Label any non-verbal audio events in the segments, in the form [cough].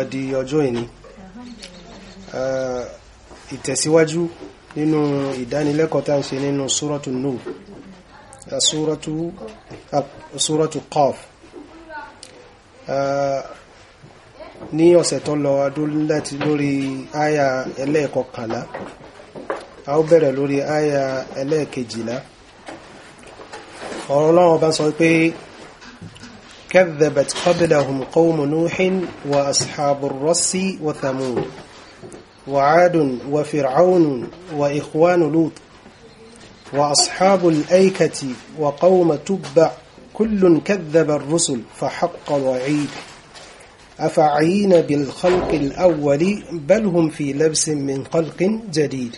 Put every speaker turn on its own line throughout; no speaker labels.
wa di ọjọ́ ìní ìtẹ̀síwájú nínú ìdánilẹ́kọ̀ọ́ tá ń ṣe nínú súrọ́tù nù súrọ́tù Qaf ní ọ̀sẹ̀ tó lọ adúláti lórí àyà ẹlẹ́ẹ̀kọkànlá a ó bẹ̀rẹ̀ lórí àyà ẹlẹ́ẹ̀kejìlá ọ̀rọ̀ Ọlọ́run bá sọ pé كذبت قبلهم قوم نوح وأصحاب الرس وثمود وعاد وفرعون وإخوان لوط وأصحاب الأيكة وقوم تبع كل كذب الرسل فحق وعيد أفعين بالخلق الأول بل هم في لبس من خلق جديد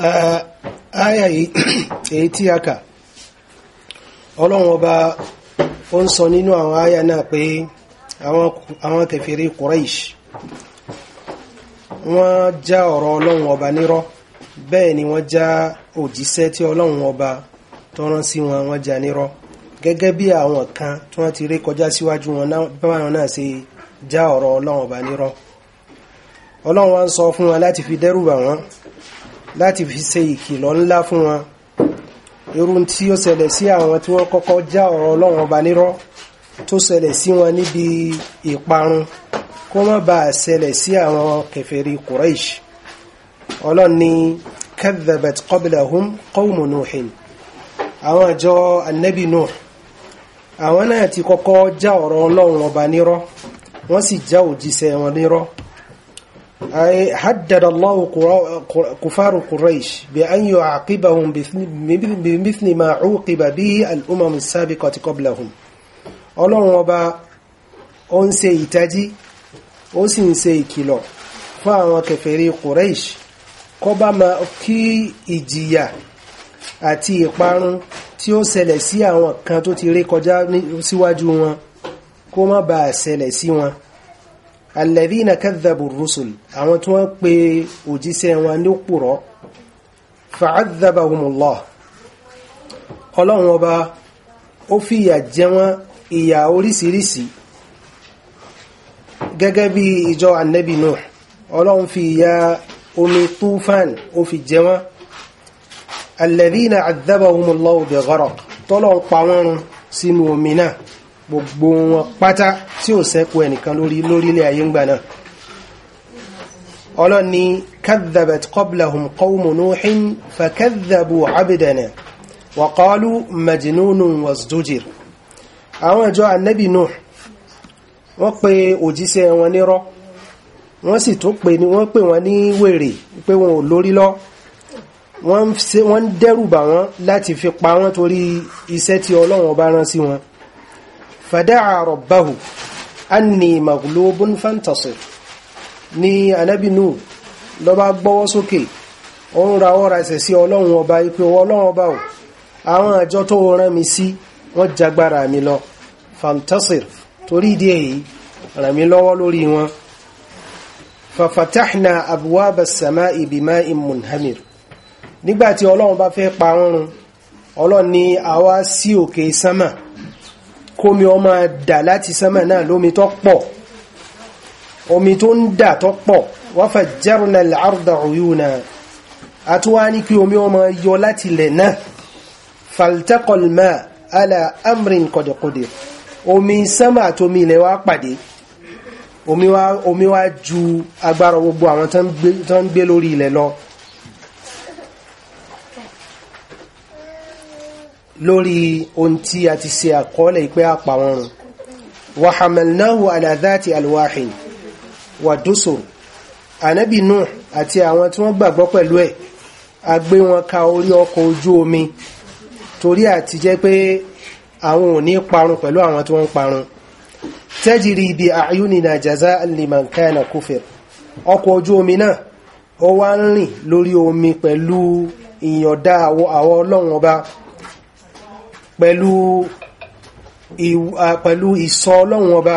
آه، آية [clears throat] إيتيكا ọlọ́run ọba ó ń sọ nínú àwọn àyà náà pé àwọn kèfèrí Quraish wọ́n já ọ̀rọ̀ ọlọ́run ọba nírọ́ bẹ́ẹ̀ ni wọ́n já òjíṣẹ́ tí ọlọ́run ọba tó rán sí wọn wọ́n já nírọ́ gẹ́gẹ́ bí àwọn kan tí wọ́n ti rí kọjá síwájú wọn báwọn náà ṣe já ọ̀rọ̀ ọlọ́run ọba nírọ́ ọlọ́run wa ń sọ fún wọn láti fi dẹ́rù bà wọ́n láti fi ṣe ìkìlọ̀ ńlá fún wọn irun tí ó ṣẹlẹ̀ sí àwọn tí wọ́n kọ́kọ́ já ọ̀rọ̀ ọlọ́run ọba nírọ́ tó ṣẹlẹ̀ sí wọn níbi ìparun kó má bàa ṣẹlẹ̀ sí àwọn kèfèrí Quraysh ọlọ́run ni kadhabat qablahum qawmu nuhin àwọn àjọ annabi nuh àwọn náà ti kọ́kọ́ já ọ̀rọ̀ ọlọ́run ọba nírọ́ wọ́n sì já òjíṣẹ́ wọn nírọ́ أي حدد الله كفار قريش بأن يعاقبهم بمثل ما عوقب به الأمم السابقة قبلهم ọlọ́run ọba ó ń ṣe ìtají ó sì ń ṣe ìkìlọ̀ fún àwọn kèfèrí Quraysh kó bá ma kí ìjìyà àti ìparun tí ó ṣẹlẹ̀ sí àwọn kan tó ti rékọjá síwájú wọn kó má bàa ṣẹlẹ̀ sí wọn. Si alladhina kadhabu rusul àwọn tí wọ́n pe òjíṣẹ́ wọn ní òpùrọ́ fa'adhabahumullah ọlọ́run ọba ó fi ìyà jẹ wọ́n ìyà oríṣiríṣi gẹ́gẹ́ bí ìjọ annabi Nuh ọlọ́run fi ìyà omi túfán ó fi jẹ wọ́n alladhina adhabahumullahu bi gharaq tọ́lọ́run gbogbo wọn pátá tí ò sẹ́kù ẹnìkan lórí lórílẹ̀ ayé ń gbà náà ọlọ́ni kadhabat qablahum qawmu nuhin fakadhabu abdana wa qalu majnunun wasdujir àwọn ìjọ annabi nuh wọ́n pe òjíṣẹ́ wọn nírọ́ wọ́n sì tún pè ní wọ́n pè wọ́n ní wèrè pé wọn ò lórí lọ wọ́n dẹ́rù bà wọ́n láti fi pa wọ́n torí iṣẹ́ tí ọlọ́run ọba rán sí wọn fada'a rabbahu anni maghlubun fantasir ni anabi nu ló bá gbọ́wọ́ sókè ó ń ra ọ̀rọ̀ ẹ̀sẹ̀ sí ọlọ́run ọba ipe ọlọ́run ọba ò àwọn àjọ tó rán mi sí wọ́n jagbára mi lọ fantasir torí ìdí èyí ràn mí lọ́wọ́ lórí wọn fafatahna abwaba as-sama'i bima'in munhamir nígbàtí ọlọ́run bá fẹ́ pa run ọlọ́run ni àwa sí òkè sánmà kómi ọmọ dà láti sánmà náà lómi tó pọ̀ omi tó ń dà tó pọ̀ wafajjarna al-arda uyuna àtúwá ní kí omi ọmọ yọ láti lẹ̀ náà faltaqa al-ma' ala amrin qad omi sánmà àtomi ilẹ̀ wá pàdé omi wá ju agbára gbogbo àwọn tó ń gbé lórí ilẹ̀ lọ lórí ohun tí a ti ṣe àkọọ́lẹ̀ ìpé àpàwọ̀rùn wa hamalnahu ala dhati alwahin wa dusur anabi nuh àti àwọn tí wọ́n gbàgbọ́ pẹ̀lú ẹ̀ a gbé wọn ka orí ọkọ̀ ojú omi torí àti jẹ́ pé àwọn ò ní parun pẹ̀lú àwọn tí wọ́n ń parun tajri bi a'yunina jaza'an liman kana kufir ọkọ̀ ojú omi náà ó wá ń rìn lórí omi pẹ̀lú ìyọ̀dá àwọ ọlọ́run ọba pẹ̀lú ìsọ ọlọ́run ọba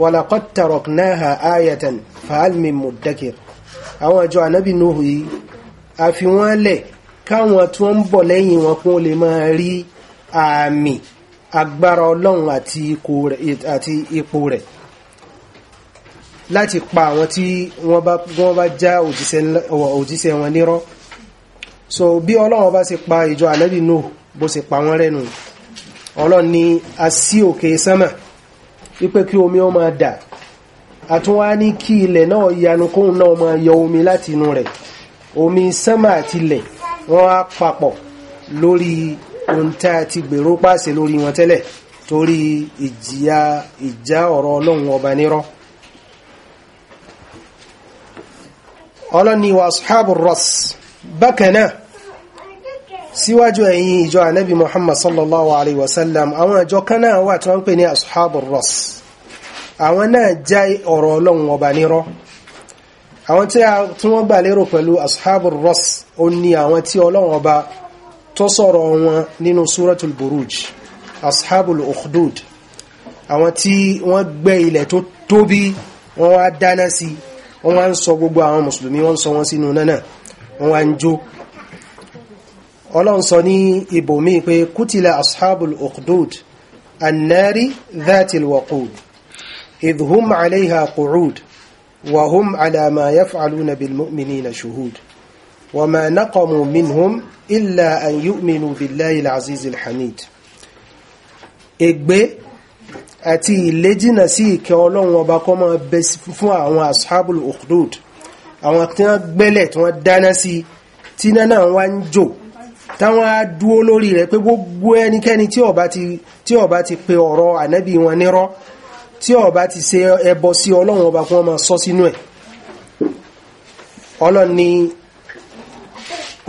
walaqad taraknaha ayatan fahal min muddakir àwọn àjọ ànábì nóhù yìí a fi wọ́n lẹ̀ káwọn tí wọ́n ń bọ̀ lẹ́yìn wọn kún lè máa rí àmì agbára ọlọ́run àti ipò rẹ̀ láti pa àwọn tí wọ́n bá já òjíṣẹ́ wọn nírọ́ so bí ọlọ́run bá ṣe pa ìjọ ànábì nóhù bó ṣe pa wọ́n rẹ́nu ọlọ́run ni a sí òkè sánmà wípé kí omi ó dà àtúnwá ní kí ilẹ̀ náà yanu kóhun náà máa yọ omi láti inú rẹ̀ omi sánmà àti ilẹ̀ wọ́n á papọ̀ lórí ohun tá a ti gbèrò pàṣẹ lórí wọn tẹ́lẹ̀ torí ìjìyà ìjà ọ̀rọ̀ ọlọ́run ọba nírọ́ ọlọ́ni wa ashabu ras bákan náà síwájú ẹ̀yìn ìjọ ànábì muhammad sallallahu alaihi wasallam àwọn ìjọ kan náà wà tí wọ́n ń pè ní ashabul ras àwọn náà já ọ̀rọ̀ ọlọ́run ọba nírọ́ àwọn tí wọ́n gbà lérò pẹ̀lú ashabul ras ó ní àwọn tí ọlọ́run ọba tó sọ̀rọ̀ ọlọ́run sọ ní ibòmí pé kútìlà ashabul uqdud annari dhatil waqud idhum alaiha qu'ud wahum ala ma yaf'aluna bil mu'minina shuhud wama naqamu minhum illa an yu'minu billahi al-aziz al-hamid ègbé àti ìléjìnà sí ìkẹ́ ọlọ́run ọba kó máa bẹ fún àwọn ashabul uqdud àwọn tí wọ́n gbẹ́lẹ̀ tí wọ́n dáná sí tí náà wá ń jò táwọn á dúó lórí rẹ̀ pé gbogbo ẹnikẹ́ni tí ó bá ti tí ó bá pe ọ̀rọ̀ ànábì wọn nírọ́ tí ó ti ṣe ẹbọ sí ọlọ́run ọba kí wọ́n sọ sínú ẹ̀ ọlọ́run ni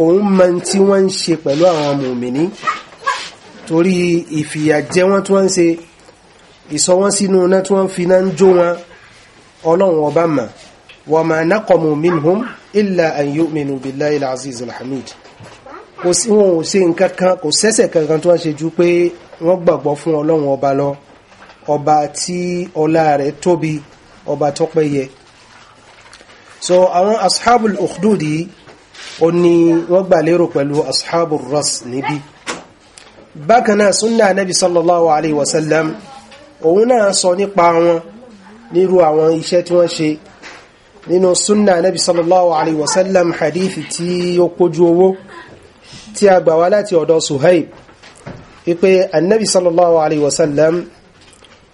òun mọ tí wọ́n ń ṣe pẹ̀lú àwọn mùmìnì torí ìfìyàjẹ wọn tí wọ́n ń ṣe ìsọwọ́n sínú iná tí wọ́n fi náà ń jó wọn ọlọ́run ọba mà wa ma naqamu minhum illa an yu'minu billahi al-aziz hamid kò sí wọn ò ṣe nǹkan kan kò sẹ́sẹ̀ kankan tó wá ṣe ju pé wọ́n gbàgbọ́ fún ọlọ́run ọba lọ ọba tí ọlá rẹ̀ tóbi ọba tó péye so àwọn ashabul ukhdudi ó ní wọ́n gbà lérò pẹ̀lú ashabul ras níbi bákan náà sunna anabi sallallahu alayhi wa sallam òun náà sọ nípa wọn nírú àwọn iṣẹ́ tí wọ́n ṣe nínú sunna anabi sallallahu alayhi wa sallam hadithi tí ó kójú owó tí a gbà wá láti ọ̀dọ̀ Suhaib wípé annabi sallallahu alayhi wa sallam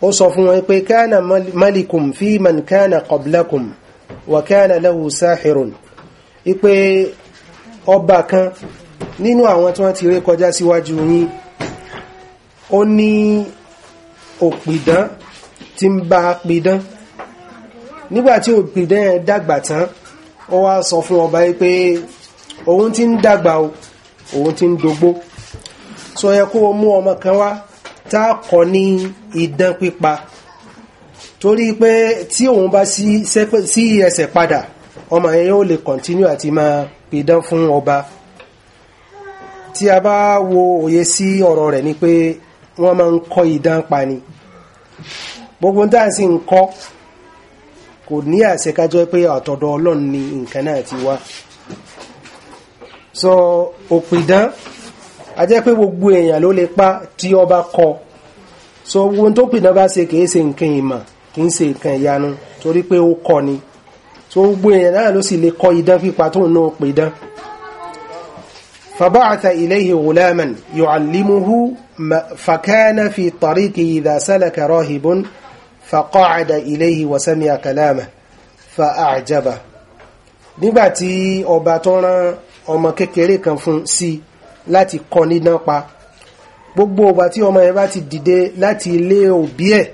ó sọ fún wọn pé kánà malikum fi man kánà qablakum wa kánà lahu sáhirun wípé ọba kan nínú àwọn tí wọ́n ti ré kọjá síwájú yín ó ní òpìdán tí ń bá pìdán nígbàtí òpìdán dàgbà tán ó wá sọ fún ọba wípé òun ti ń dàgbà o òun ti ń dogbó so yẹ kó o mú ọmọ kan wá tá a kọ ní idán pípa torí pé tí òun bá sí ẹsẹ̀ padà ọmọ yẹn yóò lè kọ̀ntínú àti máa pidán fún ọba tí a bá wo òye sí ọ̀rọ̀ rẹ̀ ni pé wọ́n máa ń kọ́ idán pa ni gbogbo dáa sí ń kọ́ kò ní àṣekájọ́ pé àtọ̀dọ̀ ọlọ́run ni nǹkan náà ti wá so òpìdán a jẹ́ pé gbogbo èèyàn ló lè pa tí ọba kọ so ohun tó pìdán bá ṣe kìí ṣe nǹkan ìmọ̀ kìí ṣe nǹkan ìyanu torí pé ó kọ ni so gbogbo èèyàn náà ló sì lè kọ idán pípa tó ń ná pìdán فبعث إليه غلاما يعلمه فكان في طريقه إذا سلك راهب فقعد إليه وسمع كلامه فأعجبه nígbàtí ọba tó rán ọmọ kékeré kan fún sí láti kọ́ nídán pa gbogbo ọba tí ọmọ yẹn bá ti dìde láti ilé òbí ẹ̀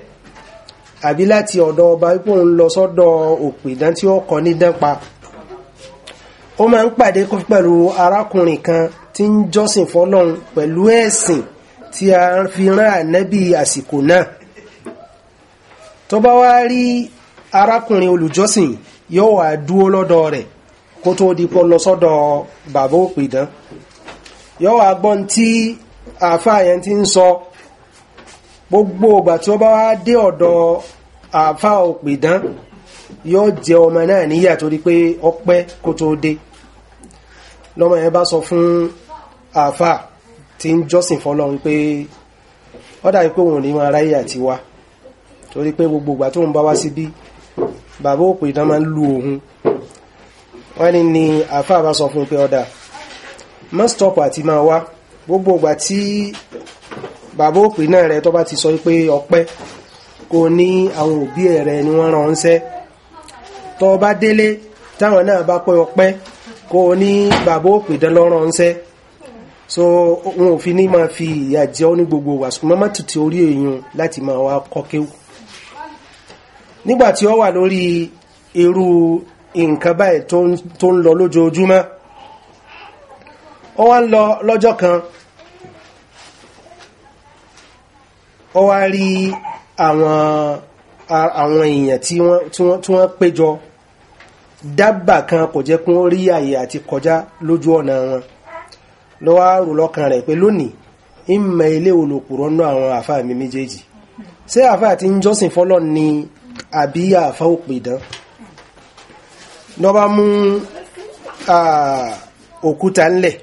àbí láti ọ̀dọ̀ ọba wípé òun lọ sọ́dọ̀ òpìdán tí ó kọ́ nídán pa ó máa ń pàdé pẹ̀lú arákùnrin kan tí ń jọ́sìn fọ́lọ́run pẹ̀lú ẹ̀sìn tí a fi rán ànábì àsìkò náà tó bá wá rí arákùnrin olùjọ́sìn yóò wá dúó lọ́dọ̀ rẹ̀ kó tó di pọ́ lọ sọ́dọ̀ bàbá òpìdán yọ́wọ́ agbọ́n tí àáfàá yẹn ti ń sọ gbogbo ìgbà tí ó bá wá dé ọ̀dọ̀ àáfàá òpìdán yóò jẹ ọmọ náà níyà torí pé ọpẹ́ kó tó dé lọ́mọ yẹn bá sọ fún àáfàá tí ń jọ́sìn fọlọ́run pé ó dàbí pé òun ní máa ráyè àti wá torí pé gbogbo ìgbà tó ń bá wá síbí bàbá òpìdán máa ń lu òun wọ́n ní ni àfáà bá sọ fún pé ọ̀dà mọ́stọ̀p àti máa wá gbogbo ìgbà tí bàbá òpè náà rẹ tó bá ti sọ pé ọpẹ́ kò ní àwọn òbí rẹ ni wọ́n ránṣẹ́ tó bá délé táwọn náà bá pẹ́ ọpẹ́ kò ní bàbá òpè dán lọ so wọn ò fi ní máa fi ìyà jẹ ọ ní gbogbo wa ṣùgbọ́n má tutù orí èèyàn láti máa wá kọ́kéwù nígbà tí ó wà lórí irú nǹkan báyìí tó ń lọ lójoojúmọ́ ó wá ń lọ lọ́jọ́ kan ó wá rí àwọn àwọn èèyàn tí wọ́n péjọ dábà kan kò jẹ́ kún rí àyè àti kọjá lójú ọ̀nà wọn ló wá rò lọ́kàn rẹ̀ pé lónìí ìmọ̀ ilé olùkùrọ̀ nú àwọn àfáà mi méjèèjì ṣé àfáà ti ń jọ́sìn fọ́lọ́ ni àbí àfáà òpìdán ló bá mú òkúta ńlẹ̀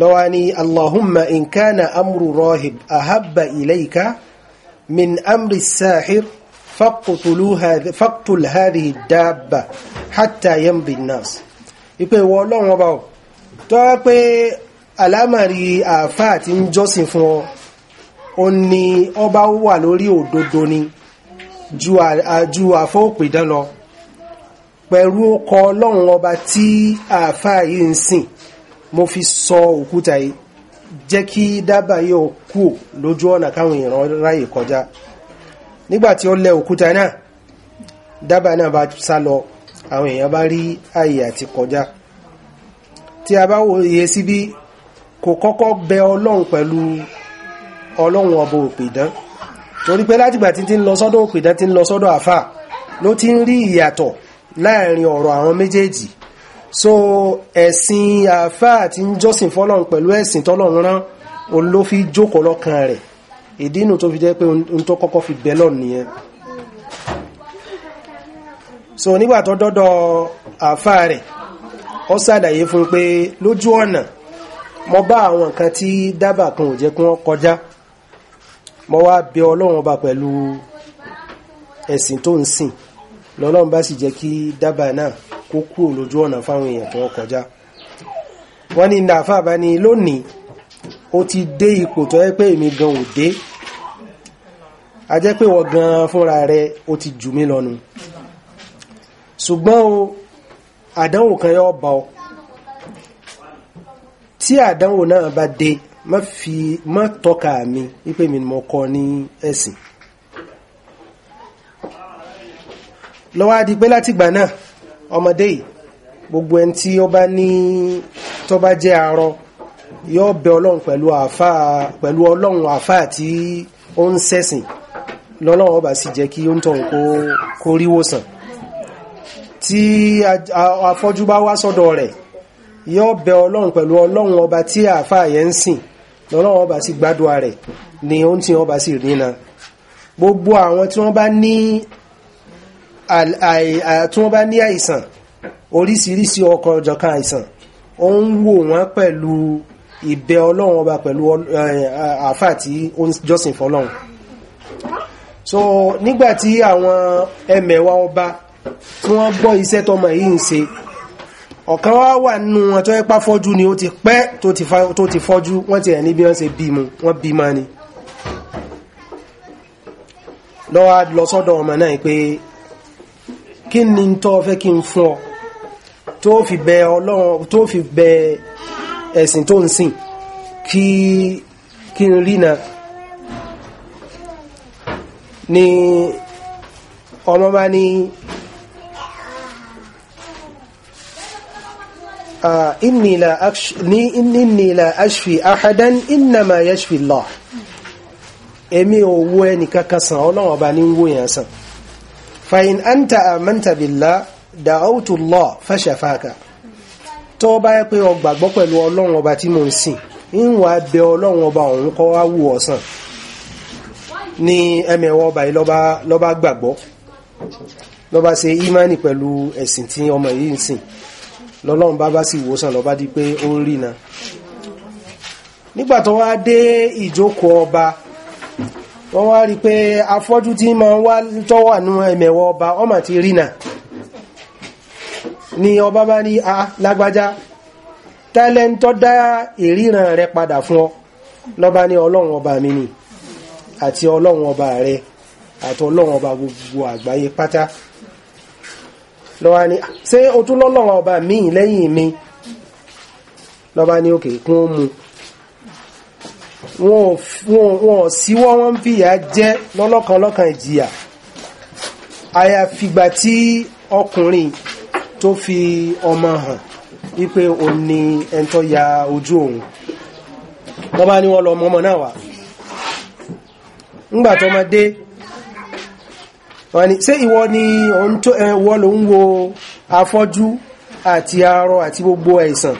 lọ́wọ́ ni allahumma in kana amru rahib ahabba ilayka min amri sahir faqtul hadhihi dábà hatta yambi nas ipe ìwọ ọlọ́run ọba ò tó wá pé alámàrí àáfàá ti ń fún ọ ó ọba wà lórí òdodo ni ju àfọ́ òpìdán lọ pẹ̀lú ọkọ̀ ọlọ́run ọba tí àáfàá yìí ń sìn mo fi sọ òkúta yìí jẹ́ kí dábàá yìí ó kú lójú ọ̀nà káwọn èèyàn ráyè kọjá nígbà tí ó lẹ òkúta náà dábàá náà bá sá lọ àwọn èèyàn bá rí àyè àti kọjá tí a bá wòye síbí kò kọ́kọ́ bẹ ọlọ́run pẹ̀lú ọlọ́run ọba òpìdán torí pé látìgbà tí ń lọ sọ́dọ̀ òpìdán ti ń lọ sọ́dọ̀ àfà ló ti ń rí ìyàtọ̀ láàrin ọ̀rọ̀ àwọn méjèèjì so ẹ̀sìn àfá àti ń jọ́sìn fọ́lọ́run pẹ̀lú ẹ̀sìn tọ́lọ́run rán òun ló fi jókòó lọ́kàn rẹ̀ ìdí tó fi jẹ́ pé ohun tó kọ́kọ́ fi bẹ́ nìyẹn so nígbà tó dọ́dọ̀ àfá rẹ̀ ó ṣàlàyé fún un pé lójú ọ̀nà mo bá àwọn nǹkan tí dábàá kan ò jẹ́ kí wọ́n kọjá mo wá bẹ ọlọ́run ọba pẹ̀lú ẹ̀sìn tó ń sìn lọ́lọ́run bá sì jẹ́ kí dábàá náà kó kúrò lójú ọ̀nà fáwọn èèyàn tó kọjá wọ́n ní nàfà bá ní lónìí ó ti dé ipò tó yẹ pé èmi gan ò dé a jẹ́ pé wọ́n gan fúnra rẹ ó ti jù mí lọ́nu ṣùgbọ́n o àdánwò kan yóò bá ọ tí àdánwò náà bá dé má fi má tọ́ka mi wípé mi mo kọ́ ní ẹ̀sìn lọ́wọ́ adi pé látìgbà náà ọmọdé yìí gbogbo ẹni tí ó bá ní tó bá jẹ́ arọ yóò bẹ ọlọ́run pẹ̀lú àáfàá pẹ̀lú ọlọ́run àáfàá tí ó ń ṣẹ̀sìn lọ́lọ́run ọba sì jẹ́ kí ó ń tọ̀hún kó ríwòsàn tí afọ́jú bá wá sọ́dọ̀ rẹ̀ yóò bẹ ọlọ́run pẹ̀lú ọlọ́run ọba tí àáfàá yẹn ń sìn lọ́lọ́run ọba sì gbádùn rẹ̀ ni ó ń tì ọba sì rìnà gbogbo àwọn tí wọ́n bá ní tí wọ́n bá ní àìsàn oríṣiríṣi ọkọ̀ ọ̀jọ̀kan àìsàn ó ń wò wọ́n pẹ̀lú ìbẹ ọlọ́run ọba pẹ̀lú àfà tí ó ń jọ́sìn fọlọ́run so nígbàtí àwọn ẹmẹ̀wà ọba tí wọ́n gbọ́ iṣẹ́ tọmọ yìí ń ṣe ọ̀kan wá wà nínú wọn tó ẹ́pá fọ́jú ni ó ti pẹ́ tó ti fọ́jú wọ́n ti ẹ̀ ní bí wọ́n ṣe bí mu wọ́n bí ma ni lọ́wọ́ lọ sọ́dọ̀ ọmọ náà pé kí ni tó fẹ́ kí n fún ọ tó fi bẹ ọlọ́run tó fi bẹ ẹ̀sìn tó ń sìn kí kí n rí náà ni ọmọ bá ní inni la ashfi ahadan innama yashfi Allah èmi ò wo ẹnìkan kan sàn ọlọ́run ọba ní ń wò yẹn sàn fàyín anta amanta billah da'awtu Allah fashafaka tó bá yẹ pé o gbàgbọ́ pẹ̀lú ọlọ́run ọba tí mo ń sìn ń wà bẹ ọlọ́run ọba òun kọ́ wá wù ọ̀sán ní ẹmẹ̀wọ̀ ọba yìí lọ́ba gbàgbọ́ lọ́ba ṣe ímánì pẹ̀lú ẹ̀sìn tí ọmọ yìí ń sìn lọ́lọ́run bá bá sì wòsàn lọ́ba di pé ó rí na nígbà tó wá dé ìjókòó ọba wọ́n wá rí pé afọ́jú tí ma wá tọ́wà nú ẹ̀mẹ̀wọ̀ ọba ọmọ ti rínà ni ọba bá ní a lágbájá tẹ́lẹ̀ ń tọ́ dá ìríran rẹ padà fún ọ lọ́ba ní ọlọ́run ọba mi ni àti ọlọ́run ọba rẹ àti ọlọ́run ọba gbogbo àgbáyé pátá lọ́wọ́ ni ṣé o tún lọ́lọ́run ọba mi lẹ́yìn mi lọ́ba ní òkè kún ó mu wọn ò síwọ́ wọn fìyà jẹ lọ́lọ́kan lọ́kan ìjìyà àyàfìgbà tí ọkùnrin tó fi ọmọ hàn wípé o ní ẹntọ́ ya ojú òun wọ́n bá ní wọ́n lọ mọ́mọ́ náà wá ńgbà tó máa dé wọ́n ní ṣé ìwọ ni ìwọ ló ń wo afọ́jú àti arọ àti gbogbo àìsàn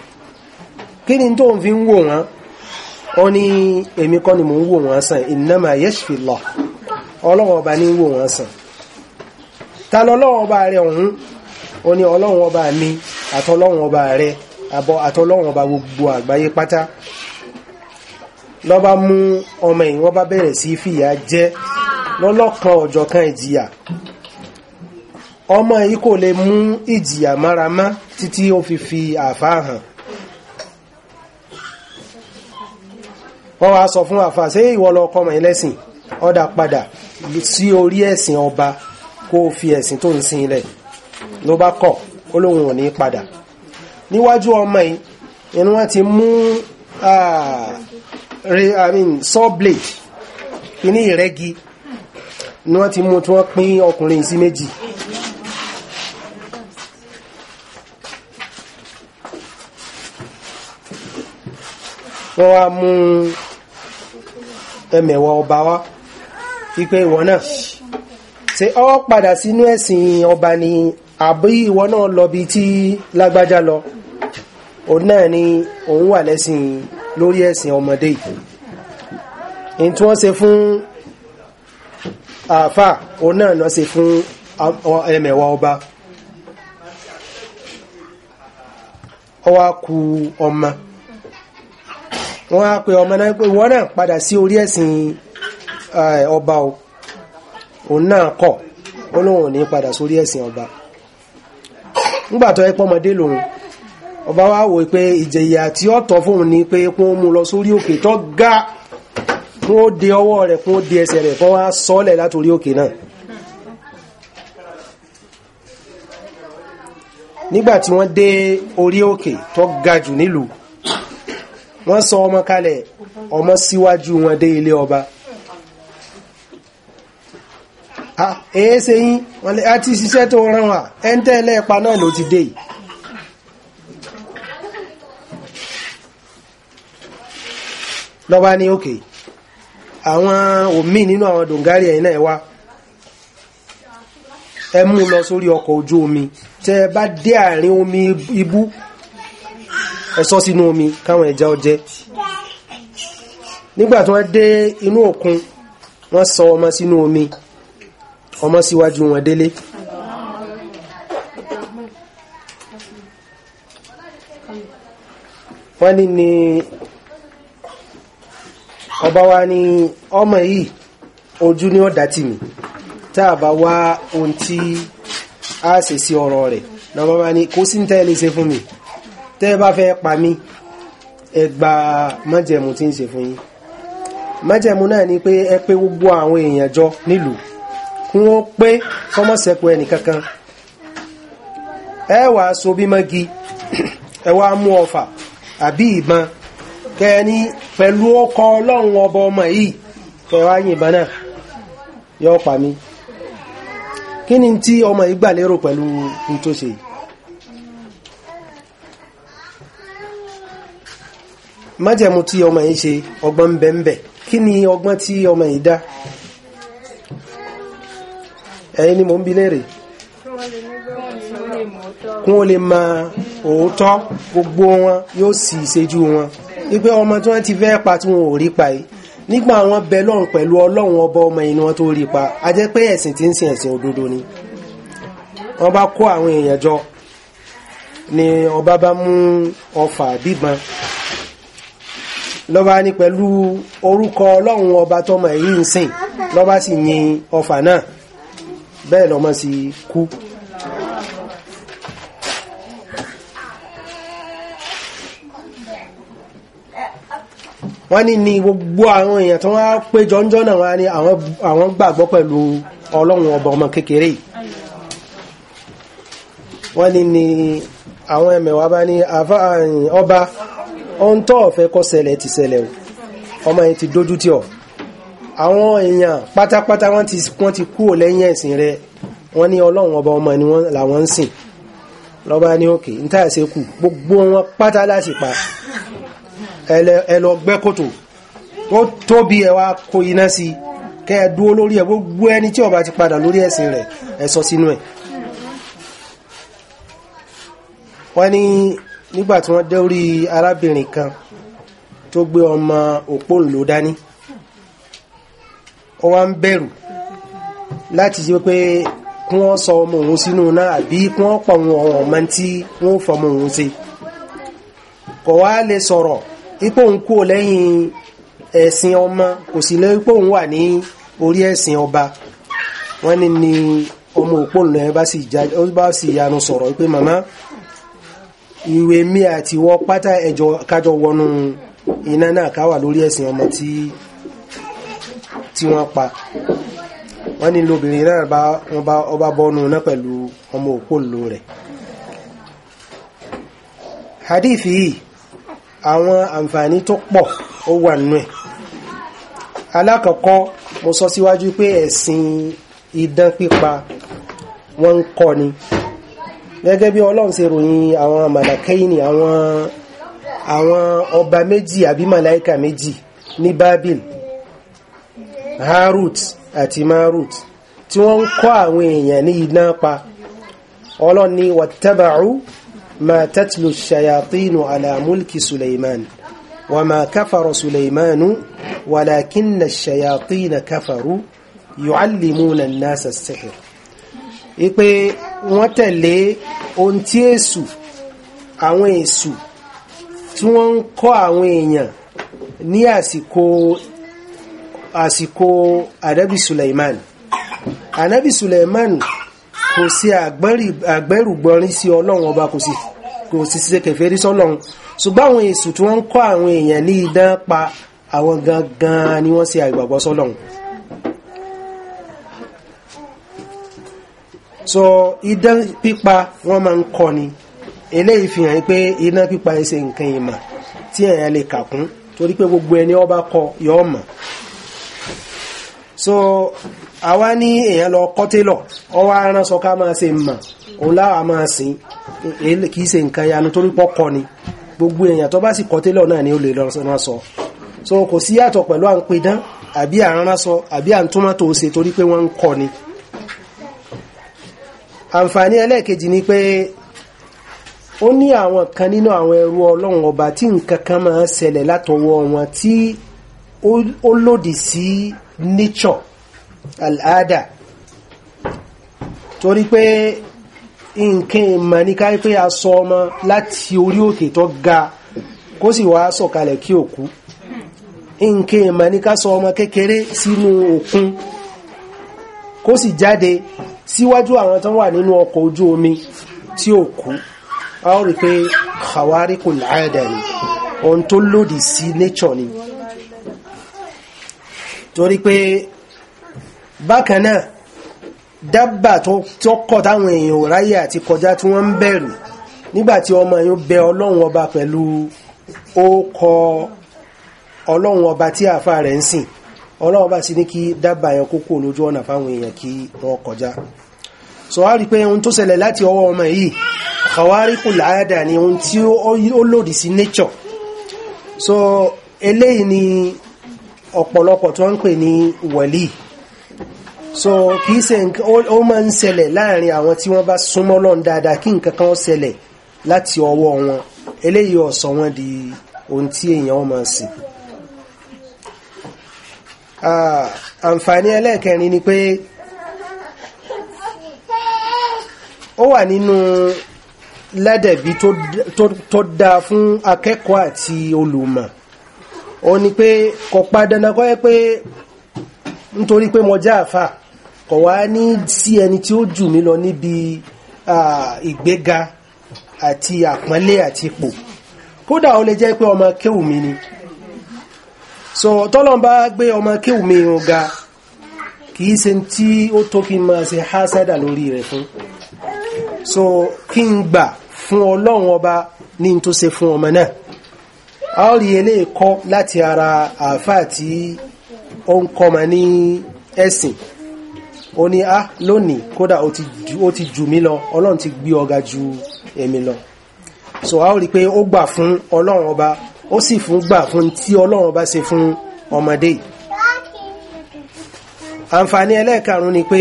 kí ni tó ń fi ń wò wọ́n ó ní èmi kọ́ ni mò ń wò wọ́n sàn innama yashfi Allah ọlọ́wọ́n ọba ní wò wọ́n sàn ta lọ́lọ́wọ́n ọba rẹ̀ ọ̀hún ó ní ọlọ́wọ́n ọba mi àtọlọ́wọ́n ọba rẹ̀ àbọ̀ àtọlọ́wọ́n ọba gbogbo àgbáyé pátá lọ́ba mú ọmọ yìí wọ́n bá bẹ̀rẹ̀ sí fìyà jẹ lọ́lọ́kan ọ̀jọ̀kan ìjìyà ọmọ yìí kò lè mú ìjìyà máramá títí ó fi fi àfáà hàn wọ́n wá sọ fún àfà ṣé ìwọ lọ kọ́ ọmọ ẹlẹ́sìn ọ̀dà padà sí orí ẹ̀sìn ọba kó o fi ẹ̀sìn tó ń sin ilẹ̀ ló bá kọ̀ ó lóun ò ní padà níwájú ọmọ yìí inú wọn ti mú saw blade kíní ìrẹ́gi ni wọ́n ti mú tí wọ́n pín ọkùnrin sí méjì wọ́n wá mú ẹmẹ̀wà ọba wá wípé ìwọ náà ṣe ọ padà sínú ẹ̀sìn ọba ni àbí ìwọ náà lọ bí tí lágbájá lọ òun náà ni òun wà lẹ́sìn lórí ẹ̀sìn ọmọdé yìí tí wọ́n ṣe fún àfà òun náà lọ ṣe fún ẹmẹ̀wà ọba ọwá ku ọmọ wọ́n á pe ọmọ náà pé wọ́n náà padà sí orí ẹ̀sìn ọba o òun náà kọ̀ ó lóun ò ní padà sórí ẹ̀sìn ọba nígbà tó ẹ pọ́mọdé lòun ọba wa wò pé ìjẹ̀yà tí ó tọ́ fóun ni pé kún ó mú lọ sórí òkè tó ga kún ó de ọwọ́ rẹ̀ kún ó de ẹsẹ̀ rẹ̀ kún wá sọ́ọ̀lẹ̀ látòrí òkè náà nígbà tí wọ́n dé orí òkè tó ga jù nílùú wọ́n sọ ọmọ kalẹ̀ ọmọ síwájú wọn dé ilé ọba èé ṣe yín wọ́n lè àti ṣiṣẹ́ tó rán wà ẹ́ńtẹ́ ẹlẹ́ẹ̀pa náà ló ti dé yìí lọ́ba ní òkè àwọn òmí nínú àwọn dòǹgárì ẹ̀yìn náà wá ẹ mú lọ sórí ọkọ̀ ojú omi tẹ́ bá dé àárín omi ibú ẹ̀sọ́ sínú omi káwọn ẹja ó jẹ nígbà tí wọ́n dé inú òkun wọ́n sọ ọmọ sínú omi ọmọ síwájú wọn délé wọ́n ní ni ọba wa ni ọmọ yìí ojú ni ó dá tì mí tá a bá wá ohun tí a ṣe sí ọ̀rọ̀ rẹ̀ lọ́mọ bá ní kó sí ń tẹ́lẹ̀ ṣe fún mi. tẹ́ ẹ bá fẹ́ pa mí ẹ gba májẹ̀mú tí ń ṣe fún yín májẹ̀mú náà ni pé ẹ pé gbogbo àwọn èèyàn jọ nílùú kí wọ́n pé fọmọ́sẹ̀kù ẹnìkankan ẹ wàá so bí mọ́gi ẹ wàá mú ọfà àbí ìbọn kẹ ẹ ní pẹ̀lú ọkọ ọlọ́run ọba ọmọ yìí kẹ wàá yìnbọn náà yọ pa mí kí ni tí ọmọ yìí gbà lérò pẹ̀lú ní tó ṣe yìí májẹ̀mú tí ọmọ yìí ṣe ọgbọ́n ń bẹ ń bẹ kí ni ọgbọ́n tí ọmọ yìí dá ẹ̀yin ni mò ń bi léèrè kún ó lè mọ òótọ́ gbogbo wọn yóò sì ṣejú wọn wípé ọmọ tí wọ́n ti fẹ́ pa tí wọn ò rí pa yìí nígbà àwọn bẹ lọ́run pẹ̀lú ọlọ́run ọba ọmọ yìí ni wọ́n tó rí pa a jẹ́ pé ẹ̀sìn tí ń sin ẹ̀sìn òdodo ni wọ́n bá kó àwọn èèyàn jọ ni ọba bá mú ọfà bíbọn lọ́ba ní pẹ̀lú orúkọ ọlọ́run ọba tọmọ èyí ń sìn lọ́ba sì yin ọfà náà bẹ́ẹ̀ lọ́mọ sì kú wọ́n ní ní gbogbo àwọn èèyàn tó wá pé jọ́njọ́ náà wọ́n ní àwọn gbàgbọ́ pẹ̀lú ọlọ́run ọba ọmọ kékeré wọ́n ní ní àwọn ẹ̀mẹ̀wà bá ní ọba ohun tó ọ̀fẹ́ kó ṣẹlẹ̀ ti ṣẹlẹ̀ o ọmọ yẹn ti dójú tì ọ́ àwọn èèyàn pátápátá wọ́n ti wọ́n ti kúrò lẹ́yìn ẹ̀sìn rẹ̀ wọ́n ní ọlọ́run ọba ọmọ ni wọ́n làwọn ń sìn lọ́ba ní òkè níta ẹ̀sẹ̀ kù gbogbo wọn pátá láti pa ẹ lọ gbẹ́ kòtò ó tóbi ẹ wá kó iná sí kẹ́ ẹ dúró lórí ẹ gbogbo ẹni tí ó ti padà lórí ẹ̀sìn rẹ̀ ẹ sọ sínú ẹ̀ wọ́n ní nígbà tí wọ́n dé orí arábìnrin kan tó gbé ọmọ òpónlò dání ó wá ń bẹ̀rù láti ṣe pé kí wọ́n sọ ọmọ òun sínú náà àbí kí wọ́n pọ̀ wọn ọmọ tí wọ́n fọmọ òun ṣe kò wá lè sọ̀rọ̀ ipò òun kú lẹ́yìn ẹ̀sìn ọmọ kò sì lè ipò òun wà ní orí ẹ̀sìn ọba wọ́n ní ni ọmọ òpónlò yẹn bá sì yanu sọ̀rọ̀ pé màmá ìwé mi àti wọ pátá ẹjọ kájọ wọnú iná náà ká wà lórí ẹ̀sìn ọmọ tí tí wọ́n pa wọ́n ní lóbìnrin náà bá wọ́n bá ọba bọ́nu náà pẹ̀lú ọmọ òpóòlò rẹ̀ hadith yìí àwọn àǹfààní tó pọ̀ ó wà nínú ẹ̀ alákọ̀ọ́kọ́ mo sọ síwájú pé ẹ̀sìn idán pípa wọ́n ń kọ́ ni gẹ́gẹ́ bí ọlọ́run ṣe ròyìn àwọn màlàkẹ́yìnì àwọn àwọn ọba méjì àbí màláìkà méjì ní Babil Harut àti Marut tí wọ́n ń kọ́ àwọn èèyàn ní iná pa ọlọ́run ni wattaba'u ma tatlu shayatinu ala Suleiman wa ma kafara Suleimanu walakinna shayatina kafaru yu'allimuna an-nasa as wípé wọ́n tẹ̀lé ohun tí èṣù àwọn èṣù tí wọ́n ń kọ́ àwọn èèyàn ní àsìkò àsìkò ànábì Suleiman ànábì Suleiman kò sí àgbẹ́rùgbọ́nrín sí ọlọ́run ọba kò sí kò sí ṣe kèfèrí sọ́lọ́run ṣùgbọ́n àwọn èṣù tí wọ́n ń kọ́ àwọn èèyàn ní idán pa àwọn gangan ni wọ́n ṣe àìgbàgbọ́ sọ́lọ́run so idán pípa wọ́n máa ń kọ́ ni eléyìí fi hàn pé idán pípa ẹ̀ ṣe nǹkan ìmọ̀ tí èèyàn lè kà kún torí pé gbogbo ẹni ó bá kọ́ yọ ọmọ so àwa ní èèyàn lọ kọ́ télọ̀ ọwọ́ aránṣọ ká máa ṣe mọ̀ òun láwa máa sìn kìí ṣe nǹkan yanu torí pọ́ kọ́ ni gbogbo èèyàn tó bá sì kọ́ télọ̀ náà ni ó lè lọ sọ so kò sí yàtọ̀ pẹ̀lú à ń pidán àbí à ń ránṣọ àbí à ń túmọ̀ tó ṣe torí pé wọ́n ń kọ́ ni. So, àǹfààní ẹlẹ́ẹ̀kejì ni pé ó ní àwọn kan nínú àwọn ẹrú ọlọ́run ọba tí nǹkan kan máa ṣẹlẹ̀ látọwọ́ wọn tí ó lòdì sí nature al'ada torí pé nǹkan ìmọ̀ ní káyí pé a sọ ọmọ láti orí òkè tó ga kó sì wá sọ̀kalẹ̀ kí òkú nǹkan ìmọ̀ ní ká sọ ọmọ kékeré sínú òkun kó sì jáde síwájú àwọn tó wà nínú ọkọ̀ ojú omi tí ó kú a ó rí pé khawarikul aada ni ohun tó lòdì sí nature ni torí pé bákan náà dábà tó kọ̀ táwọn èèyàn ráyè àti kọjá tí wọ́n ń bẹ̀rù nígbàtí ọmọ yóò bẹ ọlọ́run ọba pẹ̀lú ó kọ ọlọ́run ọba tí àfa rẹ̀ ń sìn ọlọ́run bá sì ní kí dábàá yẹn kókó lójú ọ̀nà fáwọn èèyàn kí wọ́n kọjá so a rí pé ohun tó ṣẹlẹ̀ láti ọwọ́ ọmọ yìí kàwáríkù láàdà ni ohun tí ó lòdì sí nature so eléyìí ni ọ̀pọ̀lọpọ̀ tó ń pè ní wẹ̀lì so kìí ṣe ó máa ń ṣẹlẹ̀ láàrin àwọn tí wọ́n bá súnmọ́ lọ́n dáadáa kí nǹkan kan ṣẹlẹ̀ láti ọwọ́ wọn eléyìí ó sọ di ohun tí èèyàn máa sìn àǹfààní ẹlẹ́ẹ̀kẹrin ni pé ó wà nínú lẹ́dẹ̀bí tó dáa fún akẹ́kọ̀ọ́ àti olùmọ̀ ó ní pé kò pa dandan kọ́ yẹ pé nítorí pé mo jẹ́ àfà kò wá ní sí ẹni tí ó jù mí lọ níbi ìgbéga àti àpọ́nlé àti ipò kódà ó lè jẹ́ pé ọmọ kéwù mi ni. so tọ́lọ́n bá gbé ọmọ kéwù mi ò ga kìí ṣe tí ó tó kí n máa ṣe hásádà lórí rẹ̀ fún so kí n gbà fún ọlọ́run ọba ní n tó ṣe fún ọmọ náà a ó rí eléyìí kọ́ láti ara àáfàá tí ó ń kọ́ ma ní ẹ̀sìn ó ní á ah, lónìí kódà ó ti jù mí lọ ọlọ́run ti gbé ọ̀gá ju èmi lọ so a ó rí pé ó gbà fún ọlọ́run ọba ó sì fún gbà fún tí ọlọ́run bá ṣe fún ọmọdé àǹfààní ẹlẹ́ẹ̀karùn ni pé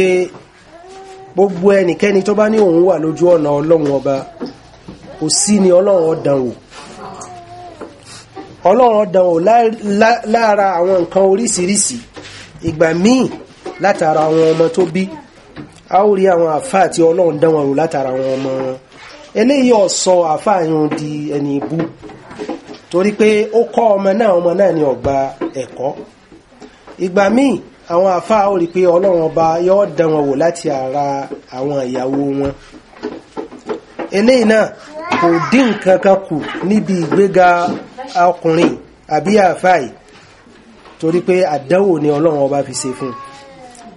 gbogbo ẹnikẹ́ni tó bá ní òun wà lójú ọ̀nà ọlọ́run ọba kò sí ni ọlọ́run ọ̀dànwò ọlọ́run ọ̀dànwò lára àwọn nǹkan oríṣiríṣi ìgbà míì látara àwọn ọmọ tó bí a ó rí àwọn àfáà tí ọlọ́run dánwò látara àwọn ọmọ wọn eléyìí ọ̀sọ̀ àfáà yẹn di ẹni ibú torí pé ó kọ́ ọmọ náà ọmọ náà ni ọ̀gbà ẹ̀kọ́ ìgbà míì àwọn àfáà ó rí pé ọlọ́run ọba yóò dán wọn wò láti ara àwọn ìyàwó wọn eléyìí náà kò dín nǹkan kan kù níbi ìgbéga ọkùnrin àbí àfáà yìí torí pé àdánwò ni ọlọ́run ọba fi ṣe fún un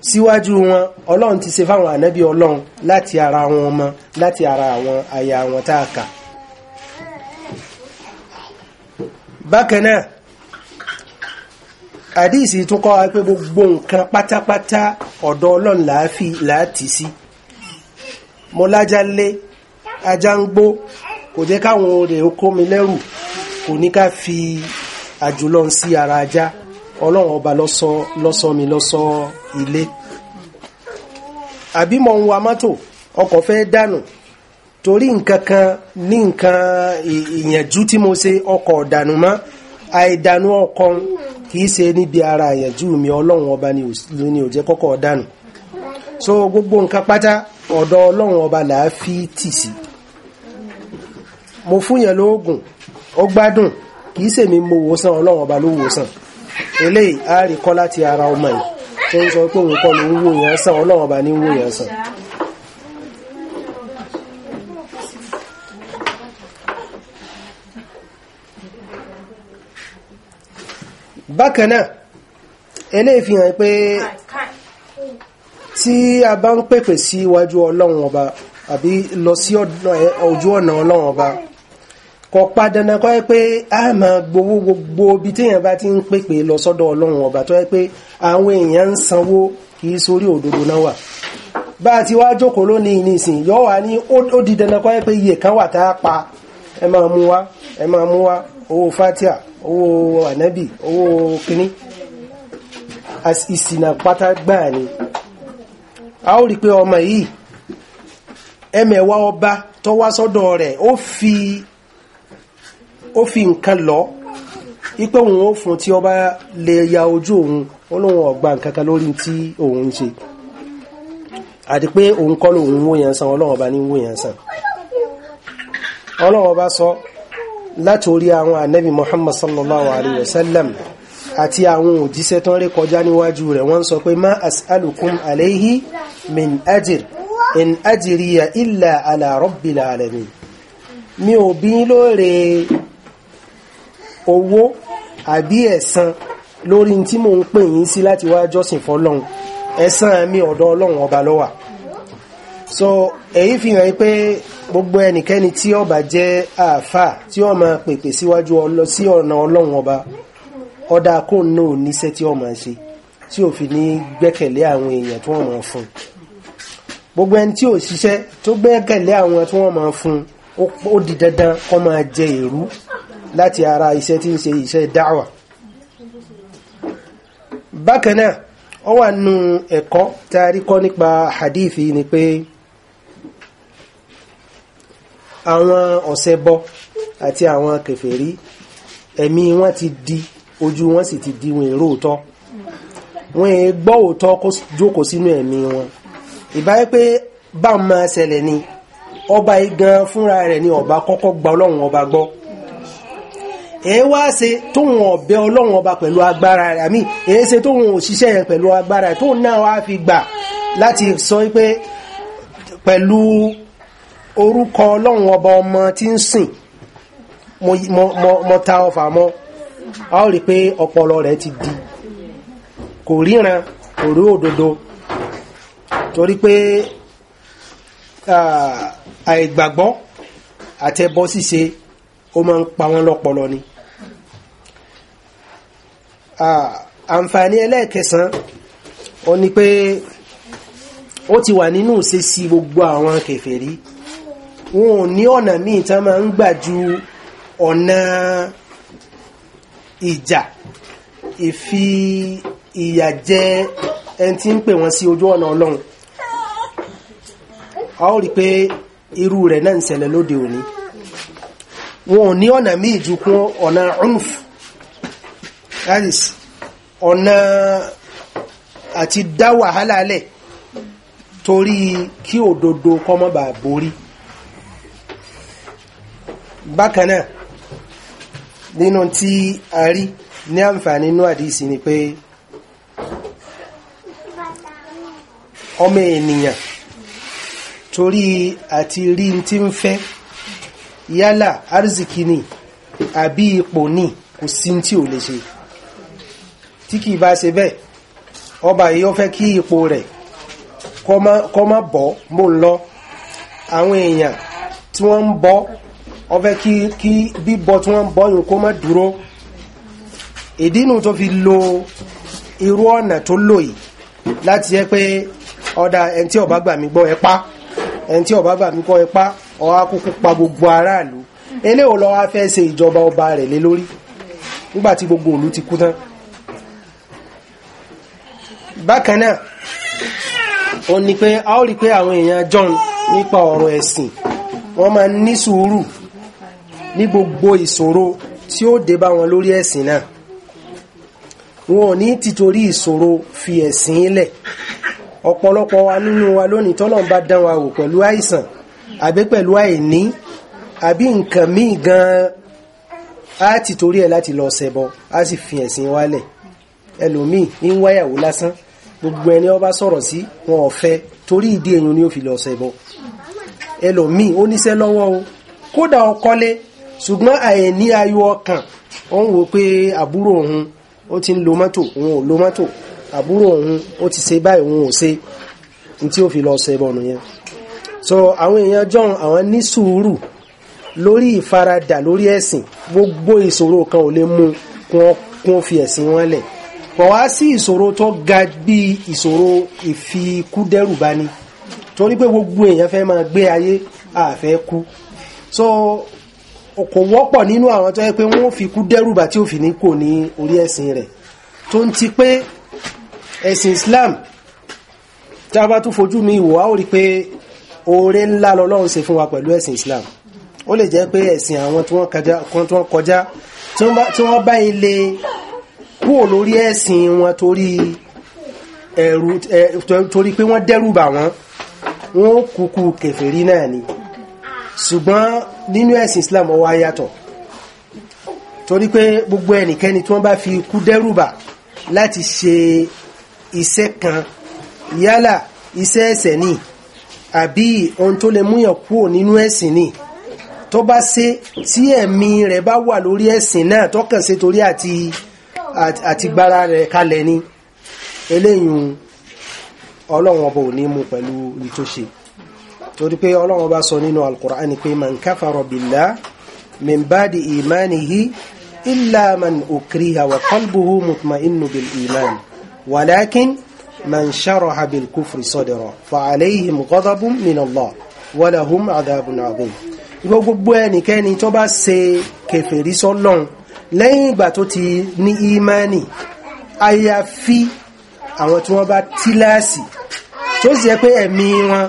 síwájú wọn ọlọ́run ti ṣe fáwọn ànábì ọlọ́run láti ara wọn ọmọ láti ara àwọn aya wọn tá a kà. bákanáà àdíìsì tún kọ́ wa pé gbogbo nǹkan pátápátá ọ̀dọ̀ ọlọ́run láàfi láti sí mo lájá lé ajá ń gbó kò jẹ́ káwọn olè kó mi lẹ́rù kò ní ká fi àjùlọ sí ara ajá ọlọ́run ọba lọ́sọ lọ́sọ mi lọ́sọ ilé àbí mo ń wa mọ́tò ọkọ̀ fẹ́ dànù torí nǹkan kan ní nǹkan ìyànjú tí mo ṣe ọkọ̀ ọ̀dànù mọ́ àìdànù ọkọ̀ kìí ṣe níbi ara ìyànjú mi ọlọ́run ọba ni ò jẹ́ kọ́kọ́ ọ̀dànù so gbogbo nǹkan pátá ọ̀dọ̀ ọlọ́run ọba là á fi tì sí mo fún yẹn lóògùn ó gbádùn kìí ṣe mi mo wòsàn ọlọ́run ọba ló wòsàn eléyìí á rí kọ́ láti ara ọmọ yìí tó ń sọ pé òun kọ́ ló ń wò yẹn sàn ọlọ́run ọba ní ń wò yẹn sàn. bákan náà eléyìí fi hàn pé tí a bá ń pèpè sí iwájú ọlọ́run ọba àbí lọ sí ojú ọ̀nà ọlọ́run ọba kò pa dandan kọ́ ẹ pé a máa gbowó gbogbo ibi téèyàn bá ti ń pèpè lọ sọ́dọ̀ ọlọ́run ọba tó yẹ pé àwọn èèyàn ń sanwó kì í sórí òdodo náà wà bá a ti wá jókòó lónìí nísìn yọ wà ní ó di dandan kọ́ pé iye kan wà tá a pa ẹ máa mú wá ẹ máa mú wá owó fatia owó ànábì owó kíní ìsìnà pátá gbáà ni a ó rí pé ọmọ yìí ẹmẹ̀wá ọba tó wá sọ́dọ̀ rẹ̀ ó fi ó fi nǹkan lọ ipé òun ó fún tí ọba lè ya ojú òun ó lóun ọ̀gbà nǹkan kan lórí tí òun ń ṣe àti pé òun kọ́ lòun wó yẹn san ọlọ́run ọba ní wó yẹn san ọlọ́run ọba sọ látorí àwọn ànábì muhammad sallallahu alayhi wa sallam àti àwọn òjíṣẹ́ tó ń rí kọjá níwájú rẹ̀ wọ́n sọ pé ma as'alukum alayhi min ajir in ajiriya illa ala rabbil alamin mi ò bi lóore owó àbí ẹ̀san lórí tí mo ń pè yín sí láti wá jọ́sìn fọ́lọ́run ẹ̀san mi ọ̀dọ̀ ọlọ́run ọba ló so èyí fi hàn pé gbogbo ẹnikẹ́ni tí ó bá jẹ́ àáfà tí ó máa pèpè síwájú ọlọ sí ọ̀nà ọlọ́run ọba ọ̀dà kò náà níṣẹ́ tí ó máa ṣe tí ò fi ní gbẹ́kẹ̀lé àwọn èèyàn tí wọ́n máa fún gbogbo ẹni tí ò ṣiṣẹ́ tó gbẹ́kẹ̀lé àwọn tí wọ́n máa fún ó di dandan kó máa jẹ èrú láti ara iṣẹ́ tí ń ṣe iṣẹ́ dáwà bákan náà ó wà nù ẹ̀kọ́ tá a rí kọ́ nípa hadith ni pé àwọn ọ̀ṣẹbọ àti àwọn kèfèrí ẹ̀mí wọn ti di ojú wọn sì ti di wọn èrò òótọ́ wọn è gbọ́ òótọ́ kó jókòó sínú ẹ̀mí wọn ìbáyé pé bá ń máa ṣẹlẹ̀ ni ọba igan fúnra rẹ̀ ni ọba kọ́kọ́ gba ọlọ́run ọba gbọ́ èé wá ṣe tóun ọ̀bẹ ọlọ́run ọba pẹ̀lú agbára rẹ̀ àmì èé ṣe tóun òṣìṣẹ́ rẹ̀ pẹ̀lú agbára rẹ̀ tóun náà wá fi gbà láti sọ pé pẹ̀lú orúkọ ọlọ́run ọba ọmọ tí ń sìn mo ta ọfà mọ́ a ó rí pé ọpọlọ rẹ̀ ti di kò ríran kò rí òdodo torí pé àìgbàgbọ́ àtẹbọ ṣíṣe ó máa ń pa wọ́n lọ́pọlọ ni àǹfààní ẹlẹ́ẹ̀kẹsàn ó ní pé ó ti wà nínú ìṣesí gbogbo àwọn kèfèrí wọn ò ní ọ̀nà míì tán máa ń gbà ju ọ̀nà ìjà ìfi ìyà jẹ ẹni tí ń pè wọ́n sí ojú ọ̀nà ọlọ́run a ó rí pé irú rẹ̀ náà ń ṣẹlẹ̀ lóde òní wọn ò ní ọ̀nà míì ju kún ọ̀nà unf that is ọ̀nà àti dá bákan náà nínú tí a rí ní àǹfààní inú àdìsí ni pé ọmọ ènìyàn torí àti rí tí ń fẹ́ yálà arziki ni àbí ipò ni kò sí tí ò lè ṣe tí kìí bá ṣe bẹ́ẹ̀ ọba yìí fẹ́ kí ipò rẹ̀ kọ́ má bọ́ mò ń lọ àwọn èèyàn tí wọ́n ń bọ́ ó fẹ́ kí kí bíbọ tí wọ́n bọ́yùn kó má dúró ìdínú tó fi lo irú ọ̀nà tó lò yìí láti jẹ́ pé ọ̀dà ẹni tí ó gbà mí gbọ́ ẹ pa ẹni tí ó bá gbà mí gbọ́ ẹ pa ọ̀há kúkú pa gbogbo aráàlú eléwò ló wá fẹ́ ṣe ìjọba ọba rẹ̀ lé lórí nígbàtí gbogbo ìlú ti kú tán bákan náà ó ní pé a ó rí pé àwọn èèyàn John nípa ọ̀rọ̀ ẹ̀sìn wọ́n máa ní sùúrù ní gbogbo ìṣòro tí ó dé bá wọn lórí ẹ̀sìn náà wọn ò ní tìtorí ìṣòro fi ẹ̀sìn lẹ̀ ọ̀pọ̀lọpọ̀ wa nínú wa lónìí tọ́lọ́n bá dán wa wò pẹ̀lú àìsàn àbí pẹ̀lú àìní àbí nǹkan míì gan-an á tìtorí ẹ̀ láti lọ ṣẹbọ á sì fi ẹ̀sìn wa lẹ̀ ẹlòmíì ń wáyàwó lásán gbogbo ẹni ó sọ̀rọ̀ sí wọn ò torí ìdí èyàn ni ó fi lọ ṣẹbọ ẹlòmíì ó níṣẹ́ lọ́wọ́ o kódà ọkọ́lé ṣùgbọ́n àìní ayọ̀ ọkàn òun wò pé àbúrò òun ó ti ń lo mọ́tò òun ò lo mọ́tò àbúrò òun ó ti ṣe báyìí òun ò ṣe tí ó fi lọ ṣe bọ̀nù yẹn so àwọn èèyàn jọun àwọn ní sùúrù lórí ìfaradà lórí ẹ̀sìn gbogbo ìṣòro kan ò lè mú kún fi ẹ̀sìn wọn lẹ̀ kò wá sí ìṣòro tó ga bí ìṣòro ìfikúdẹ́rù bá ní torí pé gbogbo èèyàn fẹ́ máa gbé ayé àfẹ́ kú so kò wọ́pọ̀ nínú àwọn tó yẹ pé wọ́n fi kú dẹ́rùbà tí ò fi ní kò ní orí ẹ̀sìn rẹ̀ tó ń ti pé ẹ̀sìn Islam tí a bá tún fojú mi wò á ó rí pé oore ńlá lọ́lọ́run ṣe fún wa pẹ̀lú ẹ̀sìn Islam ó lè jẹ́ pé ẹ̀sìn àwọn tí wọ́n kọjá tí wọ́n bá ilé kúrò lórí ẹ̀sìn wọn torí ẹ̀rù torí pé wọ́n dẹ́rùbà wọn wọ́n kúkú kèfèrí náà ni ṣùgbọ́n nínú ẹ̀sìn Islam ó wá yàtọ̀ torí pé gbogbo ẹnikẹ́ni tí wọ́n bá fi ikú dẹ́rùbà láti ṣe iṣẹ́ kan yálà iṣẹ́ ẹ̀ṣẹ̀ ni àbí ohun tó lè múyàn kúrò nínú ẹ̀sìn ni tó bá ṣe tí ẹ̀mí rẹ̀ bá wà lórí ẹ̀sìn náà tó ṣe torí àti àti rẹ̀ kalẹ̀ ni eléyìí ọlọ́run ọba ò ní mú pẹ̀lú ìtòṣe torí pé ọlọ́run bá sọ nínú alkùrán ni pé man káfàrọ bìlá min bádi ìmánihi illa man ukriha wa qalbuhu mutmainnu bil iman walakin man sharaha bil kufri sadra fa alayhim ghadabun min Allah wa lahum adhabun adhim ìwọ gbogbo ẹnikẹ́ni tó bá ṣe kèfèrí tó sì yẹ pé ẹ̀mí wọn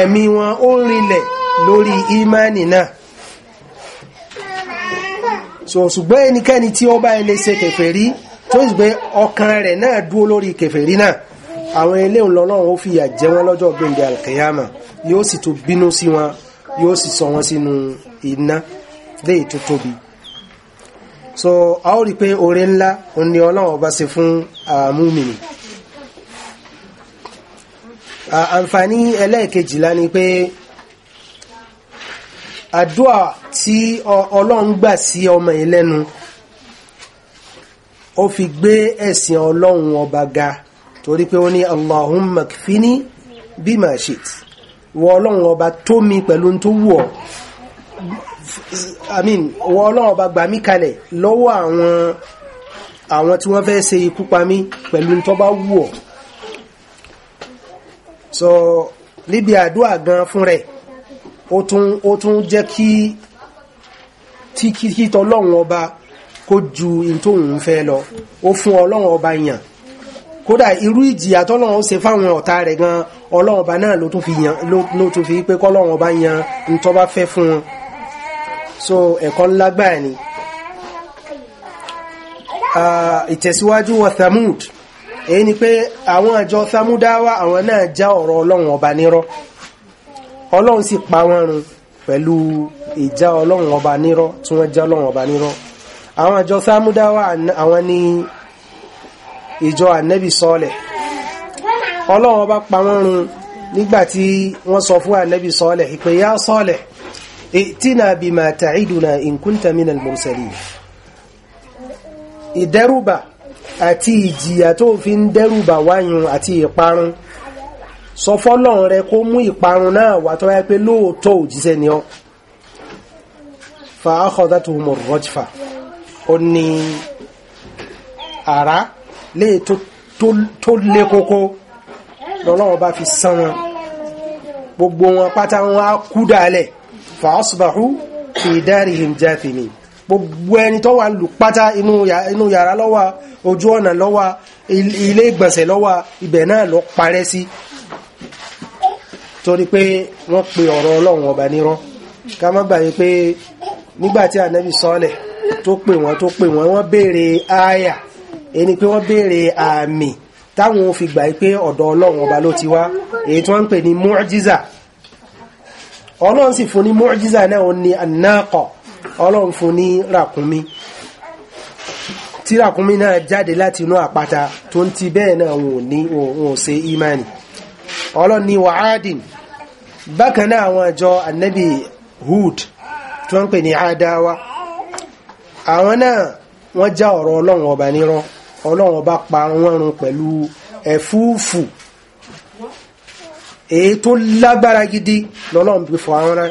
ẹ̀mí wọn ó rinlẹ̀ lórí ìmánì náà so ṣùgbọ́n ẹnikẹ́ni tí ó bá ilé ṣe kèfèrí tó sì pé ọkàn rẹ̀ náà dúó lórí kèfèrí náà àwọn ilé ìlọ́lọ́run ó fìyà jẹ wọ́n lọ́jọ́ gbẹ̀ndẹ̀ alkiyama yóò sì tún bínú sí wọn yóò sì sọ wọn sínú iná léyìí tó tóbi so a ó rí pé oore ńlá òun ni ọlọ́run ọba ṣe fún àmúmìnì àǹfààní ẹlẹ́ẹ̀kejìlá ni pé àdúà tí ọlọ́run gbà sí ọmọ ìlẹ́nu ó fi gbé ẹ̀sìn ọlọ́run ọba ga torí pé ó ní allahumma kfini bima shit wọ ọlọ́run ọba tó mi pẹ̀lú tó wù ọ́ i mean wọ ọlọ́run ọba gbà mí kalẹ̀ lọ́wọ́ àwọn àwọn tí wọ́n fẹ́ ṣe ikú pa mí pẹ̀lú tó bá wù ọ́ so níbi àdúrà gan fún rẹ̀ ó tún ó tún jẹ́ kí tí kí tọlọ́run ọba kó ju in tó ń fẹ́ lọ ó fún ọlọ́run ọba yàn kódà irú ìjìyà tọ́lọ́run ó ṣe fáwọn ọ̀tá rẹ̀ gan ọlọ́run ọba náà ló tún fi yan ló tún fi pé kọ́lọ́run ọba yan ń tó bá fẹ́ fún wọn so ẹ̀kọ́ ńlá gbáà ni ah, ìtẹ̀síwájú wa Thamud èyí ni pé àwọn àjọ samudáwà àwọn náà já ọ̀rọ̀ ọlọ́run ọba nírọ́ ọlọ́run sì pa wọ́n run pẹ̀lú ìjà ọlọ́run ọba nírọ́ tí wọ́n já ọlọ́run ọba nírọ́ àwọn àjọ samudáwà àwọn ni ìjọ ànẹ́bì sọ́ọ̀lẹ̀ ọlọ́run ọba pa wọ́n run nígbàtí wọ́n sọ fún ànẹ́bì sọ́ọ̀lẹ̀ ìpè yá sọ́ọ̀lẹ̀ ìtìnà bima ta'iduna in kunta minal ìdẹ́rùbà àti ìjìyà tó fi ń dẹ́rùbà wáyun àti ìparun sọ fọ́lọ́run rẹ kó mú ìparun náà wà tó yẹ pé lóòótọ́ òjíṣẹ́ ni ọ́ fa akhadathum ar-rajfa ó ní àrá lè tó lé kókó lọ́lọ́wọ́ bá fi sán wọn gbogbo wọn pátá wọn á kú dálẹ̀ fa fi darihim jathimin gbogbo ẹni tó wà lù pátá inú yàrá lọ́wà ojú ọ̀nà lọ́wà ilé ìgbọ̀nsẹ̀ lọ́wà ibẹ̀ náà lọ parẹ́ sí torí pé wọ́n pe ọ̀rọ̀ ọlọ́run ọba nírọ́ ká má gbàgbé pé nígbàtí ànábì sọ́ọ̀lẹ̀ tó pè wọ́n tó pè wọ́n wọ́n béèrè àyà ẹni pé wọ́n béèrè àmì táwọn fi gbà pé ọ̀dọ̀ ọlọ́run ọba ló ti wá èyí tí wọ́n ń pè ní mọ́jíza ọlọ́run sì fún ní mọ́jíza náà ó ní anáàkọ̀ọ́ ọlọ́run fún ní ràkúnmí tí ràkúnmí náà jáde láti inú àpáta tó ń ti bẹ́ẹ̀ náà wọn ní wọn ṣe imani ọlọ́run ní wàhádìn bákan náà àwọn àjọ annabi Hud tí wọ́n ń pè ní adáwa àwọn náà wọ́n já ọ̀rọ̀ ọlọ́run ọba nírọ́ ọlọ́run ọba pa wọ́n pẹ̀lú ẹ̀fúùfù èyí tó lágbára gidi lọ́lọ́run fi fọ àwọn náà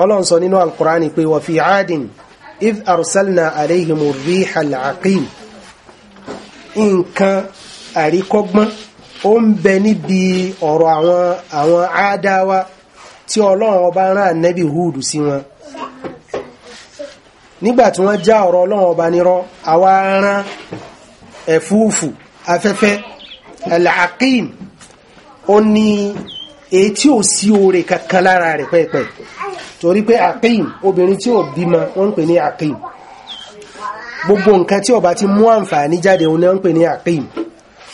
ọlọ́run sọ nínú alkùránì pé wà fi àádìn if arsalna alayhimu riha al-aqim nǹkan àríkọ́gbọ́n ó ń bẹ níbi ọ̀rọ̀ àwọn àwọn àádáwa tí ọlọ́run ọba rán ànẹ́bì húdù sí wọn nígbà tí wọ́n já ọ̀rọ̀ ọlọ́run ọba nírọ́ àwa rán ẹ̀fúùfù afẹ́fẹ́ al ó ní èyí tí ò sí oore kankan lára rẹ̀ pẹ́ẹ̀pẹ́ẹ̀ torí pé àkíyìn obìnrin tí ò bímọ wọ́n ń pè ní àkíyìn gbogbo nǹkan tí ó bá ti mú àǹfààní jáde òun náà ń pè ní àkíyìn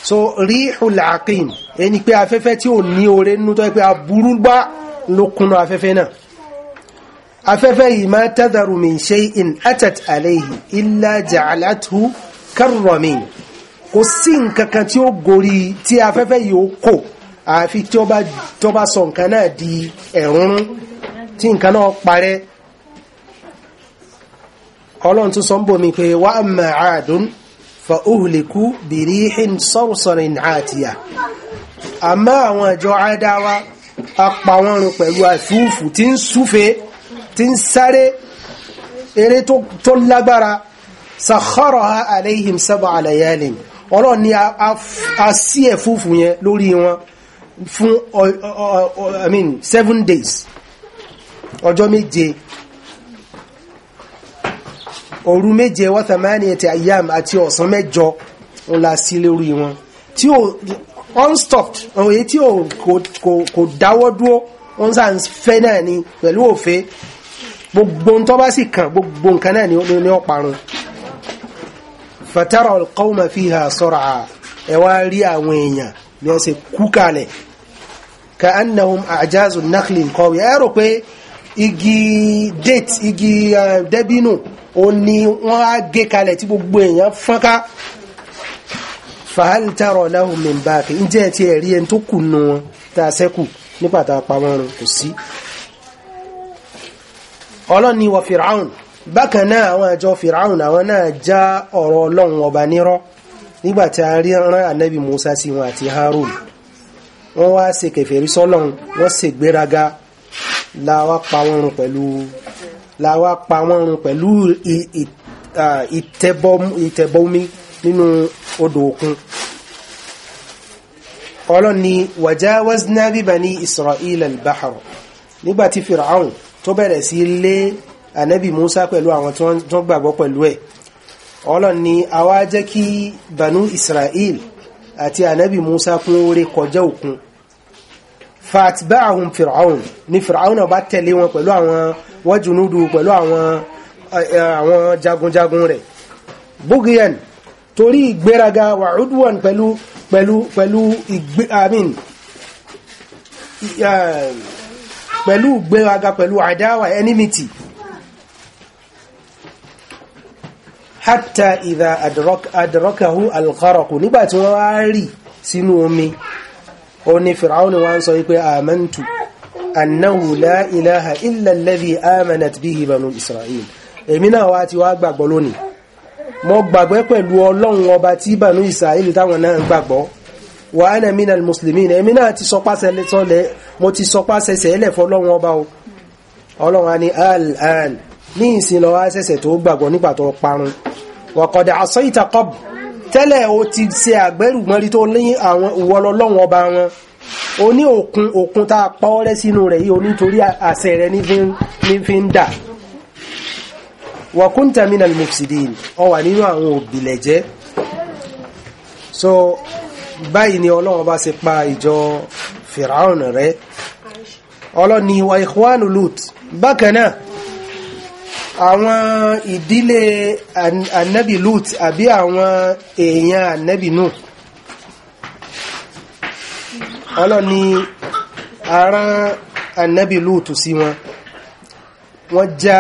so ríhùl àkíyìn ẹni pé afẹ́fẹ́ tí ò ní oore nínú tó pé aburú bá ló kúnnú afẹ́fẹ́ náà afẹ́fẹ́ yìí máa tadharu min shay'in atat alayhi illa ja'alathu karramin kò sí nǹkan kan tí ó gorí tí afẹ́fẹ́ yìí ó kò àfi tí ó sọ nǹkan náà di ẹ̀rúnrún tí nǹkan náà parẹ́ ọlọ́run tún sọ ń bò mí pé wa amma àádùn fa uhliku birihin sarsarin àtìyà àmọ́ àwọn ìjọ àdáwà apàwọ̀rùn pẹ̀lú àfúùfù tí ń súfe tí ń sáré eré tó lágbára sakharaha alayhim sab'a layalin ọlọ́run ni a sí ẹ̀fúùfù yẹn lórí wọn fún I days ọjọ́ méje òru méje wa thamaniyati ayyam àti ọ̀sán mẹ́jọ ń la sí lórí wọn tí ó unstopped àwọn èyí tí ó kò dáwọ́ dúró wọ́n sá ń fẹ́ náà ni pẹ̀lú òfé gbogbo ń tó bá sì kàn gbogbo nǹkan náà ni ó parun fatara al-qawma fiha sar'a ẹ wá rí àwọn èèyàn ni wọ́n ṣe kú kalẹ̀ ka annahum a'jazu nakhlin qawiya ẹ rò pé igi date igi eh, dẹ́bínù òun ni wọ́n á gé kalẹ̀ tí gbogbo èèyàn fọ́nká fàhálì tààrọ̀ ọ̀làhùn mẹ́mbàkì ń jẹ́ ti ẹ̀rí ẹni tó kù nù wọn a sẹ́kù nípa tá awọn kò sí ọlọ́ni wọ fìràún bákan náà àwọn àjọ fìràún àwọn náà já ọ̀rọ̀ Musa sí wọn àti wọ́n wá sọ́lọ́run wọ́n se gbéraga láwa pa wọ́n run pẹ̀lú láwa pa wọ́n run pẹ̀lú ìtẹ̀bọmi nínú odò òkun ọlọ́ni wajawazna bi bani Isra'il al-bahr nígbàtí Fir'aun tó bẹ̀rẹ̀ sí lé ànábì Musa pẹ̀lú àwọn tó gbàgbọ́ pẹ̀lú ẹ̀ ọlọ́ni àwa jẹ́ kí banu Isra'il àti ànábì Musa kún orí kọjá òkun fàtìbáàhùn fìràún ni fìràún bá tẹ̀lé wọn pẹ̀lú àwọn wọ́júnúdù pẹ̀lú àwọn àwọn jagunjagun rẹ̀ bugiyan torí ìgbéraga wà udwan pẹ̀lú pẹ̀lú pẹ̀lú ìgbé amin pẹ̀lú ìgbéraga pẹ̀lú àdáwà enmity hatta idha adrakahu algharq nígbàtí wọ́n rí sínú omi ó ní fir'aun wá ń sọ wípé amantu annahu la ilaha illa alladhi amanat bihi banu israel èmi náà wá ti wá gbàgbọ́ lónìí mo gbàgbọ́ pẹ̀lú ọlọ́run ọba tí banu israel táwọn náà gbàgbọ́ wa ana minal muslimin náà ti sọpá mo ti sọpá sẹsẹ̀ tẹ́lẹ̀ o ti ṣe àgbẹ́rù mọ́rí tó ní àwọn ìwọlọ́lọ́wọ́n ọba wọn o ní òkun òkun tá a pọ́ọ́rẹ́ sínú rẹ̀ yìí o nítorí àṣẹ rẹ̀ ní fi ń dà wọ̀kúntà minal mufsidin ó nínú àwọn òbílẹ̀jẹ́ so báyìí ni ọlọ́wọ́n bá ṣe pa ìjọ fìràún rẹ̀ ọlọ́ni wa ikhwanu lut bákan náà àwọn ìdílé ànábì Lut àbí àwọn èèyàn ànábì Nuh ọlọ́ni arán ànábì Lut sí wọn wọ́n já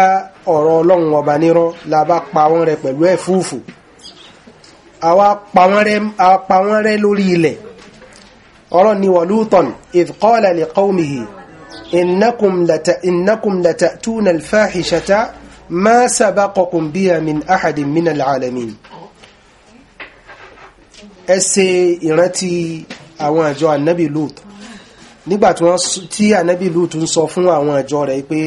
ọ̀rọ̀ ọlọ́run ọba nírọ́ la bá pa wọ́n rẹ́ pẹ̀lú ẹ̀fúùfù àwa pa wọ́n rẹ́ lórí ilẹ̀ ọlọ́ni wọ̀lúùtọ̀n idh qala li qawmihi innakum innakum latatuna alfahishata ما سبقكم بها من أحد من العالمين ẹ ṣe ìrántí àwọn àjọ ànábì Lut nígbà tí ànábì Lut ń sọ fún àwọn àjọ rẹ̀ pé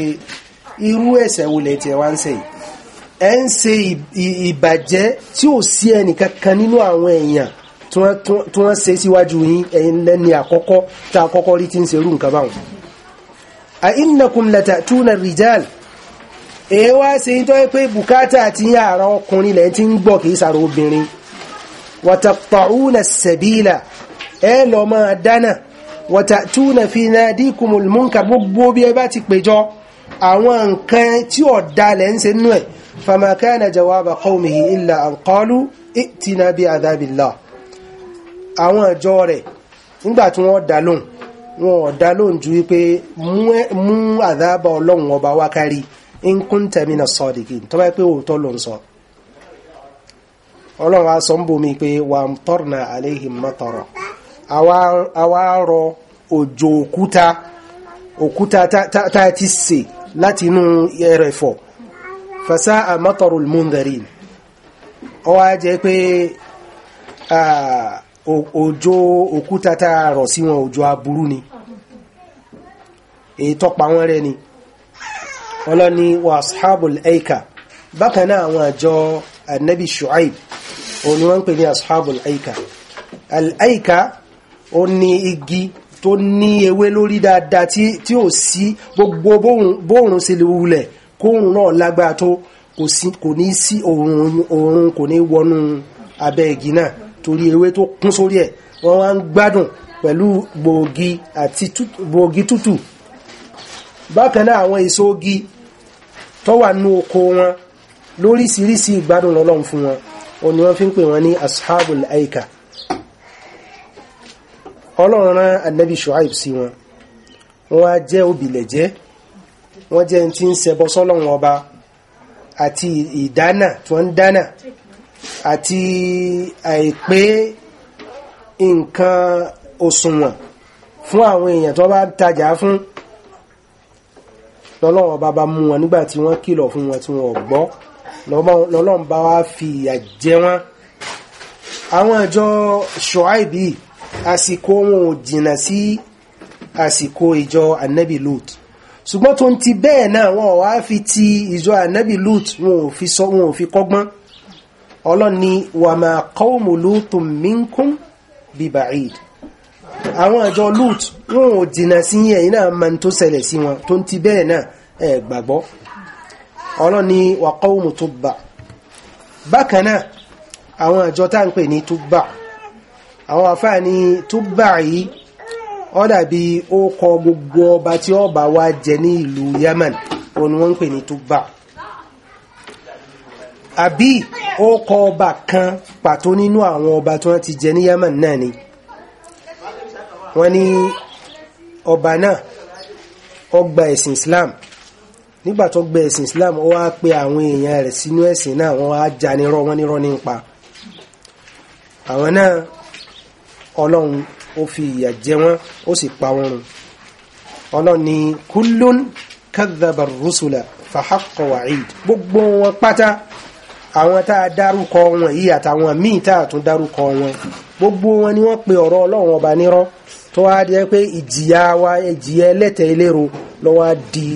irú ẹ̀ṣẹ̀ wo lẹ tiẹ̀ wá ń ṣe ẹ̀ ń ṣe ìbàjẹ́ tí ò sí ẹnìkankan nínú àwọn èèyàn tí wọ́n ṣe síwájú yín ẹ̀yin lẹ́ni àkọ́kọ́ tá a kọ́kọ́ rí tí ń ṣerú nǹkan báwọn. àìnàkùn lẹ́tà túnà rìjáàlì èyí wá ṣe ń tọ́ pé bùkátà àti yín àrà ọkùnrin lẹ́yìn tí ń gbọ́ kìí sàrò obìnrin wàtàkùtàúnà sẹ̀bílà ẹ lọ máa dáná wàtàtúnà fi náà díkùnmù múnkà gbogbo bí ẹ bá ti pèjọ àwọn nǹkan tí ò dalẹ̀ ń ṣe nú ẹ̀ famakana jawaba qawmihi illa an qalu i'tina bi adhabillah àwọn àjọ rẹ̀ nígbà tí wọ́n dá lóhùn wọn ò dá lóhùn ju wípé mú àdábà ọlọ́run ọba wákárí in kunta mina sadiqin tó bá yẹ pé òótọ́ ló ń sọ ọlọ́run aṣọ ń bomi pé wamtarna alaihim matara àwa rọ òjò òkúta òkúta tá a ti sè láti inú ẹrẹ̀fọ̀ fasa amatarul mundharin ó wá jẹ́ pé òjò òkúta tá a rọ̀ sí wọn òjò aburú ni èyí tọ́pa wọn rẹ ni. Uh, ọlọ́ni wa ashabul aika bákan náà àwọn àjọ annabi shu'aib òun ni wọ́n ń pè ní ashabul aika al-aika ó ní igi tó ní ewé lórí dáadáa tí ó sí gbogbo bóòrùn sí wulẹ̀ kóòrùn náà lágbára tó kò ní sí òòrùn kò ní wọnú abẹ́ igi náà torí ewé tó kún sórí ẹ̀ wọ́n wá ń gbádùn pẹ̀lú gbòógì àti gbòógì tútù bákan náà àwọn èso igi tó wà nú oko wọn lóríṣiríṣi ìgbádùn lọ́lọ́run fún wọn òun ni wọ́n fi ń pè wọ́n ní ashabul aika ọlọ́run rán anabi shuaib sí wọn wọ́n á jẹ́ òbílẹ̀jẹ́ wọ́n jẹ́ tí ń ṣẹbọ sọ́lọ́run ọba àti ìdáná tí wọ́n ń àti àìpé nǹkan òṣùwọ̀n fún àwọn èèyàn tó bá tajà fún lọ́lọ́run ọba bá mú wọn nígbà tí wọ́n kìlọ̀ fún wọn tí wọ́n gbọ́ lọ́lọ́run bá wá fi ìyà jẹ wọ́n àwọn ìjọ ṣọ́àìbì àsìkò wọn ò jìnnà sí àsìkò ìjọ ànábì Lut ṣùgbọ́n tó ń ti bẹ́ẹ̀ náà wọn ò wá fi ti ìjọ ànábì Lut wọn ò fi sọ wọn ò fi kọ́gbọ́n ọlọ́ni wàmà qawmu Lutum minkum biba'id àwọn àjọ lut wọn ò dìnà sí ẹ̀yin náà máa ń tó ṣẹlẹ̀ sí wọn tó ń ti bẹ́ẹ̀ náà ẹ̀ gbàgbọ́ ọlọ́run ni wa qawmu tubba bákan náà àwọn àjọ tá à ń pè ní tubba àwọn àfáà ní tubba yìí ó dàbí ó kọ gbogbo ọba tí ọba wa jẹ ní ìlú Yemen òun wọ́n ń pè ní tubba àbí ó kọ ọba kan pàtó nínú àwọn ọba tí wọ́n ti jẹ ní Yemen náà ni wọ́n ní ọba náà ó gba ẹ̀sìn Islam nígbà tó gba ẹ̀sìn Islam ó wá pe àwọn èèyàn rẹ̀ sínú ẹ̀sìn náà wọ́n wá janirọ́ wọ́n nírọ́ nípa àwọn náà ọlọ́run ó fi ìyà jẹ wọ́n ó sì pa wọ́n run ọlọ́run ni kullun kadhaba rusula fahaqqa wa'id gbogbo wọn pátá àwọn tá a dárúkọ wọn yìí àtàwọn míì tá a tún dárúkọ wọn gbogbo wọn ni wọ́n pe ọ̀rọ̀ ọlọ́run ọba nírọ́ tó wá jẹ́ pé ìjìyà wa ìjìyà ẹlẹ́tẹ̀ eléro ló wá di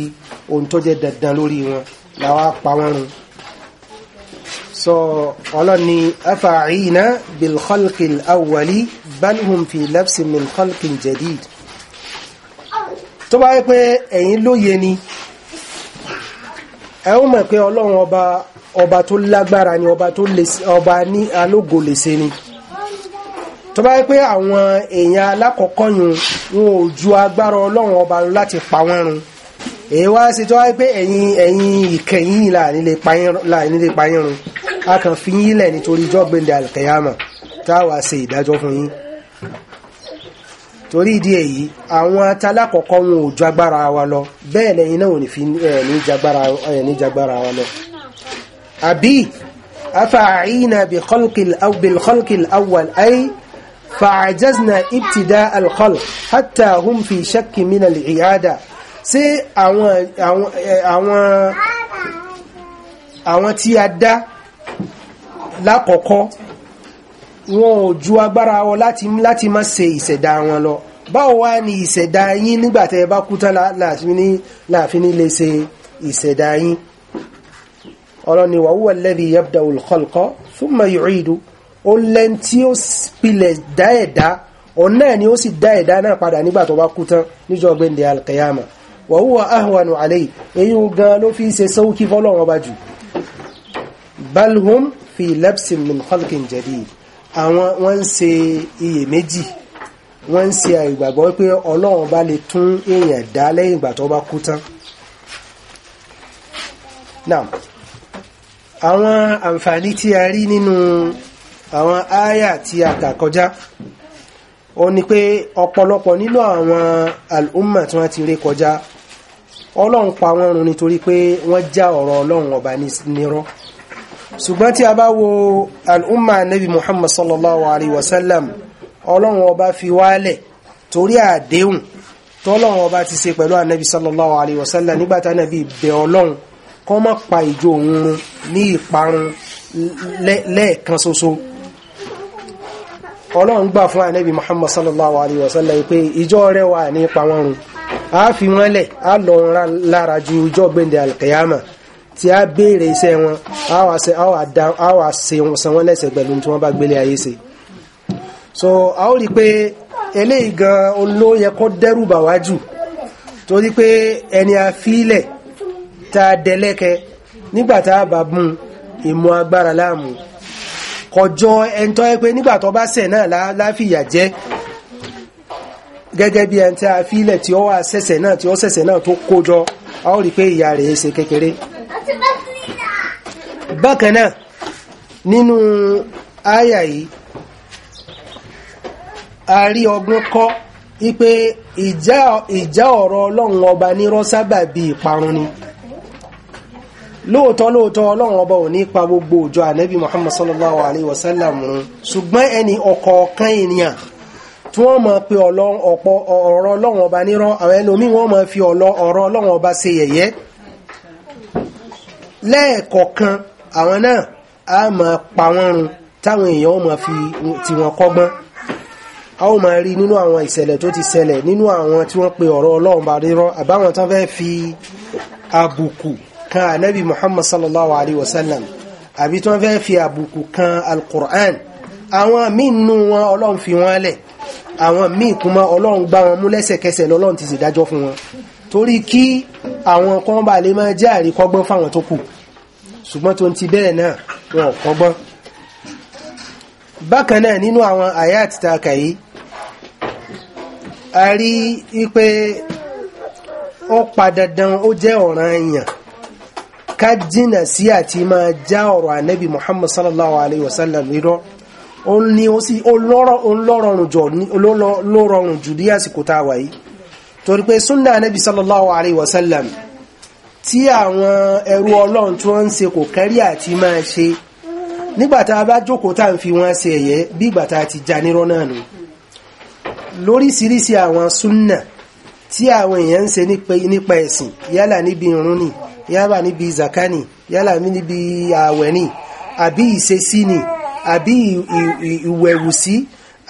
ohun tó jẹ́ dandan lórí wọn làwa pa wọn run so ọlọ́ni afa'ina bil khalqil awwali bal hum fi labsin min khalqin jadid tó bá yẹ pé ẹ̀yin lóye ni ẹ ó mọ̀ pé ọlọ́run ọba ọba tó lágbára ni ọba tó lè ọba ní alógo lè ṣe ni tó bá yẹ pé àwọn èèyàn alákọ̀ọ́kọ́ yun wọn ò ju agbára ọlọ́run ọba láti pa wọ́n run èyí wá sí tó wá pé ẹ̀yin ẹ̀yin ìkẹyìn láàrin lè payín run a kàn fi yín lẹ̀ nítorí jọ́gbẹ̀ndẹ̀ alkeyama táwa ṣe ìdájọ́ fún yín torí ìdí èyí àwọn atalákọ̀ọ́kọ́ wọn ò ju agbára wa lọ bẹ́ẹ̀ lẹ́yìn náà ò ní fi ní jagbára wa lọ àbí afa'ina bi khalqil awwal ay fàájẹ́sìnà ìbtìdá alkọ́l hátà hùn fi ṣẹ́kì mínà ìyáadà sí àwọn àwọn àwọn tí a dá lákọ̀ọ́kọ́ wọn ò ju agbára wọn láti láti má ṣe ìṣẹ̀dá wọn lọ báwo wá ní ìṣẹ̀dá yín nígbàtẹ́ bá kú láàfin lè ṣe ìṣẹ̀dá yín ọlọ́ni wàhúwà alladhi yabda'u al-khalqa thumma yu'idu ó lẹ́n tí ó pilẹ̀ dá ẹ̀dá ọ̀nà ni ó sì dá ẹ̀dá náà padà nígbà tó bá kú tán níjọ́ gbẹ̀ndẹ̀ alkiyama wa huwa ahwanu alayhi èyí gan ló fi ṣe sọ́wọ́kí fọ́lọ́run ọba jù balhum fi labsin min khalqin jadid àwọn wọ́n ń ṣe iyèméjì wọ́n ń ṣe àìgbàgbọ́ pé ọlọ́run bá lè tún èèyàn dá lẹ́yìn ìgbà tó bá kú tán àwọn àǹfààní tí a rí nínú àwọn àyà tí a kà kọjá ó ní pé ọ̀pọ̀lọpọ̀ nínú àwọn al'umma tí wọ́n ti ré kọjá ọlọ́run pa wọ́n run nítorí pé wọ́n já ọ̀rọ̀ ọlọ́run ọba nírọ́ ṣùgbọ́n tí a bá wo al'umma nabi muhammad sallallahu alaihi wasallam ọlọ́run ọba fi wálẹ̀ torí àdéhùn tọ́lọ́run ọba ti ṣe pẹ̀lú anabi sallallahu alaihi wasallam nígbàtà anabi bẹ ọlọ́run kọ́ má pa ìjọ òun run ní ìparun lẹ́ẹ̀kan ṣoṣo ọlọ́run gbà fún ànábì muhammad sallallahu alayhi wa sallam pé ìjọ rẹ wà ní pàwọ́run a fi wọ́n lẹ̀ a lọ lára ju ìjọ gbẹ̀ndẹ̀ alkiyama tí a béèrè iṣẹ́ wọn a wà ṣe san lẹ́sẹ̀ pẹ̀lú tí wọ́n bá gbélé ayé ṣe so a ó rí pé eléyìí gan ló yẹ kó dẹ́rù bà wá jù torí pé ẹni a fílẹ̀ tá a dẹlẹ́kẹ nígbà tá a agbára láàmú kọjọ ẹni tó yẹ pé nígbà tó bá ṣẹ̀ náà láfìyà jẹ gẹ́gẹ́ bí ẹni tí a fílẹ̀ tí ó wà ṣẹ̀ṣẹ̀ náà tí ó ṣẹ̀ṣẹ̀ náà tó kójọ a ó rí pé ìyà rẹ̀ ṣe kékeré bákan náà nínú àyà yìí a rí ọgbọ́n kọ́ wípé ìjà ọ̀rọ̀ ọlọ́run ọba nírọ́ sábà bí ìparun ni lóòótọ́ lóòótọ́ ọlọ́run ọba ò ní pa gbogbo òjò ànábì muhammad sallallahu alayhi wa sallam run ṣùgbọ́n ẹni ọ̀kọ̀ọ̀kan ènìyàn tí wọ́n máa pe ọ̀rọ̀ ọlọ́run ọba nírọ́ àwọn ẹlòmíì wọ́n máa fi ọ̀rọ̀ ọlọ́run ọba ṣe yẹ̀yẹ́ lẹ́ẹ̀kọ̀ọ̀kan àwọn náà a máa pa wọ́n run táwọn èèyàn máa fi tiwọn kọ́gbọ́n a ó máa rí nínú àwọn ìṣẹ̀lẹ̀ tó ti ṣẹlẹ̀ nínú àwọn tí wọ́n pe ọ̀rọ̀ ọlọ́run ọba nírọ́ àbáwọn tán fẹ́ fi àbùkù kan anabi muhammad sallallahu alayhi wa sallam àbí tí wọ́n fẹ́ fi àbùkù kan alqur'an àwọn míì nù wọn ọlọ́run fi wọn lẹ̀ àwọn míì kúmọ́ ọlọ́run gbá wọn mú lẹ́sẹ̀kẹsẹ̀ lọ́lọ́run ti sì dájọ́ fún wọn torí kí àwọn kan bá lè máa jẹ́ àríkọ́gbọ́n fáwọn tó kù ṣùgbọ́n tó ń ti bẹ́ẹ̀ náà wọn kọ́gbọ́n bákan náà nínú àwọn àyà àtìta kàyí a rí i pé ó pa dandan ó jẹ́ ọ̀ranyàn ká jìnà sí àti máa já ọ̀rọ̀ ànábì muhammad sallallahu alayhi wa sallam irọ́ ó ní ó sì olórọrùn jù ní àsìkò tá a wà yìí torí pé súnnà ànábì sallallahu alayhi wa sallam tí àwọn ẹrú ọlọ́run tí wọ́n ń ṣe kò kẹ́rí àti máa ṣe nígbàtà bá jókòó tá ń fi wọ́n ṣe ẹ̀yẹ bí ti já nírọ́ náà nù lóríṣiríṣi àwọn súnnà tí àwọn èèyàn ń ṣe nípa ẹ̀sìn yálà níbi irun ni yálà níbi zaka ni yálà níbi ààwẹ̀ ni àbí ìṣesí ni àbí ìwẹ̀wùsí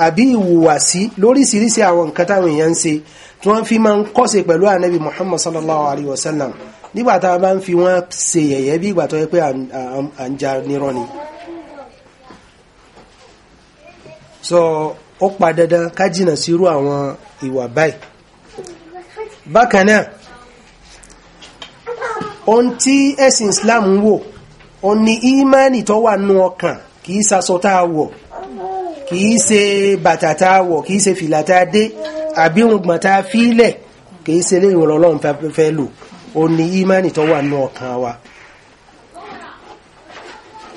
àbí ìwùwàsí lóríṣiríṣi àwọn nǹkan táwọn èèyàn ń ṣe tí wọ́n fi máa ń kọ́ṣe pẹ̀lú ànábì Muhammad sallallahu alaihi wasallam sallam nígbà tá a bá ń fi wọ́n ṣe yẹ̀yẹ́ bí ìgbà pé à ń ja nírọ́ ni. so ó pa dandan ká jìnnà sírú àwọn ìwà báyìí bákan náà ohun tí ẹ̀sìn Islam ń wò ó ní ìmánì tó wà nù ọkàn kì í ṣaṣọ tá a wọ̀ kì í ṣe bàtà tá a wọ̀ kì í ṣe fìlà tá a dé àbí ògbọ̀n tá a fílẹ̀ kì í ṣe léyìn ọlọ́run fẹ́ lò ó ní ìmánì tó wà nù ọkàn wa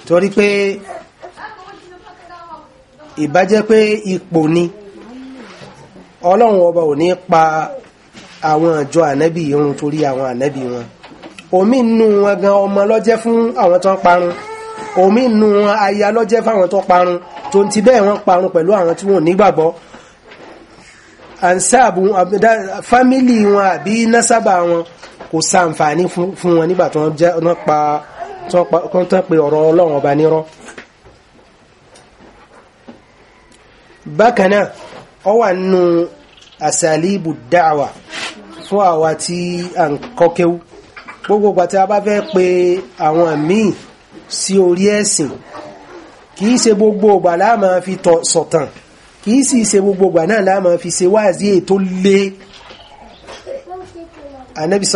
torí pé ìbájẹ́ pé ipò ni ọlọ́run ọba ò ní pa àwọn àjọ ànábì irun torí àwọn ànábì wọn omi nù wọn ọmọ lọ́jẹ́ fún àwọn tó ń parun omi nù aya lọ́jẹ́ fún àwọn tó parun tó ti bẹ́ẹ̀ wọ́n parun pẹ̀lú àwọn tí wọ́n nígbàgbọ́ ansáàbù fámílì wọn àbí násábà wọn kò sàǹfààní fún wọn nígbà tó ń pa tó ń pe ọ̀rọ̀ ọlọ́run ọba nírọ́ bákan náà ọ wà nínú àsàlíbù dáwà fún àwa tí à ń kọ́kéwú gbogbo ìgbà tí a bá fẹ́ pe àwọn míì sí orí ẹ̀sìn kìí ṣe gbogbo ìgbà la máa fi sọ̀tàn kìí sì ṣe gbogbo ìgbà náà la máa fi ṣe wáàzí ètò lé anabi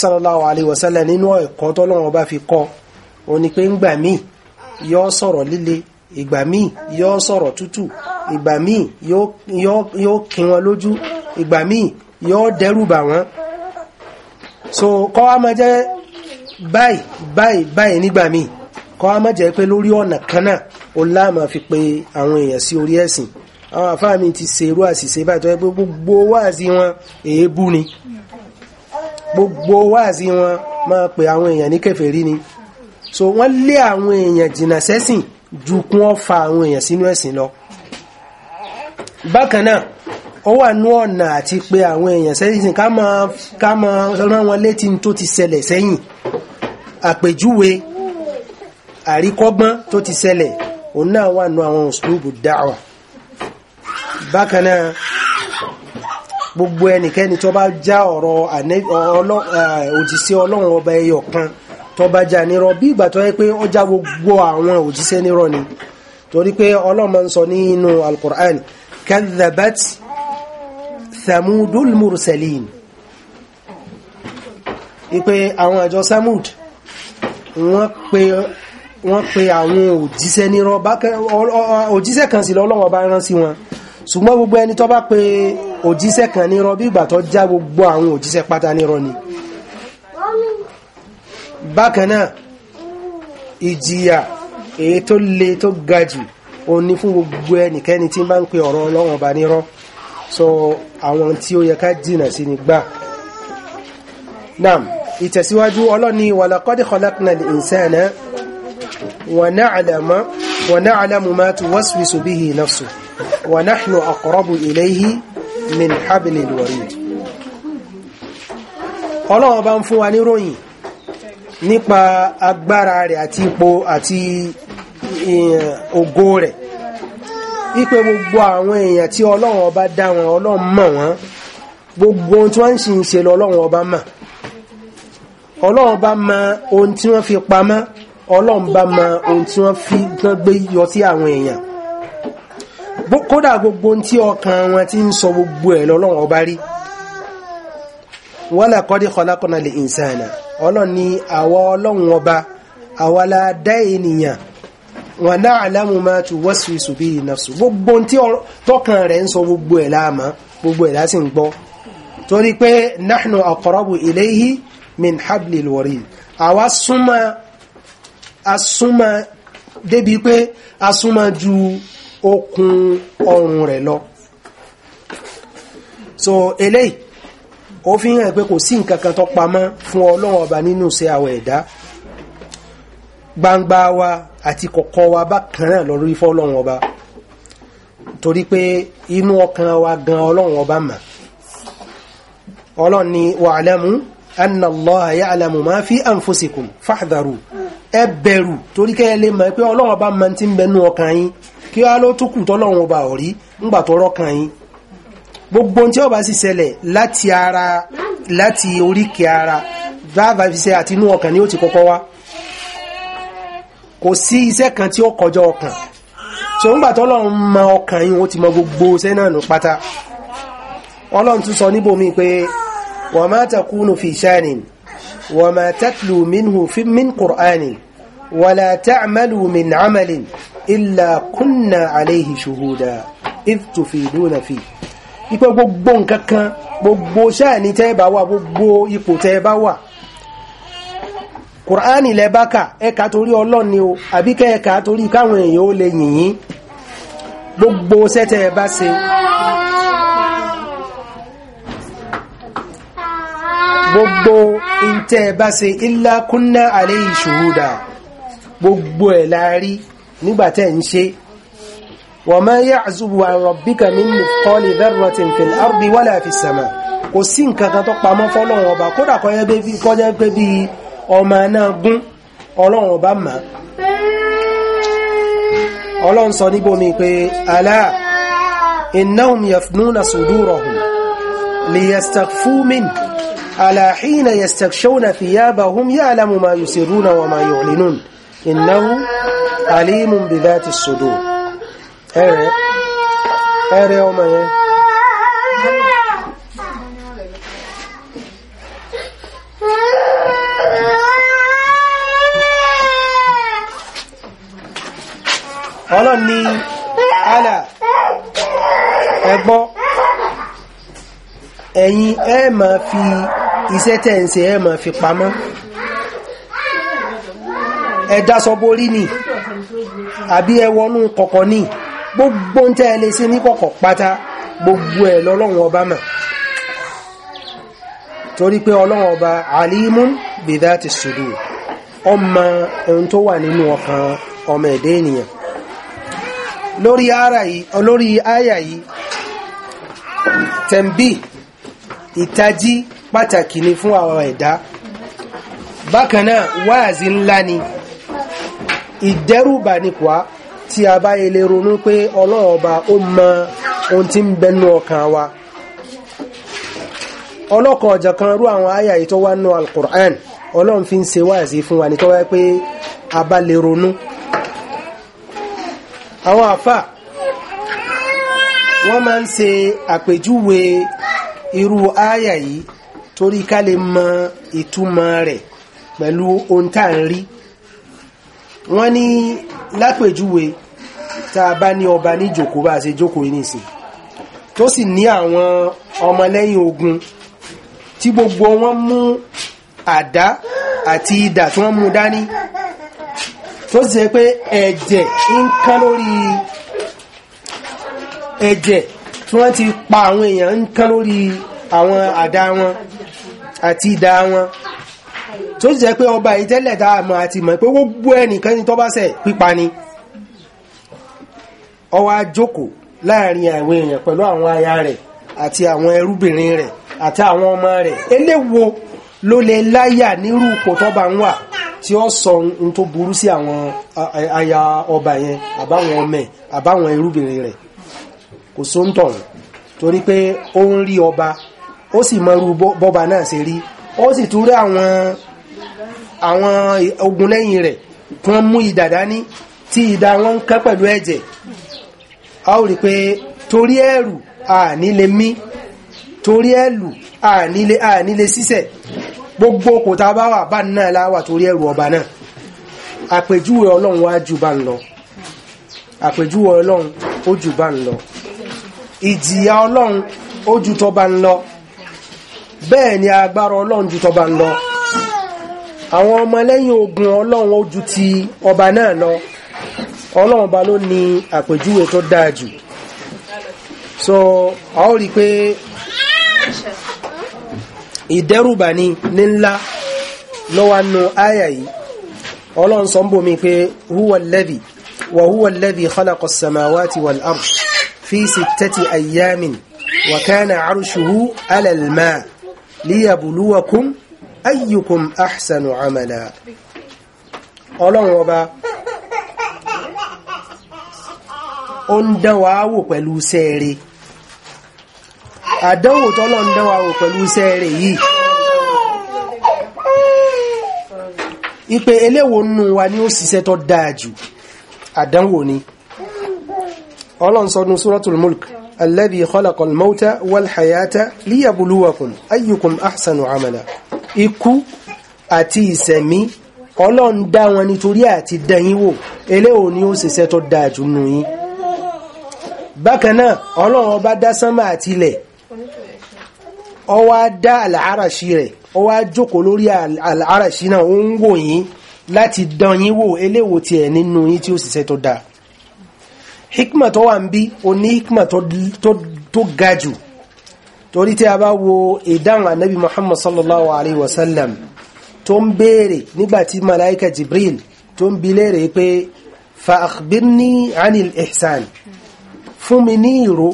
sallallahu alayhi wa sallam nínú ẹ̀kọ́ tọ́lọ́run bá fi kọ́ ó ní pé ńgbà míì yó sọ̀rọ̀ líle ìgbà míì yó sọ̀rọ̀ tútù ìgbà míì yó kí wọn lójú ìgbà míì yó dẹ́rù bà wọ́n so kọ́ wa máa jẹ́ báyìí báyìí báyìí nígbà míì kọ́ wa máa jẹ́ pé lórí ọ̀nà kan náà ó láàmà fi pe àwọn èèyàn sí orí ẹ̀sìn àwọn àfáà mi ti ṣe irú àṣìṣe báyìí tó yẹ pé gbogbo wáàsí wọn èébú ni gbogbo wáàsí wọn máa pe àwọn èèyàn ní kèfèrí ni so wọ́n lé àwọn èèyàn jìnnà sẹ́sìn ju kún ọ fa àwọn èèyàn sínú ẹ̀sìn lọ bákan náà ó wà ní ọ̀nà àti pé àwọn èèyàn sẹ́yìn ká máa ká máa rán wọn létí tó ti ṣẹlẹ̀ sẹ́yìn àpèjúwe àríkọ́gbọ́n tó ti ṣẹlẹ̀ òun náà wà ní àwọn òṣèlú dáwà bákan náà gbogbo ẹnikẹ́ni tó bá já ọ̀rọ̀ òjíṣẹ́ ọlọ́run ọba ẹyọ kan tó bá já nírọ́ bí ìgbà tó yẹ pé ó já gbogbo àwọn òjíṣẹ́ nírọ́ ni torí pé ọlọ́run máa ń sọ nínú alukur'an kadhabat samudul mursalin ipe àwọn àjọ samud wọ́n pe wọ́n pe àwọn òjíṣẹ́ nírọ́ òjíṣẹ́ kan sì lọ́lọ́wọ́ bá rán sí wọn ṣùgbọ́n gbogbo ẹni tó bá pe òjíṣẹ́ kan nírọ́ bí ìgbà tó já gbogbo àwọn òjíṣẹ́ pátá nírọ́ ni Bakana náà ìjìyà èyí tó le tó ga jù òun ni fún gbogbo ẹnikẹ́ni tí bá ń pe ọ̀rọ̀ Ọlọ́run ọba nírọ́ so àwọn tí ó yẹ ká jìnà sí ni gbà naam ìtẹ̀síwájú ọlọ́ni walaqad khalaqnal insana wa na'lamu wa na'lamu ma tuwaswisu bihi nafsuhu wa nahnu aqrabu ilayhi min hablil warid ọlọ́wọ́ bá ń ipe gbogbo àwọn èèyàn tí ọlọ́run ọba dá wọn ọlọ́run mọ̀ wọ́n gbogbo ohun tí wọ́n ń ṣe ń ṣe lọ ọlọ́run ọba mọ̀ ọlọ́run ọba mọ̀ ohun tí wọ́n fi pamọ́ ọlọ́run ọba mọ̀ ohun tí wọ́n fi gbé yọ sí àwọn èèyàn kódà gbogbo ohun tí ọkàn wọn ti ń sọ gbogbo ẹ̀ lọ́lọ́run ọba rí wala qad khalaqna al-insana ọlọ́run ni àwa ọlọ́run ọba àwa la dá ènìyàn wa na'lamu ma tuwaswisu bihi nafsu gbogbo tí tọkàn rẹ̀ ń sọ gbogbo ẹ̀ láàmà gbogbo ẹ̀ lásì ń gbọ́ torí pé nahnu aqrabu ilayhi min hablil warid àwa súnmọ́ asúnmọ́ débi pé asúnmọ́ ju okùn ọrùn rẹ̀ lọ so eléyìí ó fi hàn pé kò sí nǹkan kan tó pamọ́ fún Ọlọ́run ọba nínú iṣẹ́ àwọn ẹ̀dá gbangba wa àti kọ̀kọ̀ wa bákan náà lórí ọlọ́run ọba torí pé inú ọkàn wa gan ọlọ́run ọba mà ọlọ́run ni wa'lamu anna Allaha ya'lamu ma fi anfusikum fahdharu ẹ bẹ̀rù torí kẹ́ ẹ lè mọ̀ pé ọlọ́run ọba máa ti ń bẹnu ọkàn yín kí wá ló tún kù gbogbo ohun tí sì ṣẹlẹ̀ láti ara láti oríkèé ara fi ṣe ọkàn ni kò sí iṣẹ́ kan tí ó kọjá ọkàn so ńgbà tó ọlọ́run mọ ọkàn yìí ó ti mọ gbogbo iṣẹ́ náà nù pátá ọlọ́run tún sọ níbòmí pé wa ma takunu fi shanin wa ma tatlu minhu fi min qur'anin wa la ta'malu min amalin illa kunna alayhi shuhuda idh tufiduna fi ipò gbogbo nǹkan kan gbogbo ṣáà ní tẹ́ bá wà gbogbo ipò tẹ́ bá wà kùránì lẹ́bákà ẹka torí ọlọ́run ni o àbí kẹ́ẹ̀ka torí káwọn èèyàn ó lè yìnyín gbogbo sẹ́tẹ̀ ẹ bá ṣe gbogbo ìtẹ́ ẹ bá ṣe illa kunna alayhi shuhuda gbogbo ẹ̀ láàrí nígbàtẹ́ ń ṣe wa ma ya'zubu an rabbika min mithqali dharratin fil ardi wala fis sama kò sí nǹkan kan tó pamọ́ fọ́lọ́run ọba kódà kó jẹ́ pé ọmọ náà gún ọlọ́run ọba mà ọlọ́run sọ níbomi pé alá innahum yafnuna sudurahum liyastaghfu min ala hina yastaghshawna thiyabahum ya'lamu ma yusirruna wa ma yu'linun innahu alimun bi dhati as-sudur ọmọ yẹn ọlọ́run ní àlà ẹgbọ́ ẹ̀yin ẹ máa fi iṣẹ́ tẹ̀ ń ṣe ẹ máa fi pamọ́ ẹ dáṣọ borí ni àbí ẹ wọnú kọ̀kọ̀ ni gbogbo ń tẹ́ ẹ lè ṣe ní kọ̀kọ̀ pátá gbogbo ẹ̀ lọ́lọ́run ọba mà torí pé ọlọ́run ọba alimun bidhati sudur ọmọ ohun tó wà nínú ọkàn ọmọ ẹ̀dẹ́ ènìyàn lórí ara yìí lórí àyà yìí tẹ̀m̀bì ìtají pàtàkì ni fún àwọn ẹ̀dá bákan náà wáàzí ńlá ni ìdẹ́rùbà ni kwá tí a bá ilé ronú pé ọlọ́run ọba ó mọ ohun tí ń bẹnu ọkàn wa ọlọ́kan ọ̀jọ̀ kan rú àwọn àyà yìí tó wá nù alukur'an ọlọ́run fi ń ṣe wáàzí fún wa ní tó pé a bá lè ronú àwọn àfà wọ́n máa ń ṣe àpèjúwe irú ááyà yìí torí ká lè mọ ìtumọ̀ rẹ̀ pẹ̀lú ohun tá à ń rí wọ́n ní lápèjúwe tá a bá ní ọba ní ìjòkó bá a ṣe jókòó yìí nìsín tó sì ní àwọn ọmọlẹ́yìn ogun tí gbogbo wọn mú àdá àti idà tí wọ́n mú dání tó sì jẹ́ pé ẹ̀jẹ̀ ń ká lórí ẹ̀jẹ̀ tí wọ́n ti pa àwọn èèyàn ń ká lórí àwọn àdá wọn àti ìdá wọn tó sì jẹ́ pé ọba ìtẹ́lẹ̀ tá a mọ̀ àti mọ̀ pé gbogbo ẹnìkan ni tó pípa ni ó wá láàrin àwọn èèyàn pẹ̀lú àwọn aya rẹ̀ àti àwọn ẹrúbìnrin rẹ̀ àti àwọn ọmọ rẹ̀ eléwo ló lè láyà nírú ipò tó ń wà tí ó sọ ohun tó burú sí àwọn aya ọba yẹn àbáwọn ọmọ àbáwọn irúbìnrin rẹ̀ kò sóńtọ̀ torí pé ó ń rí ọba ó sì mọ irú bọ́ba náà ṣe rí ó sì tún rí àwọn àwọn ogun lẹ́yìn rẹ̀ tí wọ́n mú idà dání tí idà wọn ń kẹ́ pẹ̀lú ẹ̀jẹ̀ a ó rí pé torí ẹ̀rù àní lè mí torí ẹ̀lù àní lè sísẹ̀ gbogbo kò tá a bá wà bá náà láwà torí ẹrù ọba náà àpèjúwe ọlọ́run wá jù bá ń lọ àpèjúwe ọlọ́run ó jù bá ń lọ ìjìyà ọlọ́run ó jù tọba ń lọ bẹ́ẹ̀ ni agbára ọlọ́run jù tọba ń lọ àwọn ọmọlẹ́yìn ogun ọlọ́run ó jù ti ọba náà lọ ọlọ́run ba ló ní àpèjúwe tó dáa jù so a ó rí i pé ìdẹ́rùbà ni ní ńlá lọ́wọ́ nù áyà yìí ọlọ́run sọ ń bò mí pé huwa alladhi wa huwa alladhi khalaqa as-samawati wal ard fi sittati ayyamin wa kana 'arshuhu 'ala ma liyabluwakum ayyukum ahsanu 'amala ọlọ́run ọba ó ń dán wò pẹ̀lú sẹ́ẹ̀rẹ̀ àdánwò tọ́lọ́ ń dánwà wò pẹ̀lú iṣẹ́ rẹ̀ yìí ipe eléwo nù wa ni ó ṣiṣẹ́ tó dáa jù àdánwò ni ọlọ́run sọ nínú suratul mulk alladhi khalaqal mawta wal hayata liyabluwakum ayyukum ahsanu amala ikú àti ìṣẹ̀mí ọlọ́run dá wọn nítorí àti dẹ̀yìn wò eléwo ni ó ṣiṣẹ́ tó dáa jù nù yín bákan náà ọlọ́run dá sánmà àti ilẹ̀ ó wá dá àlàáràṣí rẹ̀ ó wá jókòó lórí àlàáràṣí náà ó ń wò yín láti dán yín wò eléwo tiẹ̀ nínú yín tí ó ṣiṣẹ́ tó dáa hikma tó wà ń bí o ní hikma tó ga jù torí tí a bá wo ìdáhùn ànábì muhammad sallallahu alaihi wasallam tó ń béèrè nígbàtí malaika jibril tó ń bi léèrè pé fa akhbirni anil ihsan fún mi ní ìró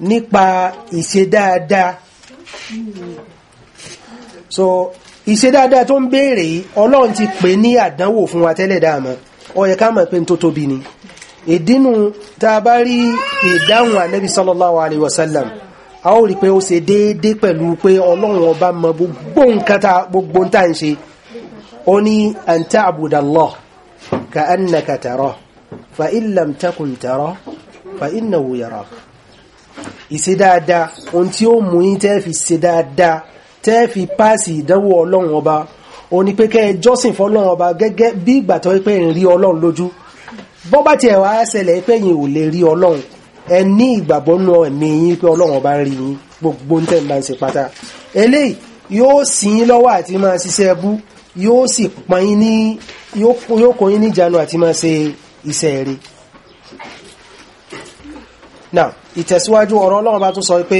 nípa ìṣe dáadáa so ìṣe dáadáa tó ń béèrè yìí ọlọ́run ti pè ní àdánwò fún wa tẹ́lẹ̀ dáàmọ́ ó yẹ ká mọ̀ pé tó tóbi ni ìdínú tá a bá rí ìdáhùn ànábì sallallahu alayhi a ó rí pé ó ṣe déédé pẹ̀lú pé ọlọ́run ọba mọ gbogbo nǹkan tá gbogbo tá ń ṣe ó ní an ta'budallah ka'annaka tarah fa in lam takun fa innahu yarak ìṣe dáadáa ohun tí ó mú yín tẹ́ fi ṣe dáadáa tẹ́ fi páàsì ìdánwò ọlọ́run ọba ó ní pé kẹ́ ẹ jọ́sìn fọlọ́run ọba gẹ́gẹ́ bí ìgbà tó pé ń rí ọlọ́run lójú bọ́ bá tiẹ̀ wá ṣẹlẹ̀ pé yín ò lè rí ọlọ́run ẹ ní ìgbàgbọ́ nù ẹ̀mí yín pé ọlọ́run ọba rí yín gbogbo ń tẹ̀ ń bá ń ṣe pátá eléyìí yóò sìn yín lọ́wọ́ àti máa ṣiṣẹ́ ẹbú yóò sì pọ́n yín ní yóò kó yín níjànú àti máa ṣe iṣẹ́ rẹ̀ náà ìtẹ̀síwájú ọ̀rọ̀ ọlọ́run bá tún sọ pé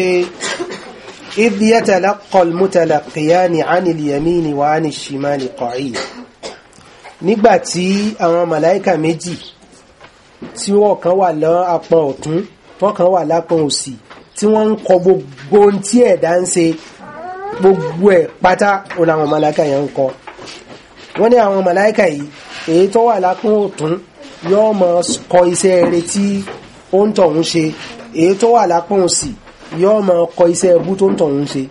idh yatalaqqa al-mutalaqqiyani 'ani al-yamini wa 'ani ash-shimali qa'id nígbà tí àwọn màláìkà méjì tí wọ́n kan wà lọ apọn ọ̀tún wọ́n kan wà lápọn òsì tí wọ́n ń kọ gbogbo tí ẹ̀dá ń ṣe gbogbo ẹ̀ pátá òun àwọn yẹn ń kọ wọ́n ní àwọn màláìkà yìí èyí tó wà lápọn ọ̀tún yóò máa kọ iṣẹ́ rere ó ń tọ̀hún ṣe èyí tó wà lápọ̀n sí yóò máa kọ iṣẹ́ ẹbú tó ń tọ̀hún ṣe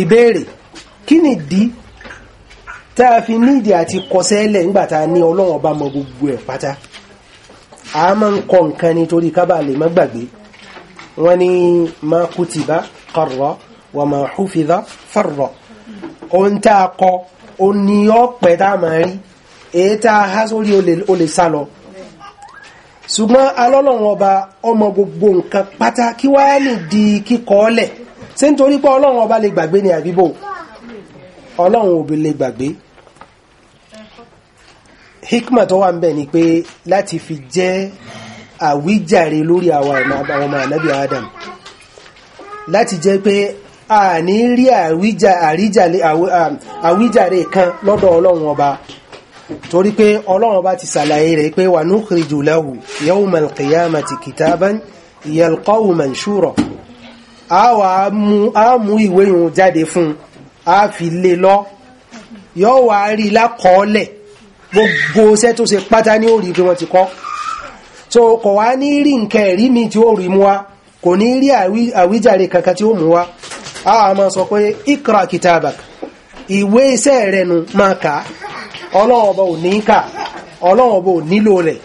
ìbéèrè kí ni ìdí tá a fi nídìí àti kọsẹ́lẹ̀ nígbà tá a ní ọlọ́run ọba mọ gbogbo ẹ̀ pátá a máa ń kọ nǹkan nítorí kábà lè má gbàgbé wọ́n ní ma kutiba qarra wa ma hufiza farra ohun tá a kọ ó ní ọ̀pẹ tá a máa rí èyí tá a há sórí o lè sá lọ ṣùgbọ́n alọ́lọ́run ọba ọmọ gbogbo nǹkan pátá kí wá lè di kíkọ́ ọ́lẹ̀ ṣé nítorí pé ọlọ́run ọba lè gbàgbé ni àbíbò ọlọ́run òbí lè gbàgbé hikma tó wà ń bẹ̀ ni pé láti fi jẹ́ àwíjàre lórí àwọn ọmọ ànábì adam láti jẹ́ pé a ní rí àwíjàre kan lọ́dọ̀ ọlọ́run ọba torí pé ọlọ́run bá ti sàlàyé rẹ̀ pé wa nukhriju lahu yawmal qiyamati kitaban yalqahu manshura a wà á mú ìwé yòó jáde fún un a fi lé lọ yóò wà á rí lákọọ́lẹ̀ gbogbo iṣẹ́ tó ṣe pátá ní òrì bí wọ́n ti kọ́ so kò wá ní rí nǹkan ẹ̀rí mi tí ó rí mu wá kò ní rí àwíjàre kankan tí ó mú wá a máa sọ pé ikra kitabak ìwé iṣẹ́ rẹ̀ nu máa kà á ọlọ́run ọba ò ní kà ọlọ́run ọba ò nílò rẹ̀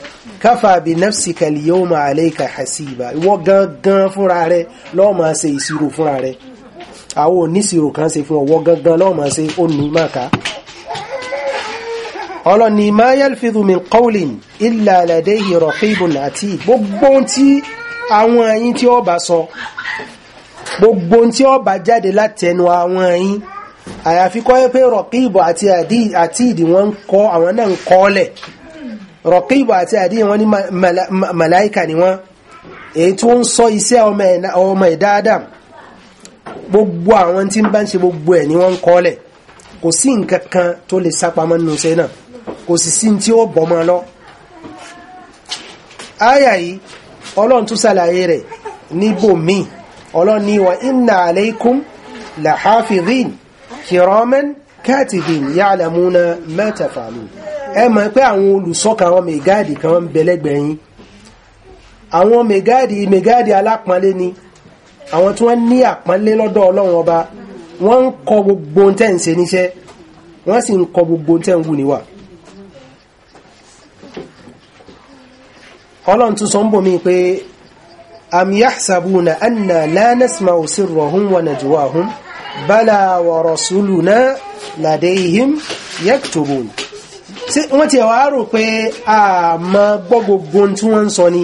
káfà bí nafsika al-yawma alayka hasiba ìwọ gangan fúnra rẹ ló máa ṣe ìṣirò fúnra rẹ àwọn oníṣirò kan ṣe fún ọwọ́ gangan ló máa ṣe ó ní máa ká ọlọ́ni gbogbo tí àwọn bá jáde látẹnu àwọn ẹ̀yin àyàfi kọ́ yẹ pé rọ̀kìbù àti àtíìdì wọ́n ń kọ́ àwọn náà ń kọ́ọ́lẹ̀ rọ̀kìbù àti àtíìdì wọ́n ní màláìkà ni wọ́n èyí tí wọ́n ń sọ iṣẹ́ ọmọ ẹ̀dá Adam gbogbo àwọn tí ń bá ń ṣe gbogbo ẹ̀ ni wọ́n ń kọ́ọ́lẹ̀ kò sí nǹkan kan tó lè sápamọ́ nínú iṣẹ́ náà kò sì sí tí ó bọ́mọ lọ. áyà yìí ọlọ́run tún ṣàlàyé rẹ̀ níbòmíì ọlọ́run ní wa inna alaykum la hafidhin kìrọ́mẹ́n kátìbìn ya'lamuna ma taf'alun ẹ mọ̀ pé àwọn olùsọ́kà àwọn mẹ̀gáàdì kan ń bẹ̀lẹ́gbẹ̀ yín àwọn mẹ̀gáàdì mẹ̀gáàdì alápọ̀nlé ni àwọn tí wọ́n ní àpọ̀nlé lọ́dọ̀ ọlọ́run ọba wọ́n ń kọ gbogbo tẹ́ ń ṣe níṣẹ́ wọ́n sì ń kọ gbogbo tẹ́ ń wù níwà ọlọ́run tún sọ ń bò mí pé am yahsabuna anna la nasma'u sirrahum wa najwahum bala wa rasuluna ladayhim yaktubun wọ́n ti wá rò pé a ma gbọ́ gbogbo tí wọ́n ń sọ ní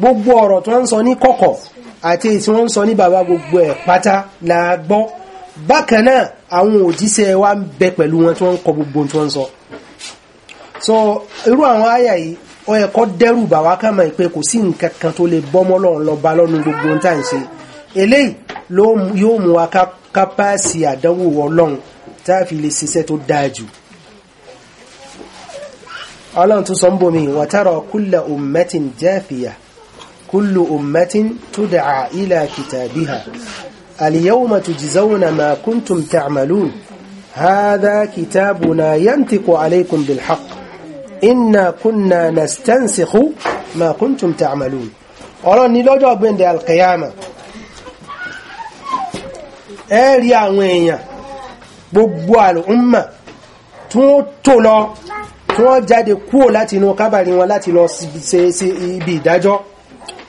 gbogbo ọ̀rọ̀ tí wọ́n ń sọ ní kọ̀kọ̀ àti tí wọ́n ń sọ ní bàbá gbogbo ẹ̀ pátá la gbọ́ bákan náà àwọn òjíṣẹ́ wa ń bẹ pẹ̀lú wọn tí wọ́n gbogbo tí wọ́n ń so irú àwọn àyà yìí ó yẹ kó dẹ́rù bà wá ká mọ̀ pé kò sí nǹkan kan tó lè bọ́mọ́ lọ́run lọ gbogbo tá à ń ṣe eléyìí yóò wa ká ká páàsì àdánwò ọlọ́run tá a fi lè ṣiṣẹ́ tó dáa jù ọlọ́run tún sọ ń bomi wa tara kulla ummatin jafiya kullu ummatin tud'a ila kitabiha al-yawma tujzawna ma kuntum ta'malun هذا كتابنا ينطق عليكم بالحق إنا كنا نستنسخ ما كنتم تعملون ọ̀rọ̀ ni lọ́jọ́ gbẹ̀ndẹ̀ alkiyama ẹ rí àwọn èèyàn gbogbo àlùmọ̀ tí wọ́n tó lọ tí wọ́n jáde kúrò láti inú kábàrí wọn láti lọ sí ibi ìdájọ́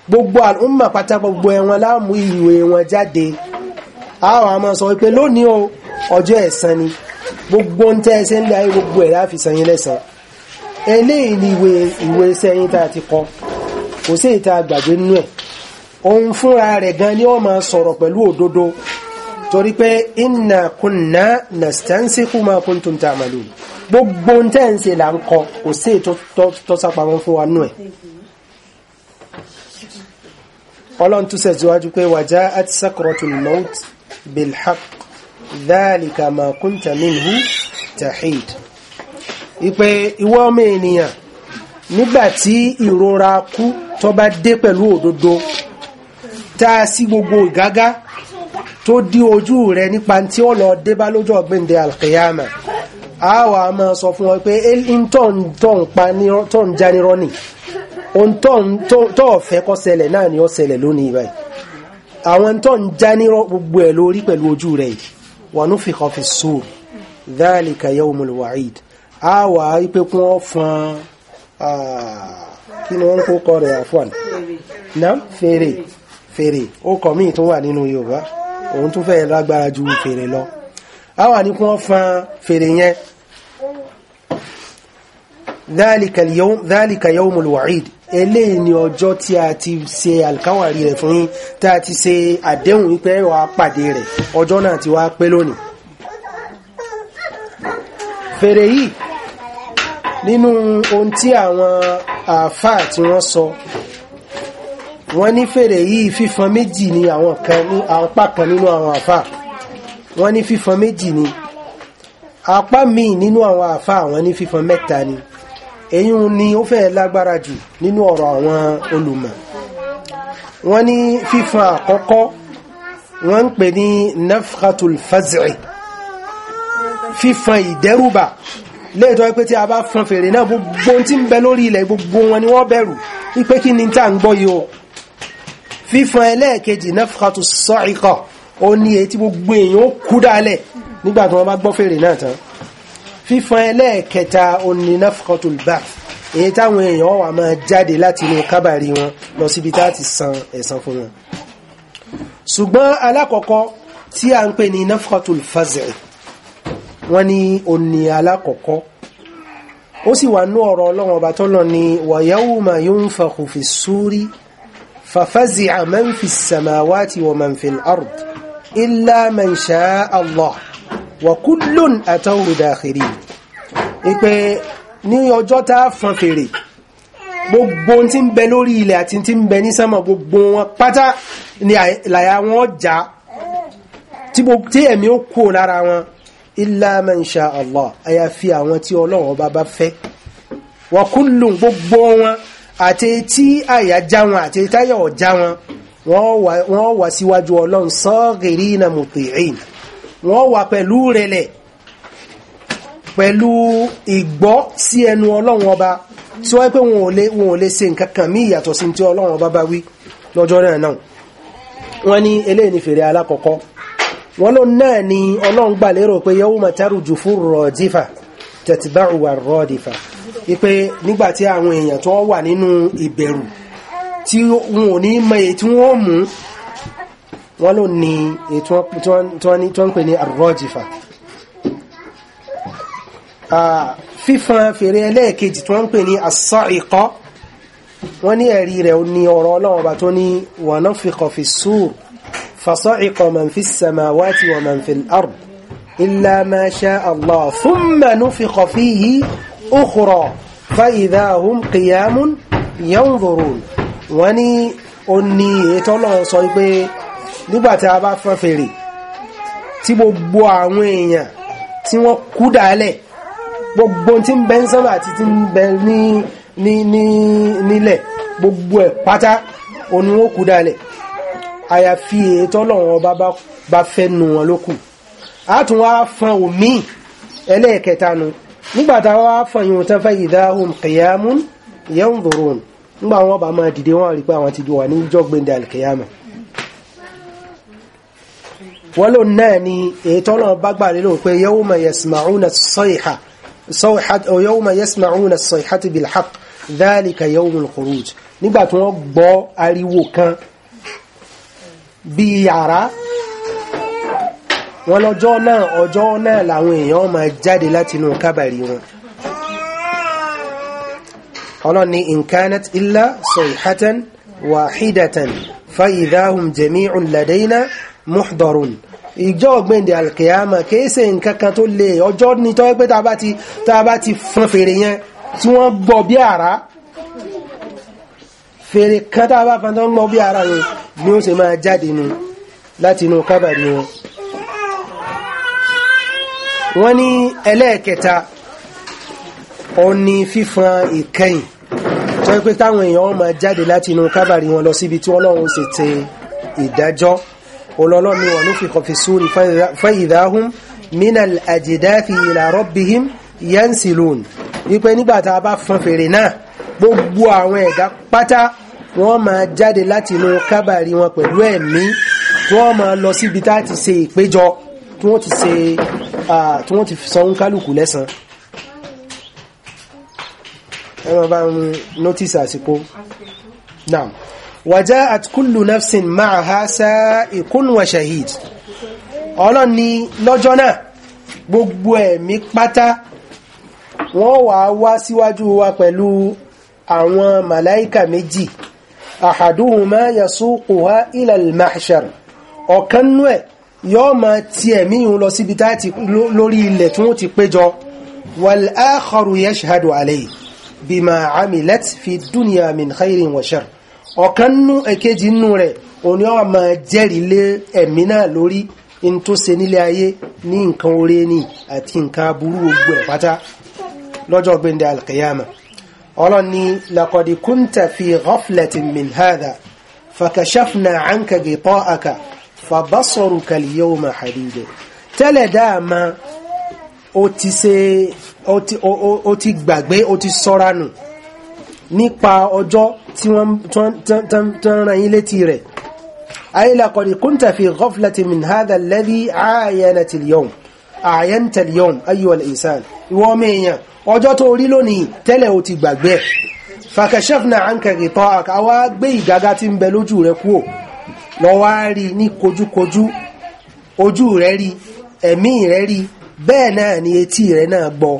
gbogbo àlùmọ̀ pátá gbogbo ẹ̀wọ̀n láàmú ìwé wọn jáde àwọn àmọ́ sọ pé lónìí o ọjọ́ ẹ̀san ni gbogbo ń tẹ́ ẹsẹ́ ńlẹ̀ ayé gbogbo ẹ̀ láfi sẹ́yìn lẹ́sàn eléyìí ni ìwé ìwé sẹ́yìn tá a ti kọ kò sí ìta gbàgbé nínú ẹ̀ òun fúnra rẹ̀ gan ni ó máa sọ̀rọ̀ pẹ̀lú òdodo torí pé inna kunna nastansikhu ma kuntum ta'malun gbogbo tẹ́ ń ṣe là ń kọ kò sí tó sápamọ́ fún wa nú ẹ̀ ọlọ́run tún sẹ̀síwájú pé waja'at sakratul maut bilhaq dhalika ma kunta minhu tahid ipe ìwọ ọmọ ènìyàn nígbàtí ìrora kú tó bá dé pẹ̀lú òdodo tá a sí gbogbo ìgágá tó dí ojú rẹ nípa tí ó débá lójú ọgbẹ́ndẹ̀ alkiyama a wà máa sọ fún ọ pé in tó ni ohun tó ọ̀fẹ́ kó ṣẹlẹ̀ náà ni ó ṣẹlẹ̀ lónìí báyìí àwọn tó ń janirọ́ gbogbo ẹ̀ lórí pẹ̀lú ojú rẹ̀ wa nufikha fi s-sur dhalika yawmul wa'id a wà pé kí wọ́n fọn kí ni wọ́n kó kọ́ rẹ̀ àfọ́n náà fèrè fèrè ó kọ̀ míì tó wà nínú Yorùbá òun tún fẹ́ lágbára ju fèrè lọ a wà ní kí wọ́n fan fèrè yẹn dhalika yawmul wa'id eléyìí ni ọjọ́ tí a ti ṣe alkawari rẹ̀ fún yín tí a ti ṣe àdéhùn wípé wàá pàdé rẹ̀ ọjọ́ náà ti wá pé lónìí fèrè yìí nínú ohun tí àwọn àáfàá tí wọ́n sọ wọ́n ní fèrè yìí fífọn méjì ni àwọn kan ní apá kan nínú àwọn àfà wọ́n ní fífọn méjì ni apá míì nínú àwọn àfà wọ́n ní fífọn mẹ́ta ni èyí ni ó fẹ́ lágbára jù nínú ọ̀rọ̀ àwọn olùmọ̀ wọ́n ní fífọn àkọ́kọ́ wọ́n ń pè ní nafhatul faz'i fífọn ìdẹ́rùbà léètọ́ pé tí a bá fọn fèrè náà gbogbo tí ń bẹ lórí ilẹ̀ gbogbo wọn ni wọ́n bẹ̀rù wípé kí ni tá à ń gbọ́ yìí o fífọn ẹlẹ́ẹ̀kejì nafkhatu sa'iqa ó ní etí gbogbo èèyàn ó kú dálẹ̀ nígbà tí wọ́n bá gbọ́ fèrè náà tán fífọn ẹlẹ́ẹ̀kẹta ó ní nafkhatul ba'th èyí táwọn èèyàn wà máa jáde láti inú kábàrí wọn lọ síbi tá ti san ẹ̀san fún wọn ṣùgbọ́n alákọ̀ọ́kọ́ tí a ń pè ní nafkhatul faz'i wọ́n ní òní alákọ̀ọ́kọ́ ó sì wà nú ọ̀rọ̀ ọlọ́run ọba tó lọ ní wa yawma yunfakhu fi ssuri ففزع من في السماوات ومن في الأرض إلا من شاء الله وكل أتوه داخلين ipe ní ọjọ́ tá a fọn fèrè gbogbo tí ń bẹ lórí ilẹ̀ àti tí ń bẹ ní sánmà gbogbo wọn pátá ni àyà wọn já tí ẹ̀mí ó kú lára wọn illa man Allah àyàfi àwọn tí Ọlọ́run bá bá fẹ́ wa kullun gbogbo wọn àti tí àyà já wọn àti táyà ọ̀já wọn wọ́n wà síwájú ọlọ́run sọ́ọ̀gìrì na mùtìrìn wọ́n wà pẹ̀lú rẹ̀lẹ̀ pẹ̀lú ìgbọ́ sí ẹnu ọlọ́run ọba tí wọ́n pé wọn ò lè ṣe nǹkan kan mí ìyàtọ̀ sí tí ọlọ́run ọba bá wí lọ́jọ́ náà náà wọ́n ní eléyìí ni fèrè alákọ̀ọ́kọ́ wọ́n ló náà ni ọlọ́run gbà lérò pé yawma tarujufu rọ̀dífà tatba'u rọ̀dífà wípé nígbàtí àwọn èèyàn tó wà nínú ìbẹ̀rù tí wọn ò ní mọ èyí tí wọ́n mú wọ́n ló ní èyí tó ń pè ní àrọ́jìfà fífan fèrè ẹlẹ́ẹ̀kejì tó ń pè ní àsọ́ìkọ́ wọ́n ní ẹ̀rí rẹ̀ ní ọ̀rọ̀ ọlọ́run bá tó ní wa nafiqa fi s-sur fasa'iqa man fi s-samawati wa man fi l-ard illa ma sha'a Allah thumma nufiqa fihi أخرى فإذا هم قيام ينظرون وني أني ó صيبي ètò ọlọ́run ففري pé nígbàtí a bá fọ́n fèrè tí gbogbo àwọn èèyàn tí wọ́n kú dálẹ̀ gbogbo tí ń bẹ ń sánmà àti tí ń bẹ ní ní ní nílẹ̀ gbogbo ẹ̀ pátá òní wọ́n kú dálẹ̀ àyàfi ètò ọlọ́run ọba bá fẹ́ nu wọn lókù a tún wá fọ́n òmíì ẹlẹ́ẹ̀kẹta nu nígbàtà wọ́n fàyíwọ̀n tán fa idahum qiyamun yanzurun nígbà wọn bá máa dìde wọn rí pé àwọn ti wà ní jọ́gbẹ̀ndẹ̀ alkiyama wọ́n lò náà ni ètò náà bá gbà lérò pé yawma yasma'una as-sayha yawma yasma'una as-sayhata bil-haqq dhalika yawmul khuruj nígbà tí wọ́n gbọ́ ariwo kan bí yàrá wọn lọ́jọ́ náà ọjọ́ náà làwọn èèyàn máa jáde láti inú kábàrí wọn ọlọ́ni in kanat illa sayhatan wahidatan fa idahum jami'un ladaina muhdarun ìjọ́ ọ̀gbẹ̀ndẹ̀ alkiyama kéèsè nkankan tó lè ọjọ́ ní tọ́ pé ta bá ti fún fèrè yẹn tí wọ́n gbọ́ bí ara fèrè kan tá a bá fún tó ń gbọ́ bí ara ni ó sì máa jáde nu láti inú kábàrí wọn wọ́n ní ẹlẹ́ẹ̀kẹta ó ní fífan ìkẹyìn tó yẹ pé táwọn èèyàn máa jáde láti inú kábàrí wọn lọ síbi tí ọlọ́run ṣe tẹ ìdájọ́ olọ́lọ́ni wọn ló fi kàn fi sórí fẹ́yìdáhùn minal àjẹdáfi ila yansilun wípé nígbà tá a bá fọn fèrè náà gbogbo àwọn ẹ̀dá pátá wọ́n máa jáde láti inú kábàrí wọn pẹ̀lú ẹ̀mí wọ́n máa lọ síbi tá a ti ṣe ìpéjọ tí wọ́n ti ṣe tí wọ́n ti sanwó kálukú lẹ́san ẹ máa bá mi notice àsìkò naam waja'at kullu nafsin ma'aha sa'iqun wa shahid ọlọ́run ni lọ́jọ́ náà gbogbo ẹ̀mí pátá wọ́n wà wá síwájú wa pẹ̀lú àwọn màláíkà méjì ahaduhuma yasuquha ila al-mahshar ọ̀kanú ẹ̀ yóò máa ti ẹ̀mí yìí lọ síbi tá lórí ilẹ̀ tí wọ́n ti péjọ wal akharu yashhadu alayhi bima amilat fi dunya min khairin wa shar ọ̀kan nú èkejì nú rẹ̀ òní ó máa jẹ́rìí lé ẹ̀mí náà lórí in tó ṣe nílé ayé ní nǹkan orí ní àti nǹkan aburú gbogbo ẹ̀ pátá lọ́jọ́ gbẹ̀ndẹ̀ alqiyama ọlọ́ni laqad kunta fi ghaflatin min hadha fakashafna anka ghita'aka فبصرك اليوم حديد tẹ́lẹ̀ dáàmà o ti ṣe o ti o o ti gbàgbé o ti sọ́ra nù nípa ọjọ́ tí wọ́n tán yín létí rẹ̀ ay laqad kunta fi ghaflatin min hadha alladhi àyẹnàtì al-yawm àyẹntà al-yawm ayyuha al-insan ìwọ́ mẹ́yàn ọjọ́ tó rí lónìí tẹ́lẹ̀ o ti gbàgbé fakashafna anka ghita'aka àwa gbé ìgagá tí ń bẹ lójú rẹ̀ kúò lọ wá rí ní kojúkojú ojú rẹ̀ rí ẹ̀mí rẹ̀ rí bẹ́ẹ̀ náà ni etí rẹ̀ náà gbọ́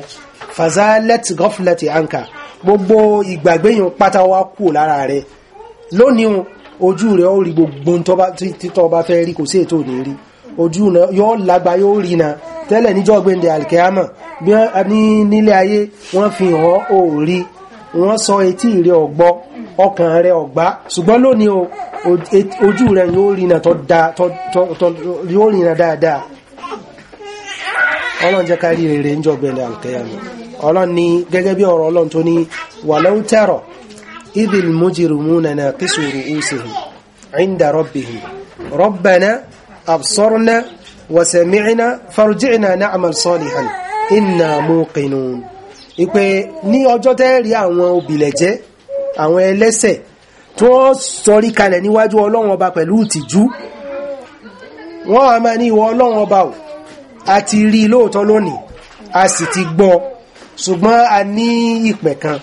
fazalet goflet anka gbogbo ìgbàgbéyàn pátá wá kú lára rẹ̀ lónìí ojú rẹ̀ ó rí gbogbo títọ́ bá fẹ́ rí kò sí ètò òní rí ojú yóò lágbá yóò rí na tẹ́lẹ̀ níjọ́ gbẹ̀ndẹ̀ alkeama bí wọ́n ní nílé ayé wọ́n fi hàn ó rí wọ́n sọ etí rẹ̀ ọ̀gbọ́ ọkàn rẹ ọ̀gbá ṣùgbọ́n lónìí o ojú rẹ yóò rìnà tó da yóò rìnà dáadáa ọlọ́run jẹ́ kárí rere ń jọgbẹ̀lẹ̀ àlùkẹ́yàmù ọlọ́run ni gẹ́gẹ́ bí ọ̀rọ̀ ọlọ́run tó ní walau tara idhil mujrimuna naqisu ru'usihim 'inda rabbihim rabbana absarna wa sami'na farji'na na'mal salihan inna muqinun ìpè ní ọjọ́ tẹ́ẹ̀rí àwọn obìlẹ̀jẹ́ àwọn ẹlẹ́sẹ̀ tí wọ́n sọrí kalẹ̀ níwájú ọlọ́run ọba pẹ̀lú ìtìjú wọ́n a máa ní ìwọ ọlọ́run ọba ò a ti rí lóòótọ́ lónìí a sì ti gbọ́ ṣùgbọ́n a ní ìpẹ̀ kan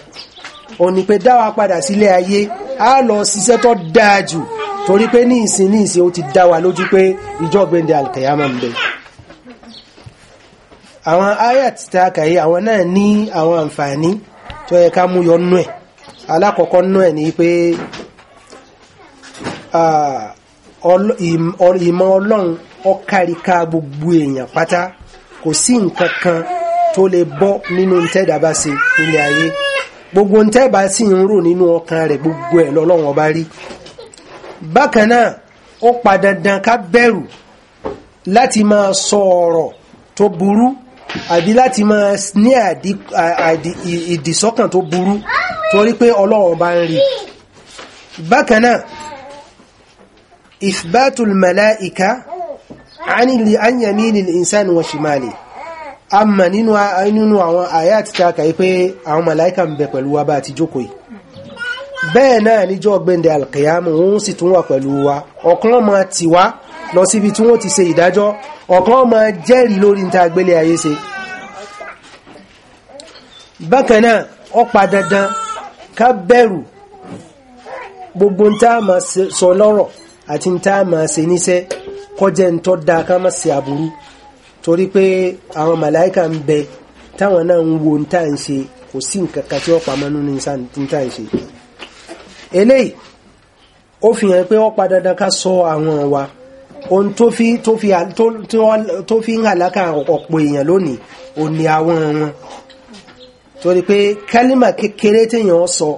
ò pé dá wa padà sílé ayé a lọ ṣiṣẹ́ tó dáa jù torí pé ní ìsìn ní ìsìn ó ti dá wa lójú pé ìjọ gbẹ̀ndẹ̀ alkayama ń bẹ àwọn ayat tá a kàyé àwọn náà ní àwọn àǹfààní tó yẹ ká mú yọ nú ẹ̀ alákọ̀ọ́kọ́ nú ẹ̀ ni pé ìmọ̀ ọlọ́run ó kárí ká gbogbo èèyàn pátá kò sí nǹkan kan tó lè bọ́ nínú ntẹ́dà bá ṣe nílé ayé gbogbo ntẹ́bà sì ń rò nínú ọkàn rẹ̀ gbogbo ẹ̀ lọ́lọ́run ọba rí bákan náà ó pa dandan ká bẹ̀rù láti máa sọ ọ̀rọ̀ tó burú àbí láti máa ní ìdìsọ́kàn tó burú torí pé ọlọ́run bá ń rí bákan náà ithbatul mala'ika anìlì anyàmínì ìsàn wa shimali a mọ̀ nínú àwọn àyà ti ta kàí pé àwọn mala'ika ń bẹ pẹ̀lú wa bá ti jókòó yìí bẹ́ẹ̀ náà níjọ́ gbẹ̀ndẹ̀ alkiyama wọ́n sì tún wà pẹ̀lú wa ọ̀kan máa tì lọ síbi tí wọ́n ti ṣe ìdájọ́ ọ̀kan ma jẹ́rìí lórí ní tàgbélé ayé ṣe bákan náà ó pa dandan ká bẹ̀rù gbogbo ń tá ma sọ lọ́rọ̀ àti ń tá ma ṣe níṣẹ́ kọjẹ́ ń tọ́ da ká má ṣe aburú torí pé àwọn màláìkà ń bẹ táwọn náà ń wo ń tá ń ṣe kò sí nǹkan tí ó pamọ́ nínú ń tá ń ṣe eléyìí ó fi hàn pé ó pa dandan ká sọ àwọn wa ohun tó fi tó fi tó fi ń hàlákà ọ̀pọ̀ èèyàn lónìí ò ní àwọn wọn torí pé kálímà kékeré téèyàn sọ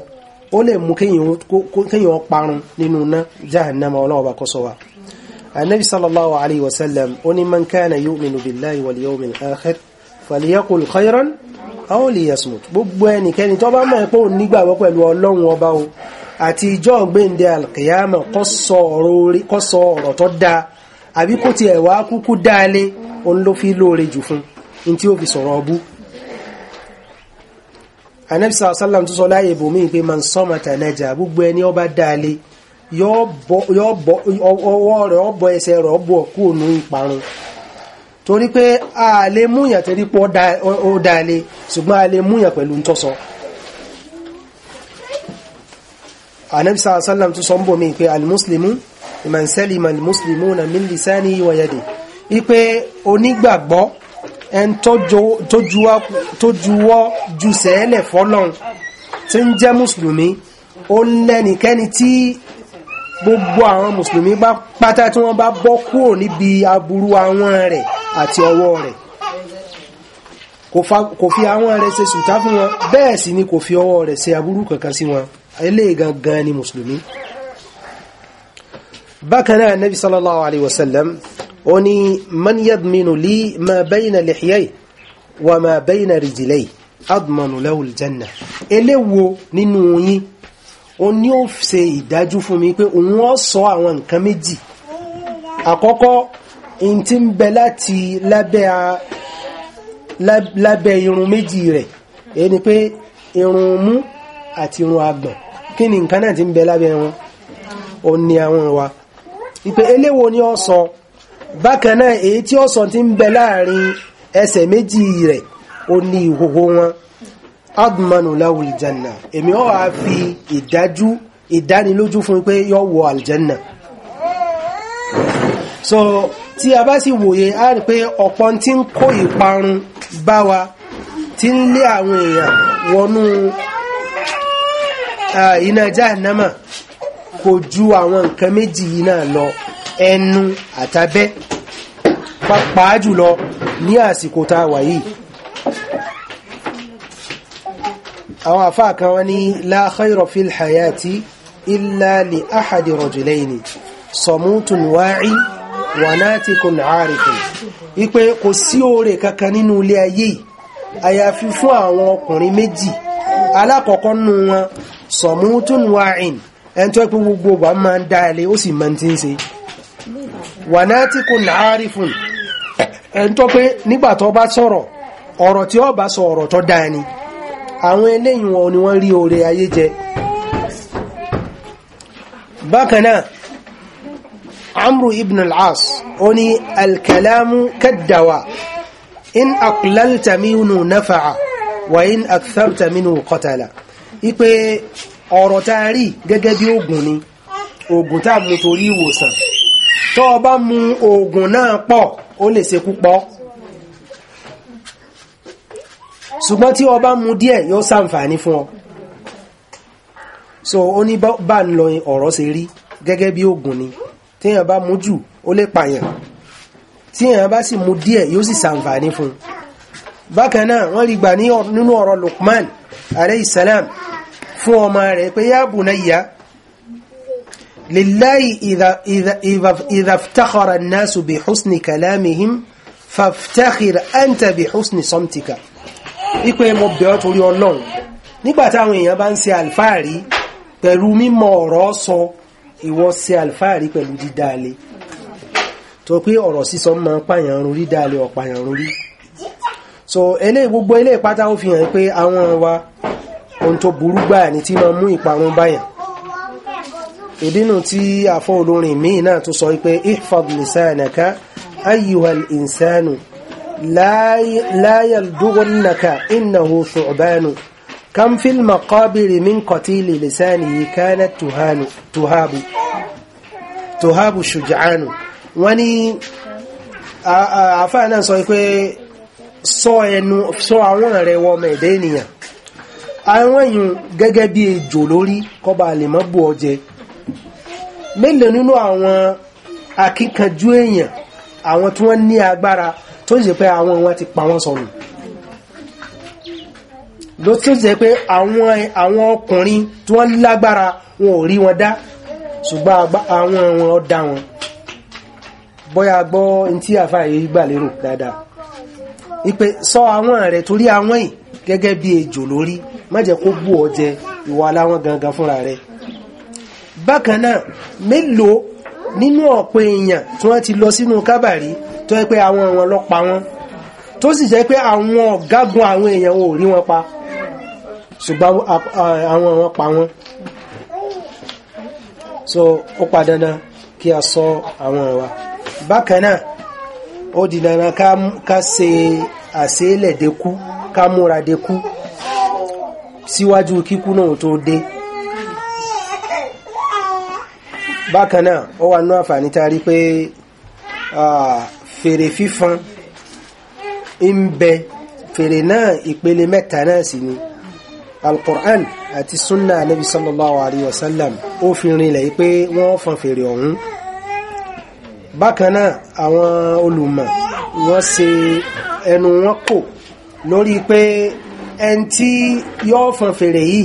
ó lè mú kéèyàn parun nínú iná jahannama ọlọ́run ọba kó sọ wa anabi sallallahu alayhi wa sallam ó ní man kana yu'minu billahi wal yawmil akhir falyaqul khayran aw liyasmut gbogbo ẹnikẹ́ni tó bá mọ̀ pé òun nígbàgbọ́ pẹ̀lú ọlọ́run ọba o àti ìjọ́ ọ̀gbẹ́ndẹ̀ alkiyama kó sọ ọ̀rọ̀ tó dáa àbí kò tiẹ̀ wá kúkú dáálé òun ló fi lóore jù fún un tí ó fi sọ̀rọ̀ ọbú anabisa asalam tó sọ láyé ibòmí pé man sọmọ tànájà gbogbo ẹni ọba dáálé ọwọ́ rẹ̀ ọbọ ẹsẹ̀ rẹ̀ ọbọ kú ònú ìparun torí pé a lè múyàn tẹ́rí pọ́ ó dáálé ṣùgbọ́n a lè múyàn pẹ̀lú ń tọ́sọ anabisa asalam tó sọ ń bòmí pé alimuslimu man salima al-muslimuna min lisanihi wa yadihi ipe onígbàgbọ́ ẹn tó juwọ́ ju sẹ́ẹ̀lẹ̀ fọ́lọ́n tí ń jẹ́ mùsùlùmí ó lẹ́nikẹ́ni tí gbogbo àwọn mùsùlùmí bá pátá tí wọ́n bá bọ́ kúrò níbi aburú àwọn rẹ̀ àti ọwọ́ rẹ̀ kò fi àwọn rẹ̀ ṣe sùtá fún wọn bẹ́ẹ̀ sì ni kò fi ọwọ́ rẹ̀ ṣe aburú kankan sí wọn eléyìí gangan ni mùsùlùmí بكنا النبي صلى الله عليه وسلم أني من يضمن لي ما بين لحيي وما بين رجلي أضمن له الجنة eléwo nínú yín ó ní ó ṣe ìdájú fún mi pé òun ó sọ àwọn nǹkan méjì àkọ́kọ́ in tí ń bẹ láti lábẹ́ irun méjì rẹ̀ èyí ni pé irun mú àti irun àgbọ̀n kí ni nǹkan náà tí ń bẹ lábẹ́ wọn ó ní àwọn wa ìpè eléwo ni ó sọ bákan náà èyí tí ó sọ ti ń bẹ láàrin ẹsẹ̀ méjì rẹ̀ ó ní ìhòhò wọn admanu lahu aljanna èmi ó wá fi ìdájú ìdánilójú fún pé yóò wọ aljanna so tí a bá sì wòye á rí pé ọ̀pọ̀ tí ń kó ìparun bá wa tí ń lé àwọn èèyàn wọnú iná jahannama kò ju àwọn nǹkan méjì yìí náà lọ ẹnu àtàbẹ́ pàápàá jùlọ ní àsìkò tá a wà yìí àwọn àfáà kan wọ́n ní la khayra fil hayati illa li ahadi rajulayni samutun wa'i kò sí oore kankan nínú ilé ayé àyàfi fún àwọn ọkùnrin méjì alákọ̀ọ́kọ́ nù wọn samutun ẹni tó pín gbogbo wa máa ń dá ẹlẹ́ ó sì máa ti ń ṣe wà náà tí kò náàárí fún ẹni tó pé nígbà tó bá sọ̀rọ̀ ọ̀rọ̀ tí ó bá sọ ọ̀rọ̀ tó dáa ni àwọn eléyìí wọn ni wọ́n rí oore ayé jẹ bákan náà amru ibn al ó ní alkalamu kaddawa in aklalta minu nafa'a wa in aktharta minu qatala ipe ọ̀rọ̀ tá a rí gẹ́gẹ́ bí oògùn ni oògùn tá a mú torí ìwòsàn tó o bá mu oògùn náà pọ̀ ó lè ṣekú pọ̀ ṣùgbọ́n tí o bá mu díẹ̀ yóò ṣàǹfààní fún ọ so ó ní bá ń lọ ọ̀rọ̀ ṣe rí gẹ́gẹ́ bí oògùn ni téèyàn bá mu jù ó lè pààyàn téèyàn bá sì mu díẹ̀ yóò sì ṣàǹfààní fún bákan náà wọ́n rí gbà nínú ọ̀rọ̀ Luqman alayhi salam fún ọmọ rẹ̀ pé yá bunayya lillahi idha iftakhara an-nasu bi husni kalamihim faftakhir anta bi husni samtika ipe mo bẹ̀ ọ́ torí ọlọ́run nígbà táwọn èèyàn bá ń ṣe àlfáàrí pẹ̀lú mímọ̀ ọ̀rọ̀ sọ ìwọ ṣe àlfáàrí pẹ̀lú dídáalé tó pé ọ̀rọ̀ sísọ máa ń pààyàn run rí ọ̀pààyàn run rí so eléyìí gbogbo eléyìí pátá ó fi hàn pé àwọn wa ohun tó burú gbáà ni tí máa mú ìparun báyàn ìdínú tí àfọ́ olórin míì náà tó sọ wípé ihfad lisanaka ayyuhal insanu la yaldughannaka innahu thu'banu kam fil maqabir min qatili lisanihi kanat tuhanu tuhabu tuhabu shuj'anu wani àfáà náà sọ wípé sọ àwọn rẹ̀ wọ́n mẹ̀dẹ́ ènìyàn àwọn yìí gẹ́gẹ́ bí ejò lórí kọba àlèmọ́ bù ọ jẹ mélòó nínú àwọn akíkanjú èèyàn àwọn tí wọ́n ní agbára tó ṣe pé àwọn wọn ti pa wọ́n sọnù ló tí ó ṣe pé àwọn ọkùnrin tí wọ́n lágbára wọn ò rí wọn dá ṣùgbọ́n àwọn wọn ọ̀dá wọn bóyá gbọ́ ntí àfáàyè gbà lérò dáadáa ìpè sọ àwọn rẹ̀ torí àwọn yìí gẹ́gẹ́ bí ejò lórí má jẹ́ kó bù ọ jẹ ìwà aláwọn gangan fúnra rẹ̀ bákan náà mélòó nínú ọ̀pọ̀ èèyàn tí wọ́n ti lọ sínú kábàrí tó jẹ́ pé àwọn wọn lọ pa wọn tó sì jẹ́ pé àwọn ọ̀gágun àwọn èèyàn ò rí wọn pa ṣùgbọ́n àwọn wọn pa wọn so ó pa dandan kí a sọ àwọn wa bákan náà ó di dandan ká ṣe àṣeélẹ̀ dekú ká múra dekú síwájú kíkú náà tó dé bákan náà ó wà nú àǹfààní tá a rí pé fèrè fífan ń bẹ fèrè náà ìpele mẹ́ta náà sì ni alqur'an àti sunna anabi sallallahu alayhi wa sallam ó fi rinlẹ̀ pé wọ́n fan fèrè ọ̀hún bákan náà àwọn olùmọ̀ wọ́n ṣe ẹnu wọn kò lórí pé ẹn tí yóò fọn fèrè yìí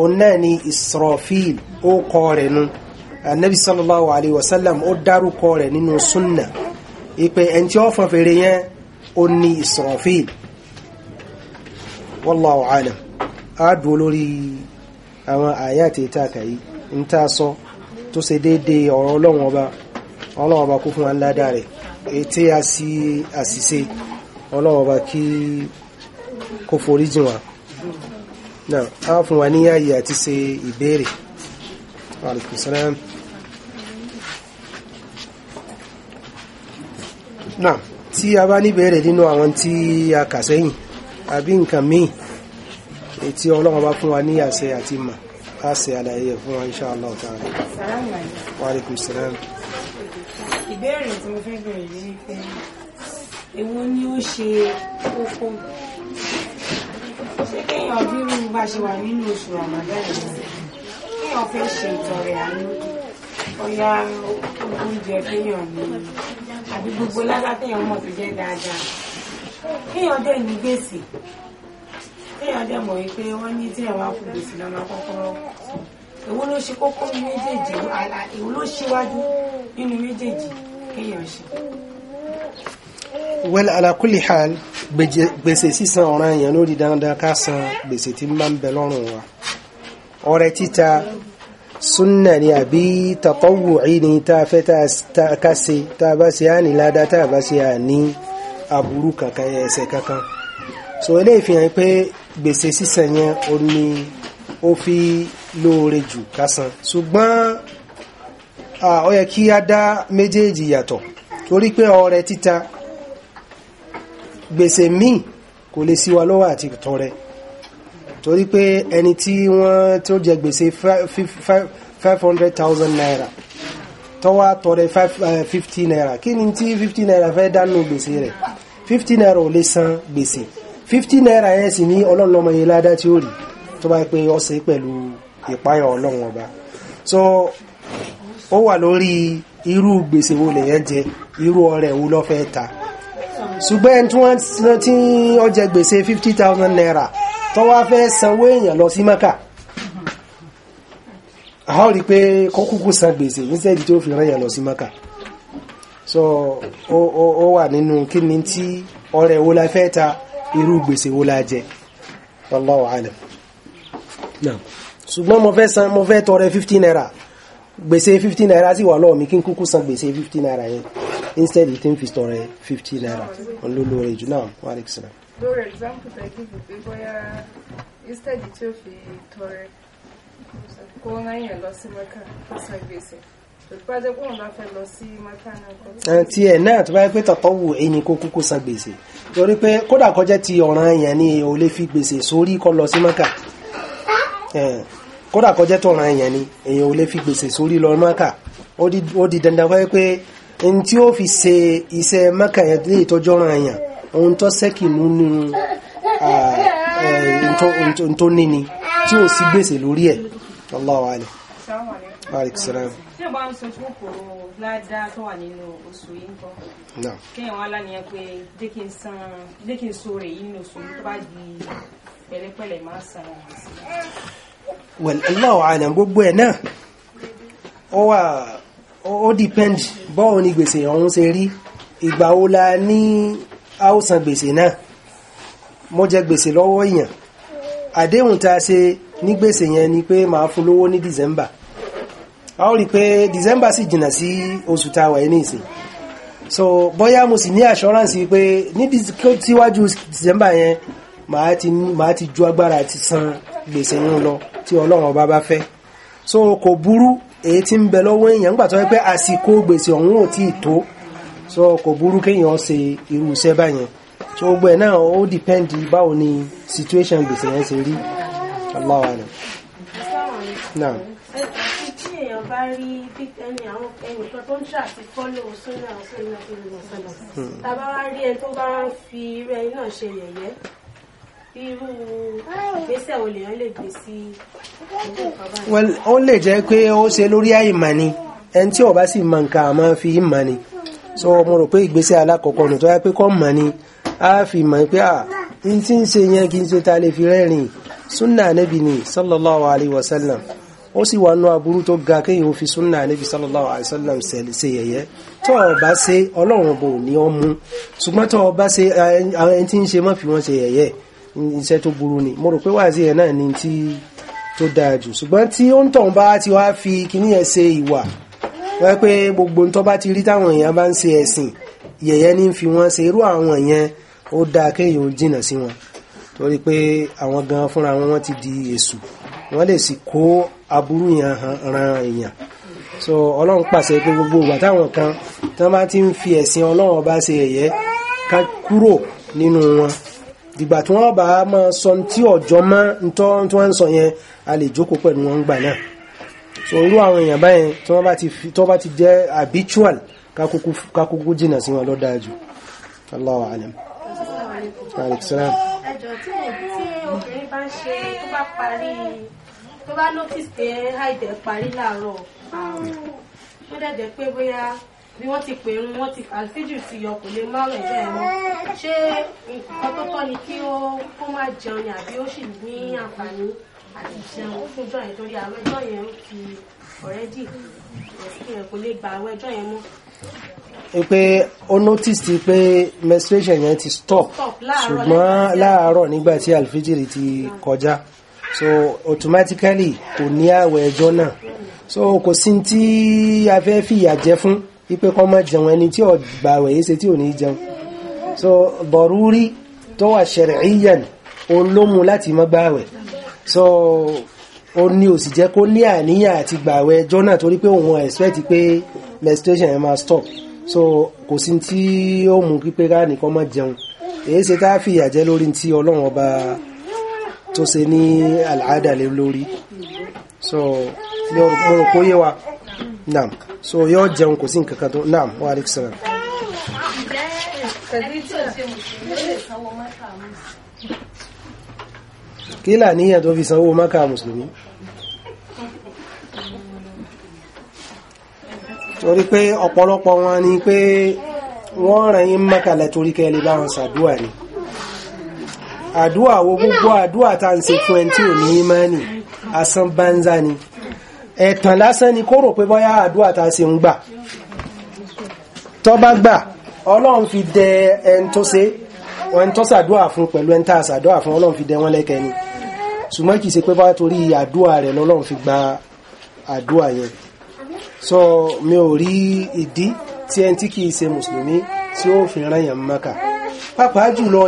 òun náà ni Israfil ó kọ rẹ̀ nu anabi sallallahu alayhi wa sallam ó dárúkọ rẹ̀ nínú sunna ìpè ẹn tí yóò fọn fèrè yẹn ó ní Israfil wallahu alam a dúró lórí àwọn àyà tètè àkàyí ń tá sọ tó ṣe déédéé ọ̀rọ̀ ọlọ́run ọba ọlọ́run ọba kó fún wa ńlá dáa rẹ̀ àṣìṣe ọlọ́run ọba kí kó forí jìn wá náà á fún wa ní ààyè àti ṣe ìbéèrè alaikum salam náà tí a bá ní nínú àwọn tí a kà sẹ́yìn àbí nǹkan míì tí ọlọ́run bá fún wa ní àṣẹ àti mà á ṣe àlàyé fún wa insha Allah ta'ala wa alaikum salam
ìbéèrè tí mo fẹ́ bẹ̀rẹ̀ yìí pé èwo ni ó ṣe kókó ṣé kéèyàn bírú bá ṣe wà nínú oṣù Ramadan kéèyàn fẹ́ ṣe ìtọrẹ àánú ọ̀yà oúnjẹ kéèyàn ní àbí gbogbo lára téèyàn mọ̀ fi jẹ́ dáadáa kéèyàn dẹ̀ ní gbèsè kéèyàn dẹ̀ mọ̀ wípé wọ́n ní tí ẹ̀wà kù gbèsè lọ́nà kọ́kọ́rọ́ èwo ló ṣe kókó ní méjèèjì èwo ló ṣíwájú nínú méjèèjì kéèyàn ṣe
wẹ́l alakulli hal gbèsè sísan ọ̀ràn èèyàn lórí dandan ká san gbèsè tí máa ń bẹ lọ́rùn wa ọrẹ títa súnà ni àbí taqawwu'i ni tá a fẹ́ tá a ká ṣe tá a bá ṣe á ní ládá tá a bá ṣe à ní aburú kankan ẹsẹ̀ kankan so eléyìí fi hàn pé gbèsè sísan yẹn ó ní ó fi lóore jù ká san ṣùgbọ́n ó yẹ kí a dá méjèèjì yàtọ̀ torí pé ọrẹ títa gbèsè míì kò lè sí wa lọ́wọ́ àti tọrẹ torí pé ẹni tí wọ́n tó jẹ gbèsè five hundred thousand naira tọ́wọ́ tọrẹ eh, fifty naira kí ni tí fifty naira fẹ́ dánú gbèsè rẹ̀ fifty naira ò lè san gbèsè fifty naira yẹn sì ní ọlọ́ọ̀lọ́mọ yẹn ládá tí ó rí tó bá pé ọ̀sẹ̀ pẹ̀lú ìpáyọ̀ ọlọ́run ọba so ó wà lórí irú gbèsè wo lèyẹn jẹ irú ọrẹ wo ló fẹ́ ta ṣùgbọ́n ẹni tí wọ́n ti ọjẹ́ gbèsè fifty thousand naira tó wá fẹ́ sanwó èèyàn lọ sí mẹ́kà àwọn rí i pé kọ́kúkú san gbèsè níṣẹ́dì tí fi rán èèyàn lọ sí mẹ́kà so ó wà nínú kí ni tí ọrẹ wo la fẹ́ ta irú gbèsè wo la jẹ wallahu alam náà ṣùgbọ́n mo fẹ́ san mo fẹ́ tọrẹ fifty naira gbèsè fifty naira sì wà lọ́wọ́ mi kí n kúkú san gbèsè fifty naira yẹn instead ìtí n fi tọrẹ fifty naira òun ló lóore jù náà wà ní kìsìlá.
lórí example tó kí gbèsè bóyá
instead tí ó fi tọrẹ kó náà yẹn lọ sí mẹ́kà kó san
gbèsè
tí ẹ̀ náà tó bá yẹ pé tọ̀tọ̀wù ẹni kó kúkú san gbèsè torí pé kódà kọjá ti ọ̀ràn yẹn ni o lè fi gbèsè sórí kó lọ sí mẹ́kà kódà kọjá tọ̀ràn èèyàn ni èèyàn ò lè fi gbèsè sórí lọ mọ́kà ó di dandan wáyé pé n tí ó fi ṣe iṣẹ́ mọ́kà yẹn lè tọ́jọ́ ràn èèyàn ohun tó sẹ́kì nínú ohun tó níni tí ò sí gbèsè lórí ẹ̀ Allahu alim. Aleykum salaam.
Tí o bá ń sojú kòkòrò ládá tó wà nínú oṣù yìí ń kọ́. Kéèyàn wá lánìyàn pé jẹ́ kí san jẹ́ kí so rè yìí nínú oṣù yìí tó bá di pẹ̀lẹ́pẹ̀lẹ́ máa san.
Wallahu alam gbogbo ẹ̀ náà ó wà ó depend bọ́ọ̀ ni gbèsè ọ̀hún ṣe rí ìgbà ola la ní a san gbèsè náà mo jẹ gbèsè lọ́wọ́ èèyàn àdéhùn tá a ṣe ní gbèsè yẹn ni pé màá fún lówó ní December a ó rí i pé December sì jìnnà sí oṣù tá a wà ní ìsìn so bóyá mo sì ní assurance pé ní síwájú December yẹn màá ti ju agbára àti san gbèsè yẹn lọ tí ọlọ́run ọba bá fẹ́ so kò burú èyí tí ń bẹ lọ́wọ́ èèyàn nígbà tó yẹ pé àsìkò gbèsè ọ̀hún ò tí ì tó so kò burú kéèyàn ṣe irú iṣẹ́ báyẹn so gbogbo náà ó dìpẹ́ndì báwo ni situation gbèsè yẹn ṣe rí Allahu alam
náà hmm. èèyàn bá rí ẹni àwọn ẹnìkan tó ń ṣàti fọ́lọ̀ sọ́nà sọ́nà sọ́nà hmm. tàbá wá rí ẹni tó bá fi irú ẹni náà ṣe yẹ̀yẹ́ irú ìgbésẹ̀ wo lèèyàn lè gbé sí irú nǹkan
báyìí. ó lè jẹ́ pé ó ṣe lórí àìmọ̀ ni ẹni tí ó sì mọ nǹkan àmọ́ fi mọ̀ ni so mo rò pé ìgbésẹ̀ alákọ̀ọ́kọ́ nù tó yẹ pé kọ́ mọ̀ ni a fi mọ̀ pé à n tí ń ṣe yẹn kí n ṣe ta lè fi rẹ́rìn súnà ànábì ni sallallahu alayhi wa sallam ó sì wà nú aburú tó ga kéèyàn ó fi súnà ànábì sallallahu alayhi wa sallam ṣe yẹ̀yẹ́ tó o bá ṣe ọlọ́run bò ní ọmú ṣùgbọ́n tó o ṣe ẹni tí ń ṣe má fi wọ́n ṣe yẹ̀yẹ́ iṣẹ́ tó burú ni mo rò pé wáàzí ẹ̀ náà ni tí tó dáa jù ṣùgbọ́n tí ó ń tàn bá ti wá fi kíní ẹ̀ ṣe ìwà wọ́n pé gbogbo ń tọ́ bá ti rí táwọn èèyàn bá ń ṣe ẹ̀sìn yẹ̀yẹ́ ní fi wọ́n ṣe irú àwọn yẹn ó dáa kéèyàn ó jìnà sí wọn torí pé àwọn gan fúnra wọn wọ́n ti di èṣù wọ́n lè sì kó aburú yẹn ran èèyàn so ọlọ́run pàṣẹ pé gbogbo ìgbà táwọn kan tí wọ́n bá ti ń fi ẹ̀sìn ọlọ́run ọba ṣe yẹ̀yẹ́ ká kúrò nínú wọn dìgbà tí wọ́n bá máa sọ tí ọ̀jọ́ mọ́ ntọ́ tí wọ́n ń sọ yẹn a lè jókòó pẹ̀lú wọn gbà náà so irú àwọn èèyàn báyẹn tí wọ́n bá ti fi tí wọ́n bá ti jẹ́ habitual kakúkú jìnnà sí wọn ló dáa jù Allahu alam.
ẹjọ́ tí obìnrin bá ń ṣe tó bá parí tó bá notice pé àìdẹ̀ parí láàárọ̀ ó dẹ̀ jẹ́ pé bóyá bí wọ́n ti pè ń wọ́n ti àlfíjù ti yọ kò lè má rẹ̀ bẹ́ẹ̀ mọ́ ṣé nǹkan tó tọ́ ni kí ó kó má jẹun ni àbí ó sì ní àǹfààní àti jẹun fún ìjọ yẹn torí àwọn ẹjọ́ yẹn ń fi ọ̀rẹ́dì ẹ̀sìn kò lè gba àwọn ẹjọ́ yẹn mọ́.
pé ó notice pé menstruation yẹn ti stop ṣùgbọ́n láàárọ̀ nígbà tí àlfíjìrì ti kọjá so automatically kò ní àwẹ̀ ẹjọ́ náà so kò sí tí a fẹ́ fìyà jẹ fún ipe kọ́ máa jẹun ẹni tí ọgbà wẹ̀ yìí tí ò ní jẹun so bọ̀rúrí tó wà ṣẹ̀rẹ̀íyàn òun ló láti má gbàwẹ̀ so ó ní òsì jẹ́ kó ní àníyàn àti gbàwẹ̀ jọ́nà torí pé òun expect pé menstruation ẹ̀ máa stop so kò sí tí ó mú pípé ká nìkan máa jẹun èyí ṣe tá a fìyà jẹ lórí ti ọlọ́run ọba tó ṣe ní àlàádà lórí so ní orúkọ yé wa naam so yóò jẹun kò sí nǹkan kan tó naam wa aleykum salaam. kí là níyàn tó fi sanwó maka mùsùlùmí torí pé ọ̀pọ̀lọpọ̀ wọn ni pé wọ́n ràn yín mọ́kànlẹ̀ torí kẹ́ lè bá wọn ṣàdúà ni àdúà wo gbogbo àdúà tá ń ṣe fún ẹni tí ò ni ẹ̀tàn lásán ni kó rò pé bọ́yá àdúrà ta ṣe ń gbà tó bá gbà ọlọ́run fi dẹ ẹn tó ṣe ẹn tó ṣàdúrà fún pẹ̀lú ẹn tá a ṣàdúrà fún ọlọ́run fi dẹ wọ́n lẹ́kẹ̀ẹ́ ni ṣùgbọ́n kìí ṣe pé bá torí àdúrà rẹ̀ lọ́lọ́run fi gba àdúrà yẹn so mi ò rí ìdí tí ẹn tí kìí ṣe mùsùlùmí tí ó fi rán yàn mọ́kà pàápàá jùlọ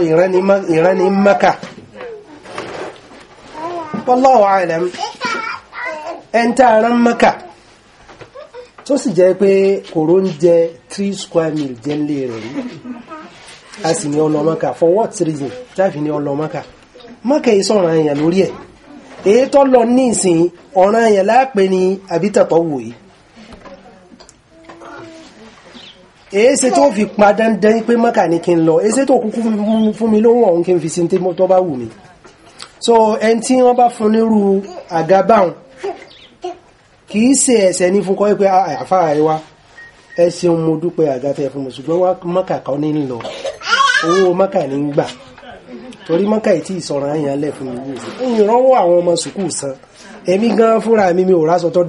ìránni mọ́kà ẹn tá a rán mọ́kà tó sì jẹ́ pé kòró ń jẹ three square meal jẹ́ ń lé a sì ní ọlọ mọ́kà for what reason táàfi ní ọlọ mọ́kà mọ́kà yìí sọ̀rọ̀ àyàn lórí ẹ̀ èyí tó lọ ní ìsìn ọ̀ràn àyàn láàpẹ́ ni àbítàtọ̀ wò yìí èése tó fi pa dandan pé mọ́kà ní kí n lọ èése tó kúkú fún mi lóhùn ọ̀hún kí n fi sí tó bá wù mí so ẹni tí wọ́n bá fún nírú àgábáhùn kì í ṣe ẹ̀ṣẹ̀ ní fún kọ́ pé ah, ah, àfà àríwá ẹ ṣeun mo fún mi ṣùgbọ́n wá kan ní lọ owó mọ́kà ní gbà torí mọ́kà ìtì ìsọ̀rọ̀ àyàn lẹ̀ fún mi ìrànwọ́ àwọn ọmọ sùkúù san gan fúnra mi mi ò ráṣọ tó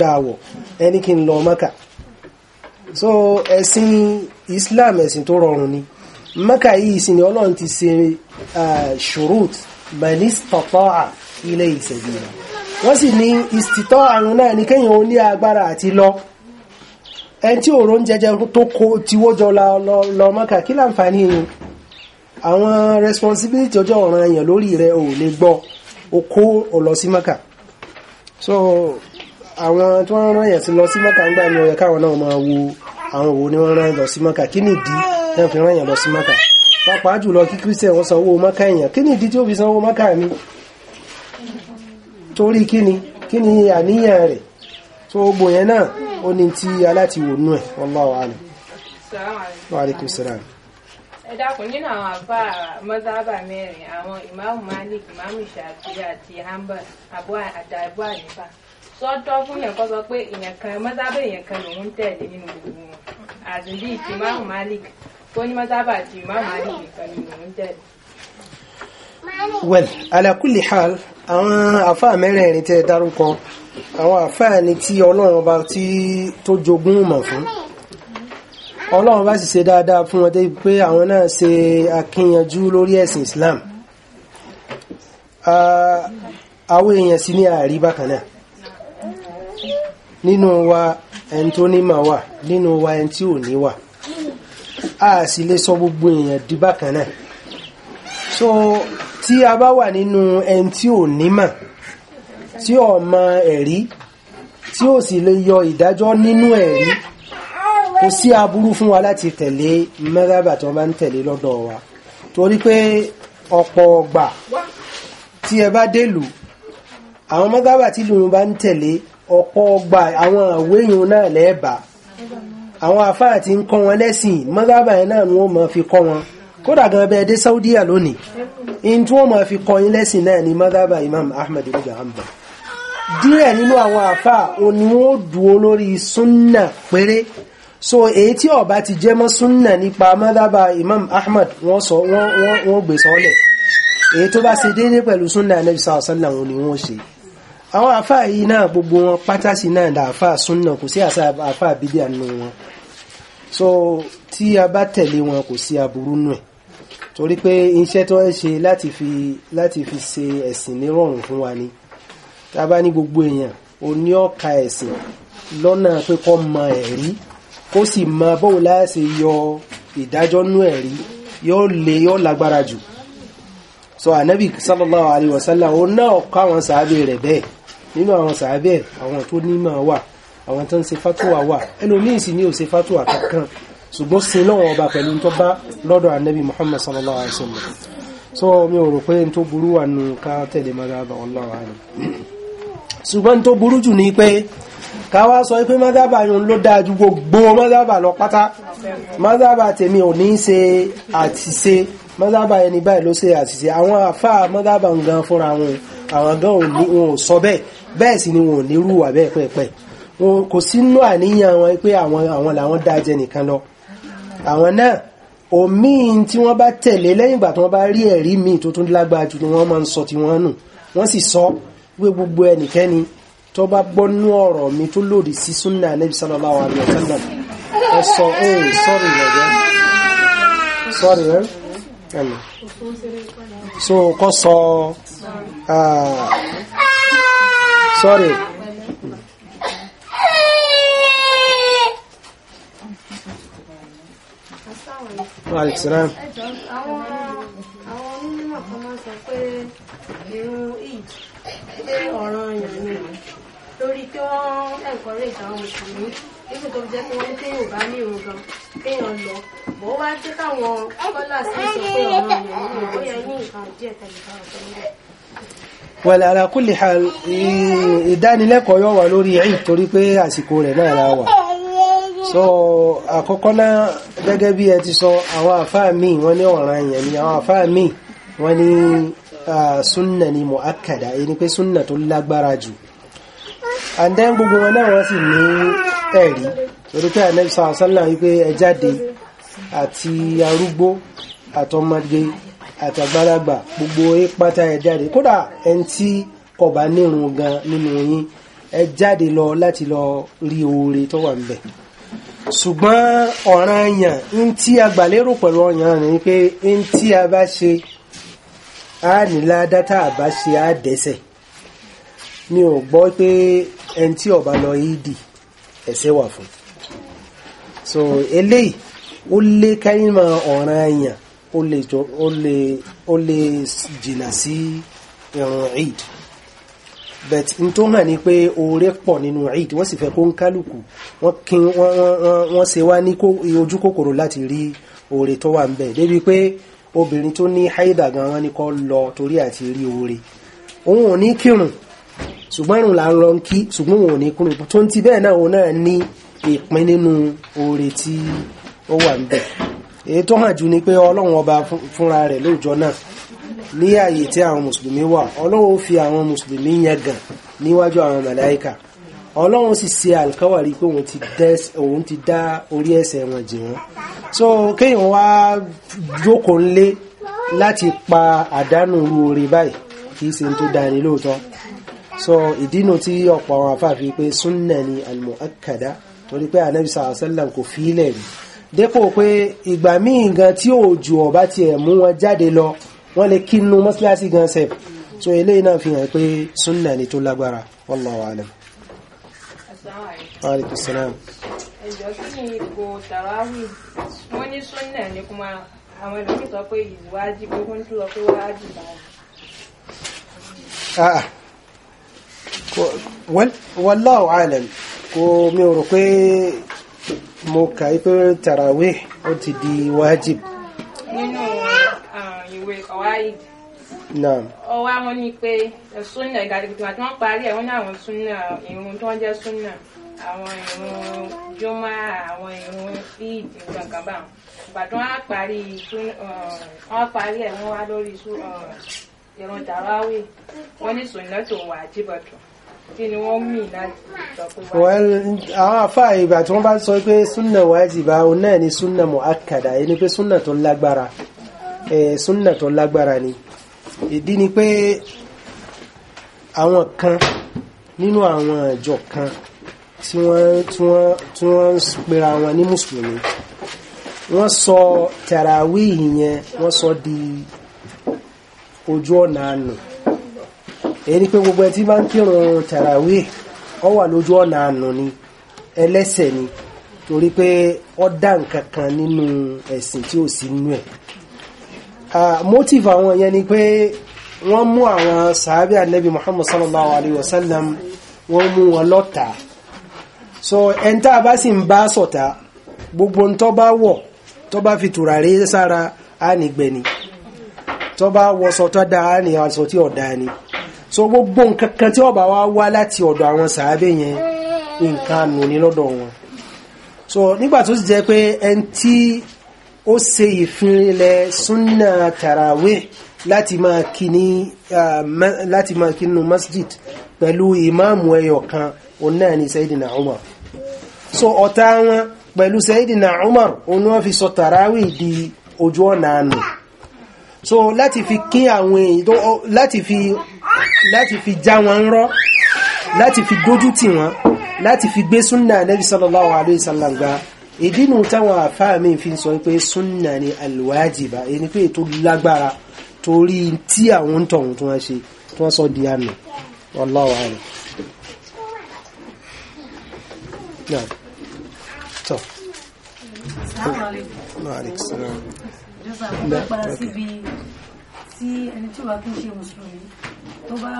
ẹni kí n lọ mọ́kà Islam ẹ̀sìn tó rọrùn ni mọ́kà yìí ni ọlọ́run ti ṣe tọ́tọ́ à ilé wọ́n sì ní ìsìtọ́ àrùn náà ní kéèyàn ó ní agbára àti lọ ẹni tí òòrò ń jẹjẹ tó kó tiwójọ lọ mọ́kà kí láǹfààní yìí àwọn responsibility ọjọ́ ọ̀ràn èèyàn lórí rẹ̀ ò lè gbọ́ o kó o lọ sí mọ́kà so àwọn tí wọ́n rán yẹn lọ sí mọ́kà ń gbà ní ọ̀yẹ́ káwọn náà máa wo àwọn òwò ni wọ́n rán lọ sí mọ́kà kí ni ìdí tẹ́ fi rán yẹn lọ sí mọ́kà pàápàá jùlọ kí christian wọ́n sanwó mọ́kà èèyàn kí ni ìdí tí ó fi sanwó mọ́kà mi torí kíni kíni àníyàn rẹ̀ tó gbò yẹn náà ó ní tí alátiwò nú ẹ̀ wallahu alim wa alaikum salaam
ẹ dákun nínú àwọn àfà mọ́sábà mẹ́rin àwọn ìmáàmù malik ìmáàmù ṣàfihàn àti hanbal àti abu hanifa sọ́tọ́ fún yẹn kọ́ sọ pé èèyàn kan mọ́sábà èèyàn kan tẹ̀lé nínú gbogbo wọn àti bíi malik tó ní mọ́sábà àti ìmáàmù
malik nìkan ni tẹ̀lé
well ala kulli hal àwọn àfáà mẹ́rẹ̀ẹ̀rin tẹ́ dárúkọ àwọn àfáà ni tí ọlọ́run ọba tí tó jogún mọ̀ fún ọlọ́run bá sì ṣe dáadáa fún wọn dé pé àwọn náà ṣe akínyanjú lórí ẹ̀sìn Islam àwọn èèyàn sì ní ààrí bákan náà nínú wa ẹni tó nímọ̀ wà nínú wa ẹni tí ò ní wà a sì lè sọ gbogbo èèyàn di bákan náà so tí a bá wà nínú ẹni tí ò nímọ̀ tí ò mọ ẹ̀rí tí ò sì lè yọ ìdájọ́ nínú ẹ̀rí kò sí aburú fún wa láti tẹ̀lé mẹ́rẹ́bà tí wọ́n bá ń tẹ̀lé lọ́dọ̀ wa torí pé ọ̀pọ̀ ọgbà tí ẹ bá délùú àwọn mẹ́rẹ́bà tí lùú bá ń tẹ̀lé ọ̀pọ̀ ọgbà àwọn àwéyùn náà lẹ́ẹ̀bà àwọn àfáà tí ń kọ́ wọn lẹ́sìn mẹ́rẹ́bà yẹn náà ni wọ́n máa fi kọ́ wọn kódà gan bẹ́ẹ̀ dé Saudiya lónìí in tí wọ́n máa fi kọyín lẹ́sìn náà ni madhaba Imam Ahmad ibn Hanbal díẹ̀ nínú àwọn àfà òní wọ́n dúó lórí súnnà péré so èyí tí ó bá ti jẹ́ mọ́ súnnà nípa madhaba Imam Ahmad wọ́n sọ wọ́n gbé sọ́lẹ̀ èyí tó bá ṣe déédé pẹ̀lú súnnà Ànábì sàásánlá wọn ni wọ́n ṣe àwọn àfà yìí náà gbogbo wọn pátá sí náà dà àfà súnnà kò sí àfà bídíà nínú wọn so tí a bá tẹ̀lé wọn kò sí aburú nù torí pé iṣẹ́ tó ń ṣe láti fi ṣe ẹ̀sìn nírọ̀rùn fún wa ni tá bá ní gbogbo èèyàn ó ní ọ̀ka ẹ̀sìn lọ́nà pé kó mọ ẹ̀rí kó sì mọ bóun láṣẹ yọ ìdájọ́ nú ẹ̀rí yóò le yóò lágbára jù so ànábì sallallahu alayhi wa sallam ó náà kọ́ àwọn sàábẹ̀ rẹ̀ bẹ́ẹ̀ nínú àwọn sàábẹ̀ àwọn tó nímọ̀ wà àwọn tó ń ṣe fátúwà wà ẹlòmíì sì ní ò ṣe fátúwà kankan ṣùgbọ́n ṣe lọ́wọ́ ọba pẹ̀lú tó bá lọ́dọ̀ anabi muhammad sallallahu alayhi wa so mi ò rò pé n tó burú wa nù ká tẹ̀lé madhaba wallahu a'lam ṣùgbọ́n tó burú jù ní pé káwá sọ pé madhaba yun ló dáa ju gbogbo madhaba lọ pátá madhaba tèmi ò ní ṣe àtìṣe madhaba ẹni báyìí ló ṣe àtìṣe àwọn àfáà madhaba gan fúnra wọn àwọn gan wọn ò sọ bẹ́ẹ̀ bẹ́ẹ̀ sì ni wọn ò ní rúwà bẹ́ẹ̀ pẹ́ẹ́pẹ́ẹ́ kò sínú àníyàn wọn pé àwọn làwọn dáa nìkan lọ àwọn náà òmíì tí wọ́n bá tẹ̀lé lẹ́yìn ìgbà tí wọ́n bá rí ẹ̀rí míì tó tún lágbára jù ni wọ́n máa ń sọ tí wọ́n nù wọ́n sì sọ wí gbogbo ẹnikẹ́ni tó bá gbọ́nú ọ̀rọ̀ mi tó lòdì sí súnà Ànábì sallallahu alaihi wasallam ẹ sọ ẹ sọ́ọ̀rì rẹ̀ jẹ́ sọ́ọ̀rì rẹ̀ ẹ̀mí so kọ́ sọ ah,
sọ́ọ̀rì.
Alexander. ẹjọ́ àwọn onímọ̀ kan máa sọ pé irun eid pé ọ̀ràn èèyàn ni lórí kí wọ́n encourage àwọn mùsùlùmí nígbà tó jẹ́ pé wọ́n ní kéèyàn bá ní irun gan kéèyàn lọ bó wá jẹ́ káwọn kọ́lá sí sọ pé ọ̀ràn èèyàn ni ìrìn bóyá ní nǹkan díẹ̀ tẹ̀lé báwọn
tó ń bẹ̀ ìdánilẹ́kọ̀ọ́ yọ wà lórí Eid torí pé àsìkò rẹ̀ náà la wà so àkọ́kọ́ náà gẹ́gẹ́ bí ẹ ti sọ àwọn àfáà míì wọ́n ní ọ̀ràn yẹn ni àwọn àfáà míì wọ́n ní súnnà ni mu'akkada èyí ni pé súnnà tó lágbára jù and then gbogbo wọn náà wọ́n sì ní ẹ̀rí torí pé ànábì sallallahu alaihi wasallam wípé ẹ jáde àti arúgbó àtọmọdé àtàgbàlagbà gbogbo pátá ẹ jáde kódà ẹni tí kò bá nírun gan nínú yín ẹ jáde lọ láti lọ rí oore tó wà níbẹ̀ ṣùgbọ́n ọ̀ràn yàn ń tí a gbà lérò pẹ̀lú ọ̀yàn ni pé ń tí a bá ṣe á nílá dátà àbá ṣe á dẹ́sẹ̀ mi ò gbọ́ pé ẹni tí ọba lọ ìdì ẹ̀ṣẹ̀ wà fún so eléyìí ó lé káyìmọ̀ ọ̀ràn yàn ó lè jọ ó lè ó lè jìnnà sí ìrùn ìdì but n tó hàn ní pé oore pọ̀ nínú eid wọ́n sì fẹ́ kó ń kálukú wọ́n kí wọ́n ṣe wá ní ojú kòkòrò láti rí oore tó wà ń bẹ̀ débi pé obìnrin tó ní haida gan wọn ni kó lọ torí àti rí oore òun ò ní kírun ṣùgbọ́n ìrùn là ń lọ kí ṣùgbọ́n òun ò ní kírun tó ń ti bẹ́ẹ̀ náà òun náà ní ìpín nínú oore tí ó wà ń bẹ̀ èyí tó hàn jù ni pé ọlọ́run ọba fúnra rẹ̀ lóòjọ́ náà ní ààyè tí àwọn mùsùlùmí wà ọlọ́run fi àwọn mùsùlùmí yẹn gàn níwájú àwọn màláíkà ọlọ́run sì ṣe àlùkáwàrí pé òun ti dá orí ẹ̀ṣẹ̀ wọn jì wọ́n so kéèyàn wá jókòó ńlé láti pa àdánù ru báyìí kì í ṣe tó dání lóòótọ́ so ìdínú tí ọ̀pọ̀ àwọn afáàfin pé súnnà ni al-mu'akkada torí pé ànábì sàásẹ́lẹ̀ kò fi ilẹ̀ rí dépò pé ìgbà míì gan tí òjò ọba tiẹ̀ mú wọn jáde lọ wọ́n lè kínú mọ́síláṣí gan sẹ́f so eléyìí náà fi hàn pé súnnà ni tó lágbára wallahu alam alaikum salam
ẹjọ́ sí ni ipò tàwáwì wọ́n ní súnnà ní kuma àwọn ìlú sọ
ah, ah. kò mi rò pé mo kà pé tarawih ó ti di wájib
nínú
ah, ìwé ọ̀wáyìd ọwọ́ wọn ni pé eh, súnà ìgbàdìgbò àti wọ́n parí ẹ̀ wọ́n ní àwọn súnà ìrun tó ń jẹ́ súnà àwọn ìrun jọmọ́ àwọn ìrun eid nǹkan kan báwọn ìbàdàn wọn á parí eh, wọn parí ẹ̀ wọ́n wá lórí eh, ìrun tàwáwì wọ́n ní súnà tó wà jíbọ̀tún kí ni wọ́n mì láti sọ pé
wájìbá. àwọn àfáà ìgbà tí wọ́n bá sọ pé súnà wájìbá òun náà ni súnà muakkada ẹni pé súnà tó lágbára súnà tó lágbára ni ìdí ni pé àwọn kan nínú àwọn ìjọ kan tí wọ́n tí wọ́n tí wọ́n pera wọn ní mùsùlùmí wọ́n sọ tàràwíì yẹn wọ́n sọ di ojú ọ̀nà àná èyí pé gbogbo ẹtí máa ń kírun tàràwí ọ wà lójú ọ̀nà àánú ni ẹlẹ́sẹ̀ ni torí pé ọ dá nǹkan kan nínú ẹ̀sìn tí ò sí nínú ẹ̀ motive àwọn yẹn ni pé wọ́n mú àwọn sàábì ànábì Muhammad sallallahu alayhi wa sallam wọ́n mú wọn so ẹni tá a bá sì gbogbo ń tó wọ̀ tó fi tùràrí sára á nìgbẹ́ni wọ sọ̀tà dáa tí ni. so gbogbo nǹkan kan tí ó bá wá wá láti ọ̀dọ̀ àwọn sàábẹ̀ yẹn nǹkan ànú ni lọ́dọ̀ wọn so nígbà tó sì jẹ́ pé ẹni tí ó ṣe ìfinrinlẹ̀ súnà tàràwé láti máa kí ní láti máa kí nínú masjid pẹ̀lú ìmáàmù ẹyọ kan òun náà ni Sayyidina Umar so ọ̀tá wọn pẹ̀lú Sayyidina Umar òun wọ́n fi sọ tàràwé di ojú ọ̀nà ànú so láti fi kí àwọn èèyàn láti fi láti fi já wọn ń rọ́ láti fi gbójú tì wọ́n láti fi gbé súnà nẹ́bí sallallahu alayhi wa sallam gba ìdí nu táwọn àfáà mi fi sọ pé súnà ni alwajiba ẹni pé tó lágbára torí tí àwọn ń tọ̀hún tí wọ́n ṣe tí wọ́n sọ di àmì wallahu alam. نعم طب
السلام عليكم وعليكم السلام لا tí ẹni tí ó bá kí ń ṣe mùsùlùmí tó bá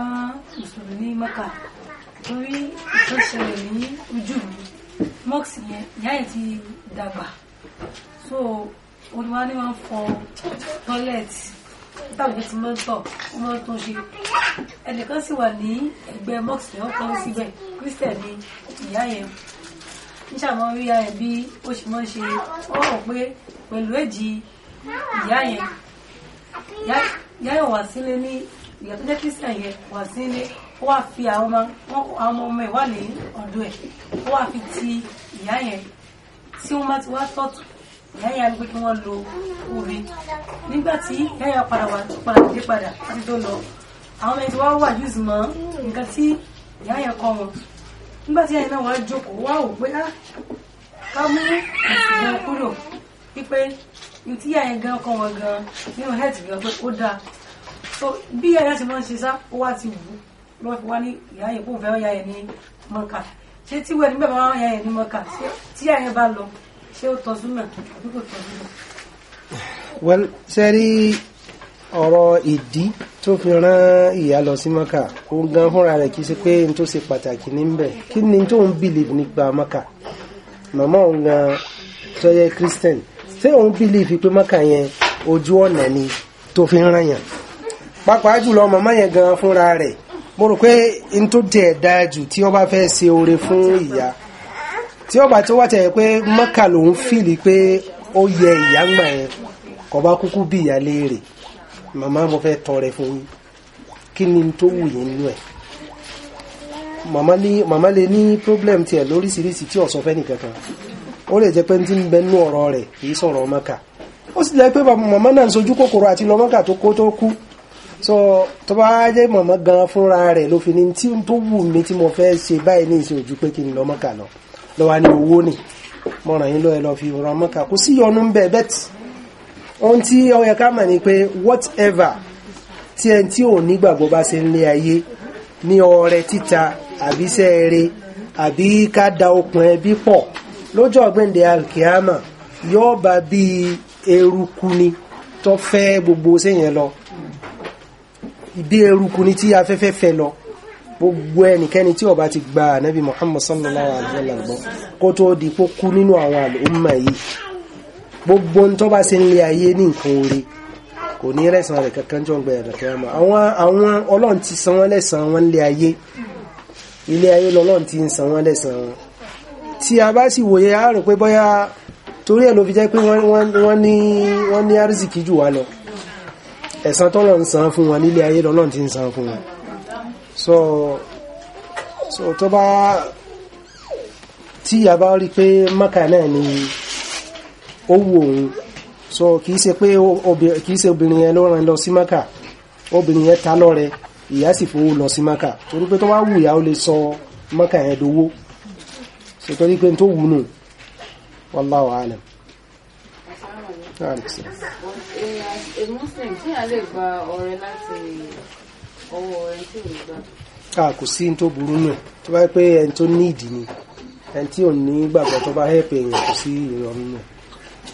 mùsùlùmí ní mẹ́kà torí tó ṣẹlẹ̀ ní ojú mi ti dàgbà so olùwà ni wọ́n toilet tọ́lẹ̀tì tàbí ti máa ń tọ̀ ó máa ń tún ṣe si sì wà ní ẹgbẹ́ mọ́ọ̀sì yẹn ó kọ́ síbẹ̀ kírísítẹ̀ ni ìyá yẹn ń ṣàmọ́ rí ayẹ̀ bí ó ṣe máa ṣe ó pé pẹ̀lú èjì ìyá yẹn yáyọ̀ wá sílé ní ìyá tó jẹ́ kristian yẹn wá sílé ó wá fi àwọn ọmọ ọmọ ẹ̀ wà ní ọ̀dọ̀ ẹ̀ ó wá fi ti ìyá yẹn tí wọ́n bá ti wá tọ́tù ìyá yẹn á kí wọ́n lo orí nígbà tí ìyá yẹn padà wá padà dé padà láti tó lọ àwọn ọmọ ẹ̀ tí wọ́n wà yúùsì mọ́ nǹkan tí ìyá yẹn kọ́ wọn nígbà tí ìyá yẹn náà wá jókòó wá ò pé ah, ká mú ìsìnkú kúrò wípé ibi tí yà yẹn gan kọ́ wọn gan nínú health gan pé ó dáa so bí yà yẹn ti mọ́ ṣe sá ó wá ti wù lọ́ fi wá ní ìyá yẹn kó fẹ́ yà yẹn ní mọ́kà ṣé tí wẹ́ẹ̀ nígbà máa yà yẹn ní mọ́kà ṣé tí yà yẹn bá lọ ṣé ó tọ́ súnmọ̀ àbí kò tọ́ súnmọ̀.
well sẹ́rí ọ̀rọ̀ ìdí tó fi rán ìyá lọ sí mọ́kà ó gan fúnra rẹ̀ kì í ṣe pé n tó ṣe pàtàkì níbẹ̀ kí ni tó ń bìlì nípa màmá òun gan tó yẹ ṣé òun bìlífì pé mọ́kà yẹn ojú ọ̀nà ni tó fi ń ràyàn pàápàá jùlọ màmá yẹn gan fúnra rẹ̀ mo rò pé n tó tẹ̀ dáa jù tí ó bá fẹ́ ṣe oore fún ìyá tí ó bá tó wá tẹ̀ pé mọ́kà fìlì pé yẹ ìyá ń gbà yẹn kò bá kúkú bí màmá mo ni problem tiẹ̀ lóríṣiríṣi tí sọ fẹ́ nìkan ó lè jẹ́ pé tí ń bẹnú ọ̀rọ̀ rẹ̀ kìí sọ̀rọ̀ mọ́kà ó sì jẹ́ pé màmá náà sojú kòkòrò àti lọ mọ́kà tó kó tó kú so tó bá jẹ́ màmá gan fúnra rẹ̀ ló fi ní tí tó wù mí tí mo fẹ́ ṣe báyìí ní ìṣe ojú pé kí ni lọ mọ́kà lọ lọ wá ní owó nì mo ràn yín lọ ẹ lọ fi ràn mọ́kà kò sí yọnu bẹ́ẹ̀ bẹ́ẹ̀ tí ohun tí ó yẹ ká mọ̀ ni pé whatever tí ẹni tí ò nígbàgbọ́ bá ṣe ń lé ayé ní ọrẹ títa àbí sẹ́ẹ̀rẹ̀ àbí ká da okùn ẹbí pọ̀ lọ́jọ́ ọ̀gbẹ́ndẹ̀ alkiyama yóò bá bí eruku ni tó fẹ́ gbogbo séyẹn lọ bí eruku ni tí afẹ́fẹ́ fẹ́ lọ gbogbo ẹnikẹ́ni tí ó bá ti gba ànábì muhammad sallallahu alaihi wa sallam kó tó di kó kú nínú àwọn àlùmọ̀ yìí gbogbo ń tó bá ṣe ń lé ayé ní nǹkan oore kò ní rẹ̀sán rẹ̀ kankan jọ gbẹ̀rẹ̀ rẹ̀ kẹ́rẹ́mà àwọn àwọn ọlọ́run ti san wọ́n lẹ́san wọn lé ayé ilé ayé lọ́lọ́run ti san wọ́n lẹ́san wọn tí a bá sì wòye a rò pé bóyá torí ẹ̀ ló fi jẹ́ pé wọ́n ní arzikí jù wá lọ san fún wọn nílé ayé lọ́lọ́ ti ń san fún wọn so tó bá tí a bá rí pé maka náà ni ó wù òun so kìí ṣe pé ṣe obìnrin yẹn ló lọ sí maka obìnrin yẹn ta ìyá sì fowó lọ sí maka torí pé tó bá wù ó sọ maka yẹn dowó. nítorí pé tó wù nù wallahu alam. a kò sí tó burú nù tó bá pé ẹni tó ní ìdí ni ẹni tí ò ní gbàgbọ́ tó bá hẹ́pẹ̀ èèyàn kò sí ìrọ̀rùn nù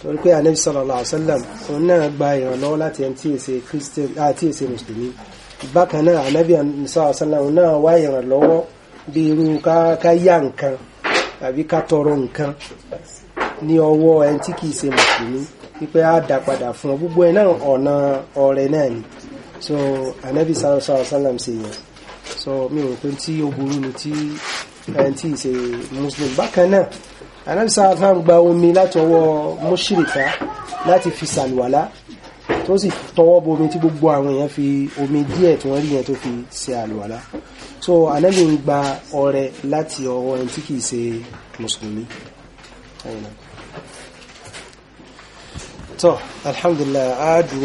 torí pé anabi sallallahu alaihi òun náà gba ìrànlọ́wọ́ láti ẹni tí èsè mùsùlùmí bákan náà anabi sallallahu òun náà wá ìrànlọ́wọ́ bí irú ká yá nǹkan tàbí ká tọrọ nǹkan ní ọwọ́ ẹni tí kìí ṣe mùsùlùmí wípé á dá padà fún ọ gbogbo ẹ náà ọ̀nà ọrẹ náà ni so anabi sallallahu alaihi wasallam ṣe yẹn so mi ò pé tí ó burú ni tí ẹni tí ṣe muslim bákan náà anabi sallallahu alaihi wasallam gba omi láti ọwọ́ mushrika láti fi ṣàlùwàlá tó sì tọwọ́ bomi tí gbogbo àwọn èèyàn fi omi díẹ̀ tí wọ́n rí yẹn tó fi ṣe àlùwàlá so ànábì ń gba ọrẹ láti ọwọ́ ẹni tí kìí ṣe mùsùlùmí tọ́ alhamdulillah aádùn